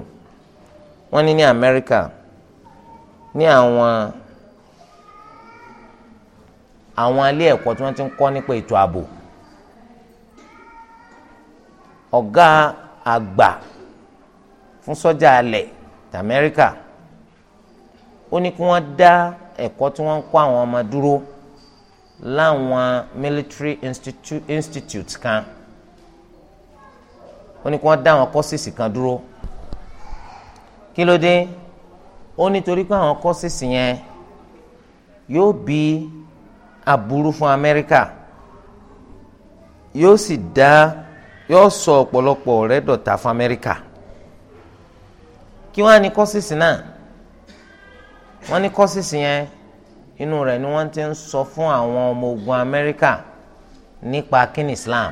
wọ́n ní ní Amẹ́ríkà ní àwọn àwọn ilé ẹ̀kọ́ tí wọ́n ti ń kọ́ nípa ètò ààbò ọ̀gá Agba fún sọ́jà alẹ̀ tàmẹ́ríkà ó ní kí wọ́n dá ẹ̀kọ́ tí wọ́n ń kọ́ àwọn ọmọ dúró láwọn military institute, institute kan ó ní kí wọ́n dá àwọn kọ́sìsì kan dúró kí ló dé ó nítorí pé àwọn kọ́sìsì yẹn yóò bí aburú fún amẹ́ríkà yóò sì dá. Si yóò sọ ọ̀pọ̀lọpọ̀ ọ̀rẹ́ dọ̀tá fún amẹ́ríkà kí wọ́n á ní kọ́sìsì náà wọ́n ní kọ́sìsì yẹn inú rẹ̀ ni wọ́n ti ń sọ fún àwọn ọmọ ogun amẹ́ríkà nípa kíni islam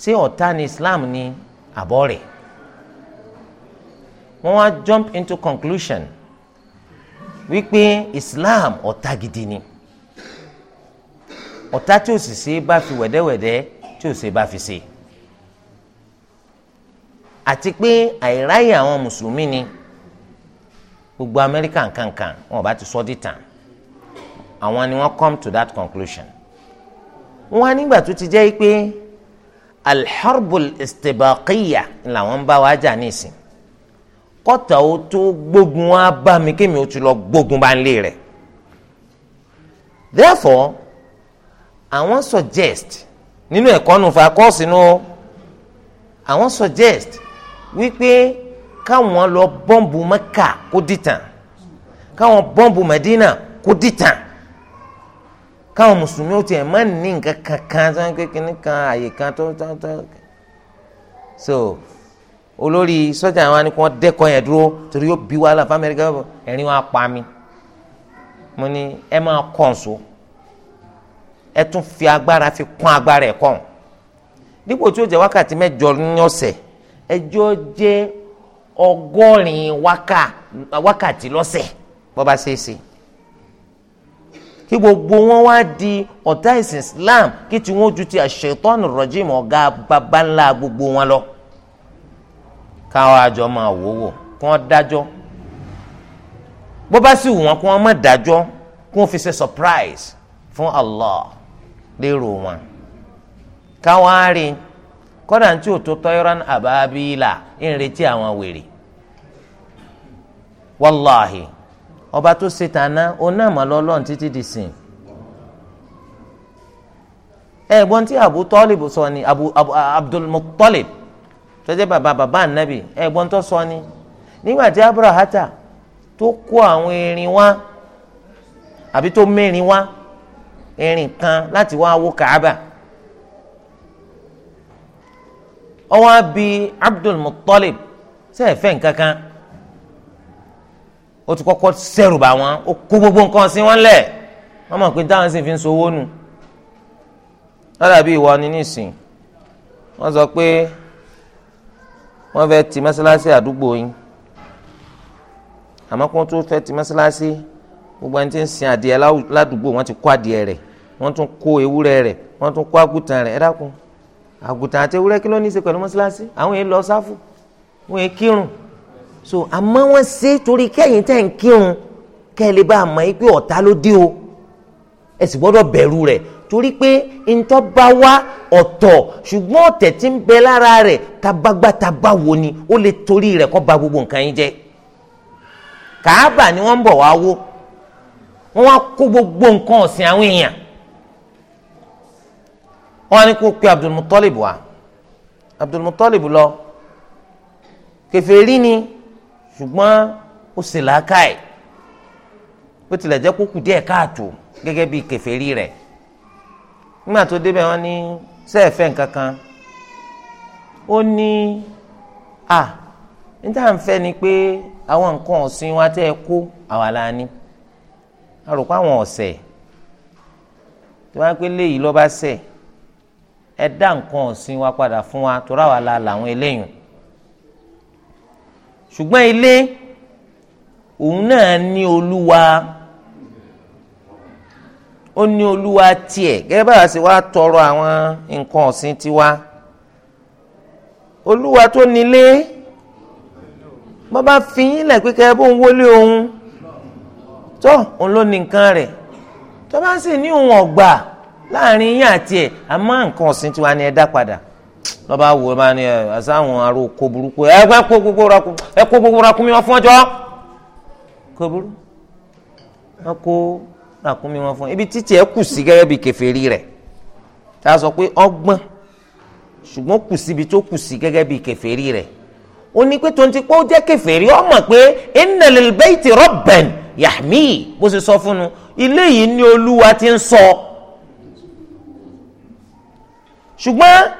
ṣé ọ̀tá ni islam ni àbọ̀ rẹ̀ wọ́n wá jump into conclusion wípé islam ọ̀tá gidi ni ọ̀tá tí ò sì ṣe é bá fi wẹ̀dẹ́wẹ̀dẹ́ tí ò ṣe bá fi ṣe àti pé àìráyè àwọn mùsùlùmí ni gbogbo amẹ́ríkà nkankan wọn ò bá ti sọ di tàn àwọn ni wọ́n come to that conclusion wọ́n á nígbà tó ti jẹ́ pé alḥarbul istibaqiya làwọn ń bá wa jà nísìn kọ́tà ó tó gbógun wá bá mi kémi ó ti lọ gbógun bá ń lé rẹ̀ therefore àwọn suggest nínú ẹ̀kọ́ nù fa kọ́ọ̀sì nù o àwọn suggest wípé káwọn lọ bọ́ǹbù mẹ́kà kó dìtàn káwọn bọ́ǹbù mẹ́dínà kó dìtàn káwọn mùsùlùmí ó tiẹ̀ má ní nǹkan kankan tó ń pè kíní kan àyè kan tó tó tó so olórí sọ́jà wa ni kí wọ́n dẹ́kọ̀ yẹn dúró torí yóò bí wàhálà fún amẹ́ríkà ẹ̀rín wa pa mi mo ní ẹ máa kọ̀ ǹso. So ẹ tún fi agbára fi kún agbára ẹ̀ kàn dípò tí ó jẹ́ wákàtí mẹ́jọ ní ọ̀sẹ̀ ẹjọ́ jẹ́ ọgọ́rin wákàtí lọ́sẹ̀ bó bá ṣeé ṣe kí gbogbo wọn wá di ọ̀tá ìsìn Islam kí tí wọ́n ju ti àṣetọ́nù rọ́jìmọ̀ ọ̀gá bàbá ńlá gbogbo wọn lọ káwọn àjọ máa wò wò kí wọ́n dájọ́ bó bá sì wù wọ́n kí wọ́n má dájọ́ kí wọ́n fi ṣe surprise fún Allah. lérò wọn káwáárí kọ́dà tí ò tó tọ́yọ́rán àbábílà ń retí àwọn wèrè wàláhì ọba tó ṣe tàná oná màlọ́ títí di sìn ẹ̀gbọ́n tí abu tọ́lìbù sọ ni abu abdul muttalib bàbá bàbá ànábì ẹ̀gbọ́n tó sọ ni nígbà tí abrahata tó kó àwọn erin wá àbí tó mẹ́rin ìrìn kan láti wá wó Kaaba ó wá bi Abdul Muttalib sẹ́ẹ̀fẹ́ nǹkan kan ó ti kọ́kọ́ sẹ́rù bá wọn ó kó gbogbo nǹkan sí wọn lẹ̀ wọ́n mọ̀ pé táwọn sì fi ń sowó nù lọ́dà bíi ìwọ ni nísìn wọ́n sọ pé wọ́n fẹ́ ti mọ́sálásí àdúgbò yín àmọ́ kó tó fẹ́ ti mọ́sálásí gbogbo ẹni tí ń sin adìẹ ládùúgbò wọ́n ti kó adìẹ rẹ̀ wọ́n tún kó ewúrẹ́ rẹ̀ wọ́n tún kó àgùtàn rẹ̀ ẹ dákun àgùtàn àti ewúrẹ́ kí ló ní í ṣe pẹ̀lú mọ́ṣáláṣí àwọn èèyàn lọ sáfù wọ́n èèyàn kírun so àmọ́ wọ́n ṣe torí kẹ́yìn tẹ́ ń kírun kẹ́lẹ́ bá a mọ̀ yín pé ọ̀tá ló dé o ẹ sì gbọ́dọ̀ bẹ̀rù rẹ̀ torí pé ntọ́ bá wá ọ̀tọ̀ ṣùgbọ́n ọ̀tẹ̀ tí ń bẹ lára rẹ̀ tabagbátabá wo ni ó lè torí rẹ̀ kó ba gbogbo nǹkan yín jẹ́ kàábà ni wọ́n ń bọ̀ wá wó wọ́n wá kó gbogbo nǹkan ọ̀sìn àwọn èèyàn wọ́n á ní kó pe abdulmutalib wá abdulmutalib lọ kèfèrí ni ṣùgbọ́n ó sì làákàyè bó tilẹ̀ jẹ́ kó kù díẹ̀ káàtó gẹ́gẹ́ bíi kèfèrí rẹ̀ nígbà tó débẹ̀ wọ́n ní sẹ́ẹ̀fẹ́ nǹkan ó ní à níta ń fẹ́ ni pé àwọn nǹkan ọ̀sìn wa tẹ́ ẹ kó àwa la ní a rò pé àwọn ọ̀sẹ̀ tí wọ́n á pé léyìí lọ́ bá sẹ̀ ẹ dá nǹkan ọ̀sìn wa padà fún wa tó ráwa la làwọn eléyìí ṣùgbọ́n ilé òun náà ní olúwa ó ní olúwa tiẹ̀ gẹ́gẹ́ bá a ṣe wá tọrọ àwọn nǹkan ọ̀sìn tiwa olúwa tó nílé bọ́ bá fi yín lẹ̀ pé kẹ́ bó ń wọlé òun. tó òun ló ní nǹkan rẹ̀ tó bá sì ní òun ọ̀gbà láàrin yín àti nǹkan tiwa ni ẹ dá padà wo ẹ máa ní ẹ àsáwọn aró kó burúkú ẹ kó gbogbo ra ibi títí ẹ kù sí gẹgẹ bí kèfèrí sọ pé ọgbọn kù síbi tó kù sí bí ní pé yahmi bó ṣe sọ fún un ilé yìí ni olúwa ti ń sọ ṣùgbọ́n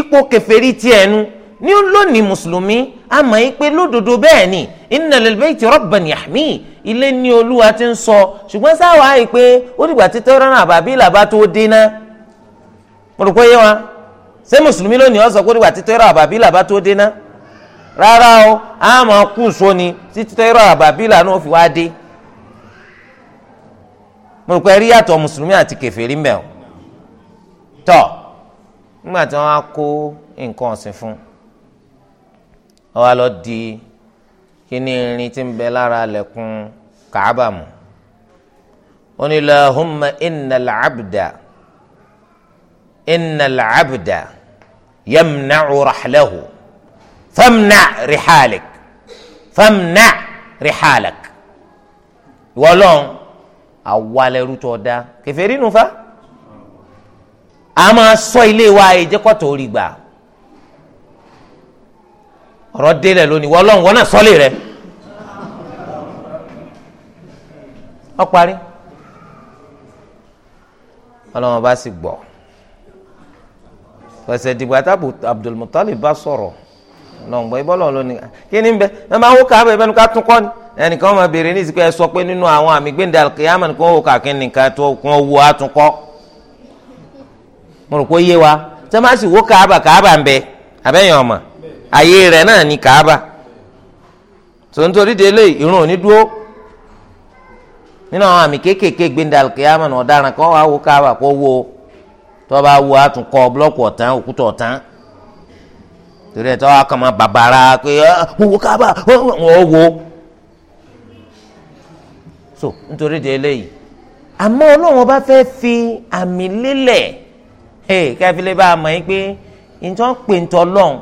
ipò kèfèrí ti ẹnu ní lónìí mùsùlùmí a mọ̀ yín pé lódodo bẹ́ẹ̀ ni inna lil bayti rabban yahmi ilé ni olúwa ti ń sọ ṣùgbọ́n sáwọ́ àyè pé ó dìgbà tí tẹ́rọ̀nà àbábílà bá tó dé ná mo rò pé yé wa ṣé mùsùlùmí lónìí ó sọ pé dìgbà tí tẹ́rọ̀nà àbábílà bá tó dé ná rárá o a máa kú sóni títí tẹ́rọ̀nà àbábílà náà fi wá dé mo rò pé rí yàtọ̀ mùsùlùmí àti kèfèrí mbẹ́ o tọ́ nígbà tí wọ́n á kó nǹkan ọ̀sìn fún wọ́n á lọ di kíní irin tí ń bẹ lára lẹ́kùn kàábà mu ó ní lahumma innal abda innal abda yamna'u rahlahu famna' rihalik famna' rihalik wọ́lọ́n awalẹ̀rú tó da kẹfẹ́rí nu fa a máa sọ ilé wa ìjẹ́kọ̀tọ̀ orí gbà ọ̀rọ̀ délẹ̀ lónìí wọ́lọ́n wọ́n náà sọ́lé rẹ̀ ọ parí ọlọ́wọ́n bá sì gbọ́ pẹ̀sẹ̀ dìgbà tábù Abdul Muttalib bá sọ̀rọ̀ lọ́ngbọ́n ibọ́lọ́ lónìí kí ni bẹ́ẹ̀ ẹ máa wó ká bẹ́ẹ̀ bẹ́ẹ̀ ni ká tún kọ́ ni. ẹnìkan máa béèrè ní ìsìnkú ẹ sọ pé nínú àwọn àmì gbẹ̀ndẹ̀ alkiyama kò wò kàkí nìkan tó kún owó àtúnkọ́ mo rò pé yé wa tẹ́ máa sì wó kàába kàába ń bẹ abẹ́yẹn ọmọ ni kàába tó ń torí délé irun òní dúró nínú àwọn àmì kéékèèké gbẹ̀ndẹ̀ alkiyama ọ̀daràn kan wà wó kàába kó wó tó bá wó àtúnkọ́ ọ̀tán òkúta ọ̀tán torí ẹ̀ tó wà bàbàrà ah, so nítorí di eléyìí àmọ́ ọlọ́run bá fẹ́ fi àmì lélẹ̀ ẹ̀ káfílẹ̀ bá a mọ̀ yín pé nǹkan pè ń tọ́lọ́run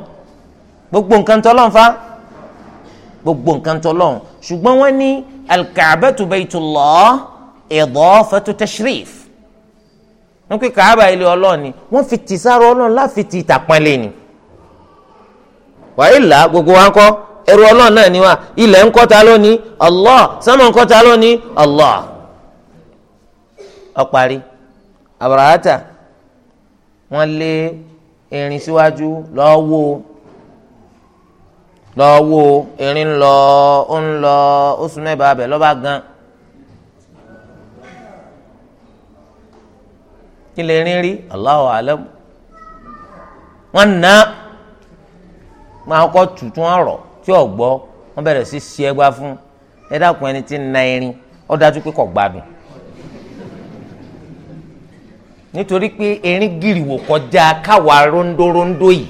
gbogbo nǹkan tọ́lọ́run fa gbogbo nǹkan tọ́lọ́run ṣùgbọ́n wọ́n ní alkaabatu baytullah idafatu tashrif wọ́n pe kaaba ilé ọlọ́run ni wọ́n fi tìsára ọlọ́run láfi ti ìtàpọ̀nlé ni wàhálà gbogbo wa ń kọ́ ẹrú ọlọ́run náà ni wá ilẹ̀ ń kọ́ta lónìí Allah sánmọ̀ ń kọ́ta lónìí Allah ọ̀parí siwaju wọ́n lé o. síwájú lọ́wọ́ lọ́wọ́ erin lọ ó ń lọ ó mẹ́bàá bẹ̀ lọ́ba gan. kí lè rí Allahu alam Wọn na máa kọ́ tuntun ọ̀rọ̀. tí ò gbọ́ wọ́n bẹ̀rẹ̀ sí ṣe ẹgbá fún ẹ ẹni tí ń irin ọ dájú pé kò gbádùn nítorí pé erin kọjá káwa rondórondó yìí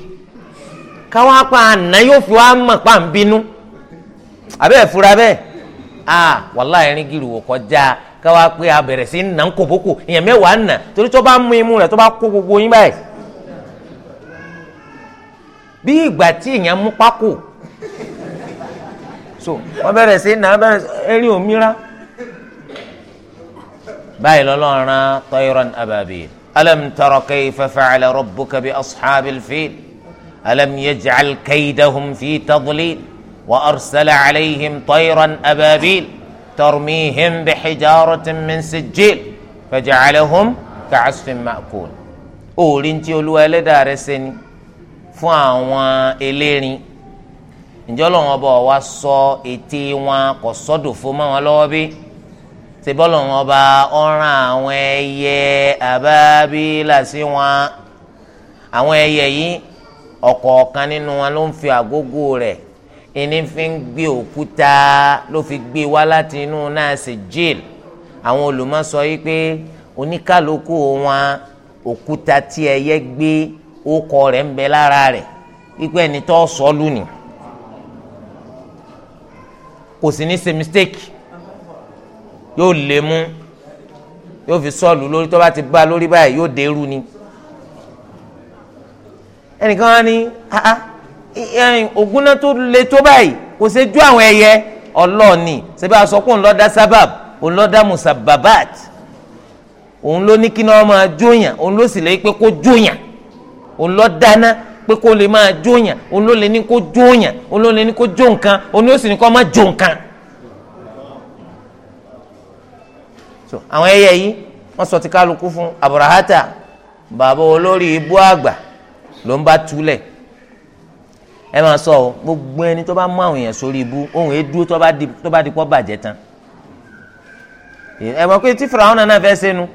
káwa pa àná yóò fi wá mọ̀ pa ń bínú a bẹ̀rẹ̀ sí nà ń èèyàn mẹ́wàá nà torí tó bá mú imú rẹ̀ tó gbogbo yín báyìí bí ìgbà tí so wọ́n bẹ̀rẹ̀ sí nà bẹ̀rẹ̀ eré òmìnira báyìí lọ́lọ́run tayran ababi alam tara kayfa fa'ala rabbuka bi ashabil fil alam yaj'al kaydahum fi tadlil wa arsala alayhim tayran ababil tarmihim bihijaratin min sijil faj'alahum ka'asfin ma'kul. òòrìn tí olúwa ẹlẹ́dàá rẹ̀ ṣe ni fún àwọn elérin ǹjẹ́ ọlọ́run ọba wa sọ ètè wọn kò sọ́dòfo mọ́ wọn lọ́wọ́ bí ṣe bọ́lọ́run ọba ọ̀ràn àwọn ẹyẹ àbábílà sí wọn àwọn ẹyẹ yìí ọ̀kọ̀ọ̀kan nínú wọn ló ń fi àgógó rẹ̀ ìní fi ń gbé òkúta ló fi gbé wá láti inú náà sí jail àwọn olùmọ̀ sọ yìí pé oníkàlókù wọn òkúta tí ẹyẹ gbé ó kọ rẹ̀ ń bẹ lára rẹ̀ wípé ẹni tó sọ lónìí kò sì ní ṣe mistake yóò lè mú yóò fi sọ́ọ̀lù lórí tó bá ti gbá lórí báyìí yóò dérú ni ẹnìkan wá ní ogun náà tó le tó báyìí kò ṣe ju àwọn ẹyẹ ọlọ́ọ̀ni ṣebí a sọ pé òun ló sábàb òun musababat òun ló ní kí náà máa jóyàn òun ló sì lè pé kó jóyàn òun ló dáná pé kó lè máa jóyàn òun ló lè ní kó jóyàn òun ló lè ní kó jó nǹkan òun ló sì ní kó má jó nǹkan. so àwọn ẹyẹ yìí wọ́n sọ ti kálukú fún aburahata bàbá olórí ibú àgbà ló ń bá túlẹ̀ ẹ máa sọ ọ gbogbo ẹni tó bá mú àwọn èèyàn sórí ibú ohun èédú tó bá di pọ́ bàjẹ́ tán ẹ mọ̀ pé tí fìràwọn náà fẹ́ sẹ́nu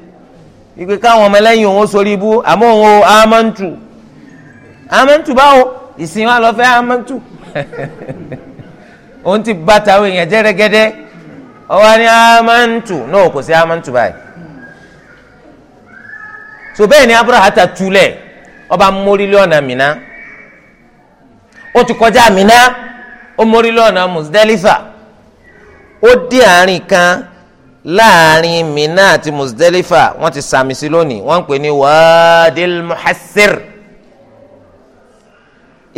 ìpè káwọn ọmọ ẹlẹ́yìn òun sórí ibú àmọ́ òun amantu amẹ́ntù báwo ìsìn wa lọ fẹ́ amẹ́ntù òun ti bá tàwọn èèyàn jẹ́ rẹ́gẹ́dẹ́ ọwọ́ ni amantu náà kò sí amẹ́ntù báyìí so bẹ́ẹ̀ ni abraha ta tulẹ̀ ọba mórílẹ̀ ọ̀nà Mina ó ti kọjá mìíná ó mórílẹ̀ ọ̀nà musdalifa ó dé àárín kan láàrin Mina àti musdalifa wọ́n ti sàmì sí lónìí wọ́n ń pè ní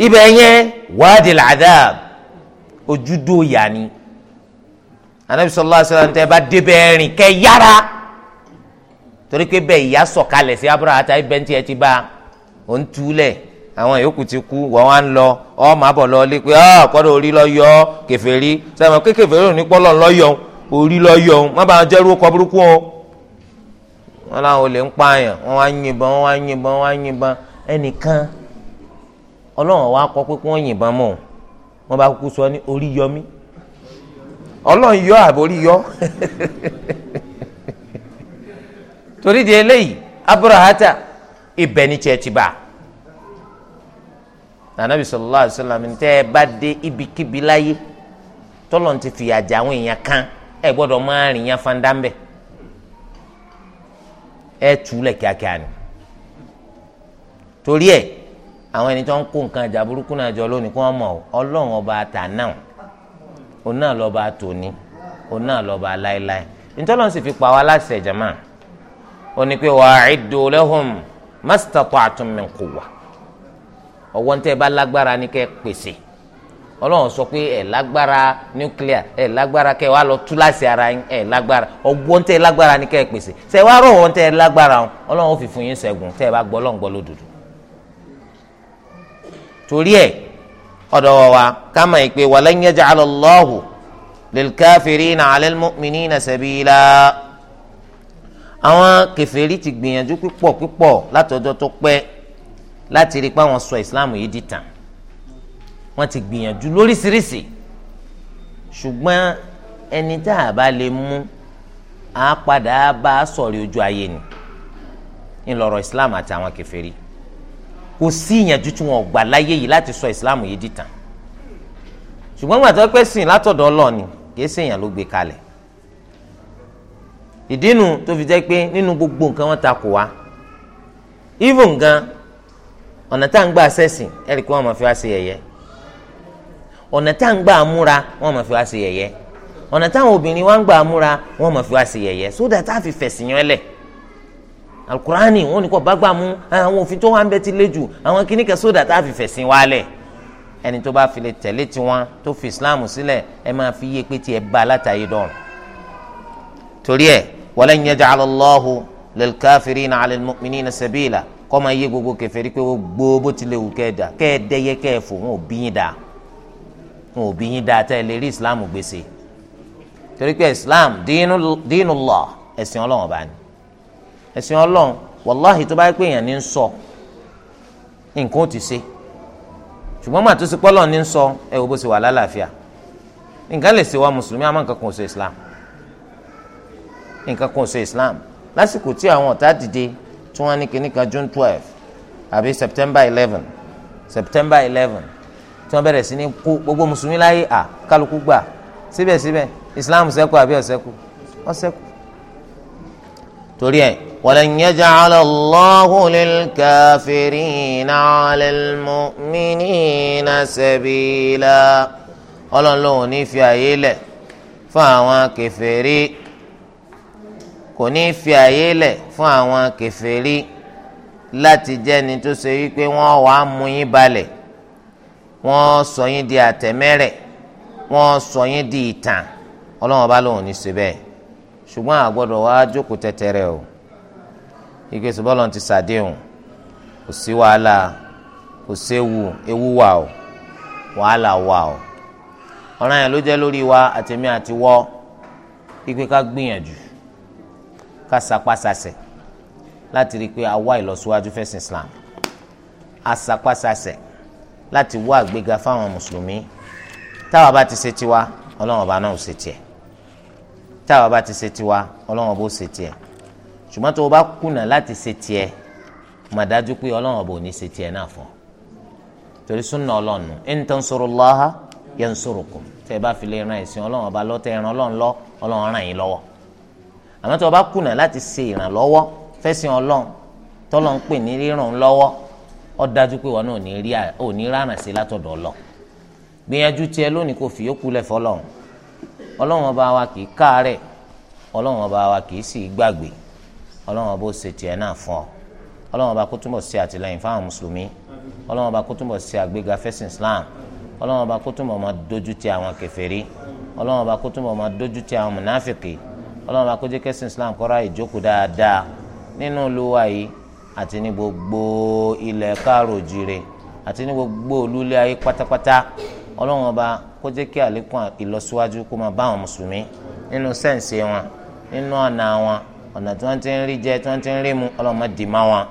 ibẹ̀ yẹn wadi al-adhab ojúdó yà ni anabi sallallahu alaihi wasallam tẹ bá débẹ̀ rìn kẹ yára torí pé bẹ́ẹ̀ ìyá sọ̀kalẹ̀ sí Abraha àti ibẹ̀ntì ẹ ti bá ò ń túlẹ̀ àwọn yòókù ti kú wọ́n wá ń lọ ọmọ àbọ̀ lọ lé pé ọ́ kọ́dọ̀ orí lọ yọ ọ́ kẹfẹ́rí sẹ́wọ̀n pé kẹfẹ́rí ò ní pọ́lọ̀ lọ yọ orí lọ yọ má bàa jẹ́rú ọkọ̀ burúkú o wọn làwọn olè ń pààyàn wọn wá ń yìnbọn wọn wá ń yìnbọn wọn wá ń yìnbọn ẹnìkan ọlọ́run wa kọ́ pé kí wọ́n yìnbọn mọ́ wọn bá kúkú sọ ní orí yọ mí ọlọ́run yọ àbórí yọ torí di eléyìí aburahata ibẹ̀ ni tiẹ̀ nànàbì sallallahu alaihi wasallam tẹ́ ẹ bá dé ibikíbi láyé tọ́lọ̀ ti fìyà jẹ àwọn èèyàn kan ẹ gbọ́dọ̀ máa rìn yan fandámbẹ́ ẹ tù kíákíá ni torí ẹ̀. àwọn ẹni tó ń kó nǹkan ìjà burúkú náà jọ lónìí kó wọn mọ ọlọ́run ọba àtà náà òun náà lọ́ba àtòní òun náà lọ́ba láéláé ìtọ́lọ́run sì fi pa wá láṣẹ jàmá ó ní pé wa'iddu lahum mastata'tum min quwwa ọwọ́ ń bá lágbára ní kẹ́ pèsè ọlọ́run sọ pé ẹ̀ lágbára nuclear ẹ̀ lágbára lọ tú ara ẹ̀ lágbára ní kẹ́ pèsè lágbára torí ẹ̀ ọ̀dọ̀ wọ̀ wá ká mọ̀ ìpè walan yaj'ala Allahu lilkafirina 'ala almu'minina sabila àwọn kèfèrí ti gbìyànjú púpọ̀ púpọ̀ látọjọ́ tó pẹ́ láti rí i pé àwọn sọ ìsìláàmù yìí di tàn wọ́n ti gbìyànjú lóríṣiríṣi ṣùgbọ́n ẹni tá a bá lè mú a padà bá a sọ̀rí ojú ayé ni ńlọrọ̀ islam àti àwọn kèfèrí kò sí ìyànjú tí wọn ò gbà láyé yìí láti sọ ìsìláàmù yìí dìtàn ṣùgbọ́n gbàtọ́ pé sìn látọ̀dọ̀ ọlọ́ọ̀ni kì í ṣèyàn ló gbé kalẹ̀ ìdínú tó fi jẹ́ pé nínú gbogbo nǹkan wọn ta kò wá even gan ọ̀nà tá à ń gbà sẹ́sìn ẹ̀rí pé wọ́n máa fi wá sí yẹ̀yẹ́ ọ̀nà tá à ń gbà múra wọ́n máa fi wá sí yẹ̀yẹ́ ọ̀nà táwọn obìnrin wá ń gbà múra wọ́n máa fi wá sí yẹ̀yẹ́ sódà tá a fi fẹ̀sìn yẹn lẹ̀ alukurani wọn ni kò bá gbà mú àwọn òfin tó wà ń bẹ ti lé jù àwọn kìíní kan sódà tá a fi fẹ̀sìn wálẹ̀ ẹni tó bá fi lè tẹ̀lé tiwọn tó fi islam sílẹ̀ ẹ máa fi yé pé tiẹ̀ bá látàyè dọ̀rùn. torí ẹ walan yaj'ala Allahu lil kafirina 'ala al mu'minina sabila kọ́ máa yé gbogbo kèfèrí pé gbogbo bó ti lè wù kẹ́ẹ̀dá kẹ́ẹ̀dẹ́yẹ kẹ́ẹ̀fọ́ wọn ò bí yín dáa wọn ò bí yín dáa tẹ́ ẹ lè rí islam gbèsè torí pé islam dínú Allah ẹ̀sìn ọlọ́run ọba ni ẹ̀sìn ọlọ́run wàláhì tó bá yẹ pé èèyàn ní ń sọ nǹkan ó ti ṣe ṣùgbọ́n màá tó ṣe pọ́lọ́ ní ń sọ ẹ wo bó ṣe wà lálàáfíà nǹkan lè ṣe wá mùsùlùmí àmọ́ nǹkan kan ò ṣe islam nǹkan kan ò ṣe islam lásìkò tí àwọn ọ̀tá dìde tí wọ́n ní kinní kan june twelve àbí september eleven september eleven tí wọ́n bẹ̀rẹ̀ sí ní kó gbogbo mùsùlùmí láyé à kálukú gbà síbẹ̀síbẹ̀ islam ṣẹ́kù àbí ọ̀ṣẹ́kù ọ̀ṣẹ́kù torí ẹ walan yaj'ala Allahu lil kafirina 'ala al-mu'minina sabila ọlọ́run lòun ní fi àyè lẹ̀ fún àwọn kèfèrí kò ní fi àyè lẹ̀ fún àwọn kèfèrí láti jẹ́ni tó ṣe wípé wọ́n wà á mú yín balẹ̀ wọ́n sọ yín di àtẹ̀mẹ́rẹ̀ wọ́n sọ yín di ìtàn ọlọ́run ọba lòun ní ṣe bẹ́ẹ̀ ṣùgbọ́n àgbọ̀dọ̀ wá jókòó tẹ́tẹ́rẹ́ o ike sọbọlọ ti ṣàdéhùn kò sí wàhálà kò séwu ewu wà o wàhálà wà o ọ̀ràn yẹn ló jẹ́ lórí wa àtẹ̀mí àti wọ́ ipe ká gbìyànjú ká sapasasẹ̀ láti rí i pé a wá ìlọsíwájú fẹ́sìn Islam a sapasasẹ̀ láti wá àgbéga fáwọn mùsùlùmí táwa bá ti ṣe tiwa ọlọ́run ọba náà ṣe tiẹ̀ táwa bá ti ṣe tiwa ọlọ́wọ́n bó ṣe tiẹ̀ ṣùgbọ́n tó o bá kùnà láti ṣe tiẹ̀ mà dájú pé ọlọ́wọ́n bò ní ṣe tiẹ̀ náà fún ọ torí súnà ọlọ́nu in tansurullaha yansurukum tẹ́ ẹ bá fi lè ran ẹ̀sìn ọlọ́wọ́n bá lọ́tẹ̀ ẹran ọlọ́run lọ ọlọ́run ràn yín lọ́wọ́ àmọ́ tó o bá kùnà láti ṣe ìrànlọ́wọ́ fẹ́sìn ọlọ́run tọ́lọ́ ń pè ọlọ́run ọba wa kì í káàárẹ̀ ọlọ́run ọba wa kì í sì gbàgbé ọlọ́run ọba ó ṣe tiẹ̀ náà fún ọ ọlọ́run ọba kó túnbọ̀ ṣe àtìlẹ́yìn fáwọn mùsùlùmí ọlọ́run ọba kó túnbọ̀ ṣe àgbéga fẹ́sìn Islam ọlọ́run ọba kó túnbọ̀ máa dójú ti àwọn kèfèrí ọlọ́run ọba kó túnbọ̀ máa dójú ti àwọn mùnáfìkì ọlọ́run ọba kó jẹ́ kẹ́sìn Islam kọ́ra ìjókòó dáadáa nínú olúwa yìí àti ní gbogbo ilẹ̀ káàrò jire àti ní gbogbo olúlé ayé pátápátá ọlọ́run ọba kó jẹ́ kí àlékún ìlọsíwájú kó máa bá àwọn mùsùlùmí nínú sẹ́ǹsì wọn nínú ọ̀nà wọn ọ̀nà tí wọ́n ti ń rí jẹ tí wọ́n ti ń rí mu ọlọ́run má dì má wọn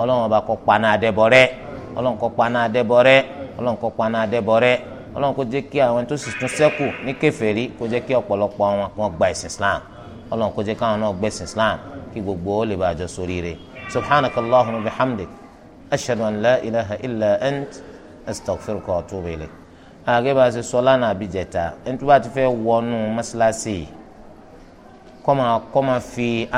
ọlọ́run ọba kó paná adẹ́bọ̀rẹ́ ọlọ́run kó paná adẹ́bọ̀rẹ́ ọlọ́run kó paná adẹ́bọ̀rẹ́ ọlọ́run kó jẹ́ kí àwọn tó sì tún ṣẹ́kù ní kèfèrí kó jẹ́ kí ọ̀pọ̀lọpọ̀ wọn kó gba ẹ̀sìn Islam ọlọ́run kó jẹ́ káwọn náà gbẹ̀sìn Islam kí gbogbo ó lè bàjọ́ sóríire subhanakallahumma bihamdik ashhadu an la ilaha illa ant astaghfiruka wa atubu ilayk àgẹ́ bá a ṣe sọ lánàá àbíjẹta ẹni tó bá ti fẹ́ wọnú mọ́ṣáláṣí kọ́ máa kọ́ máa fi.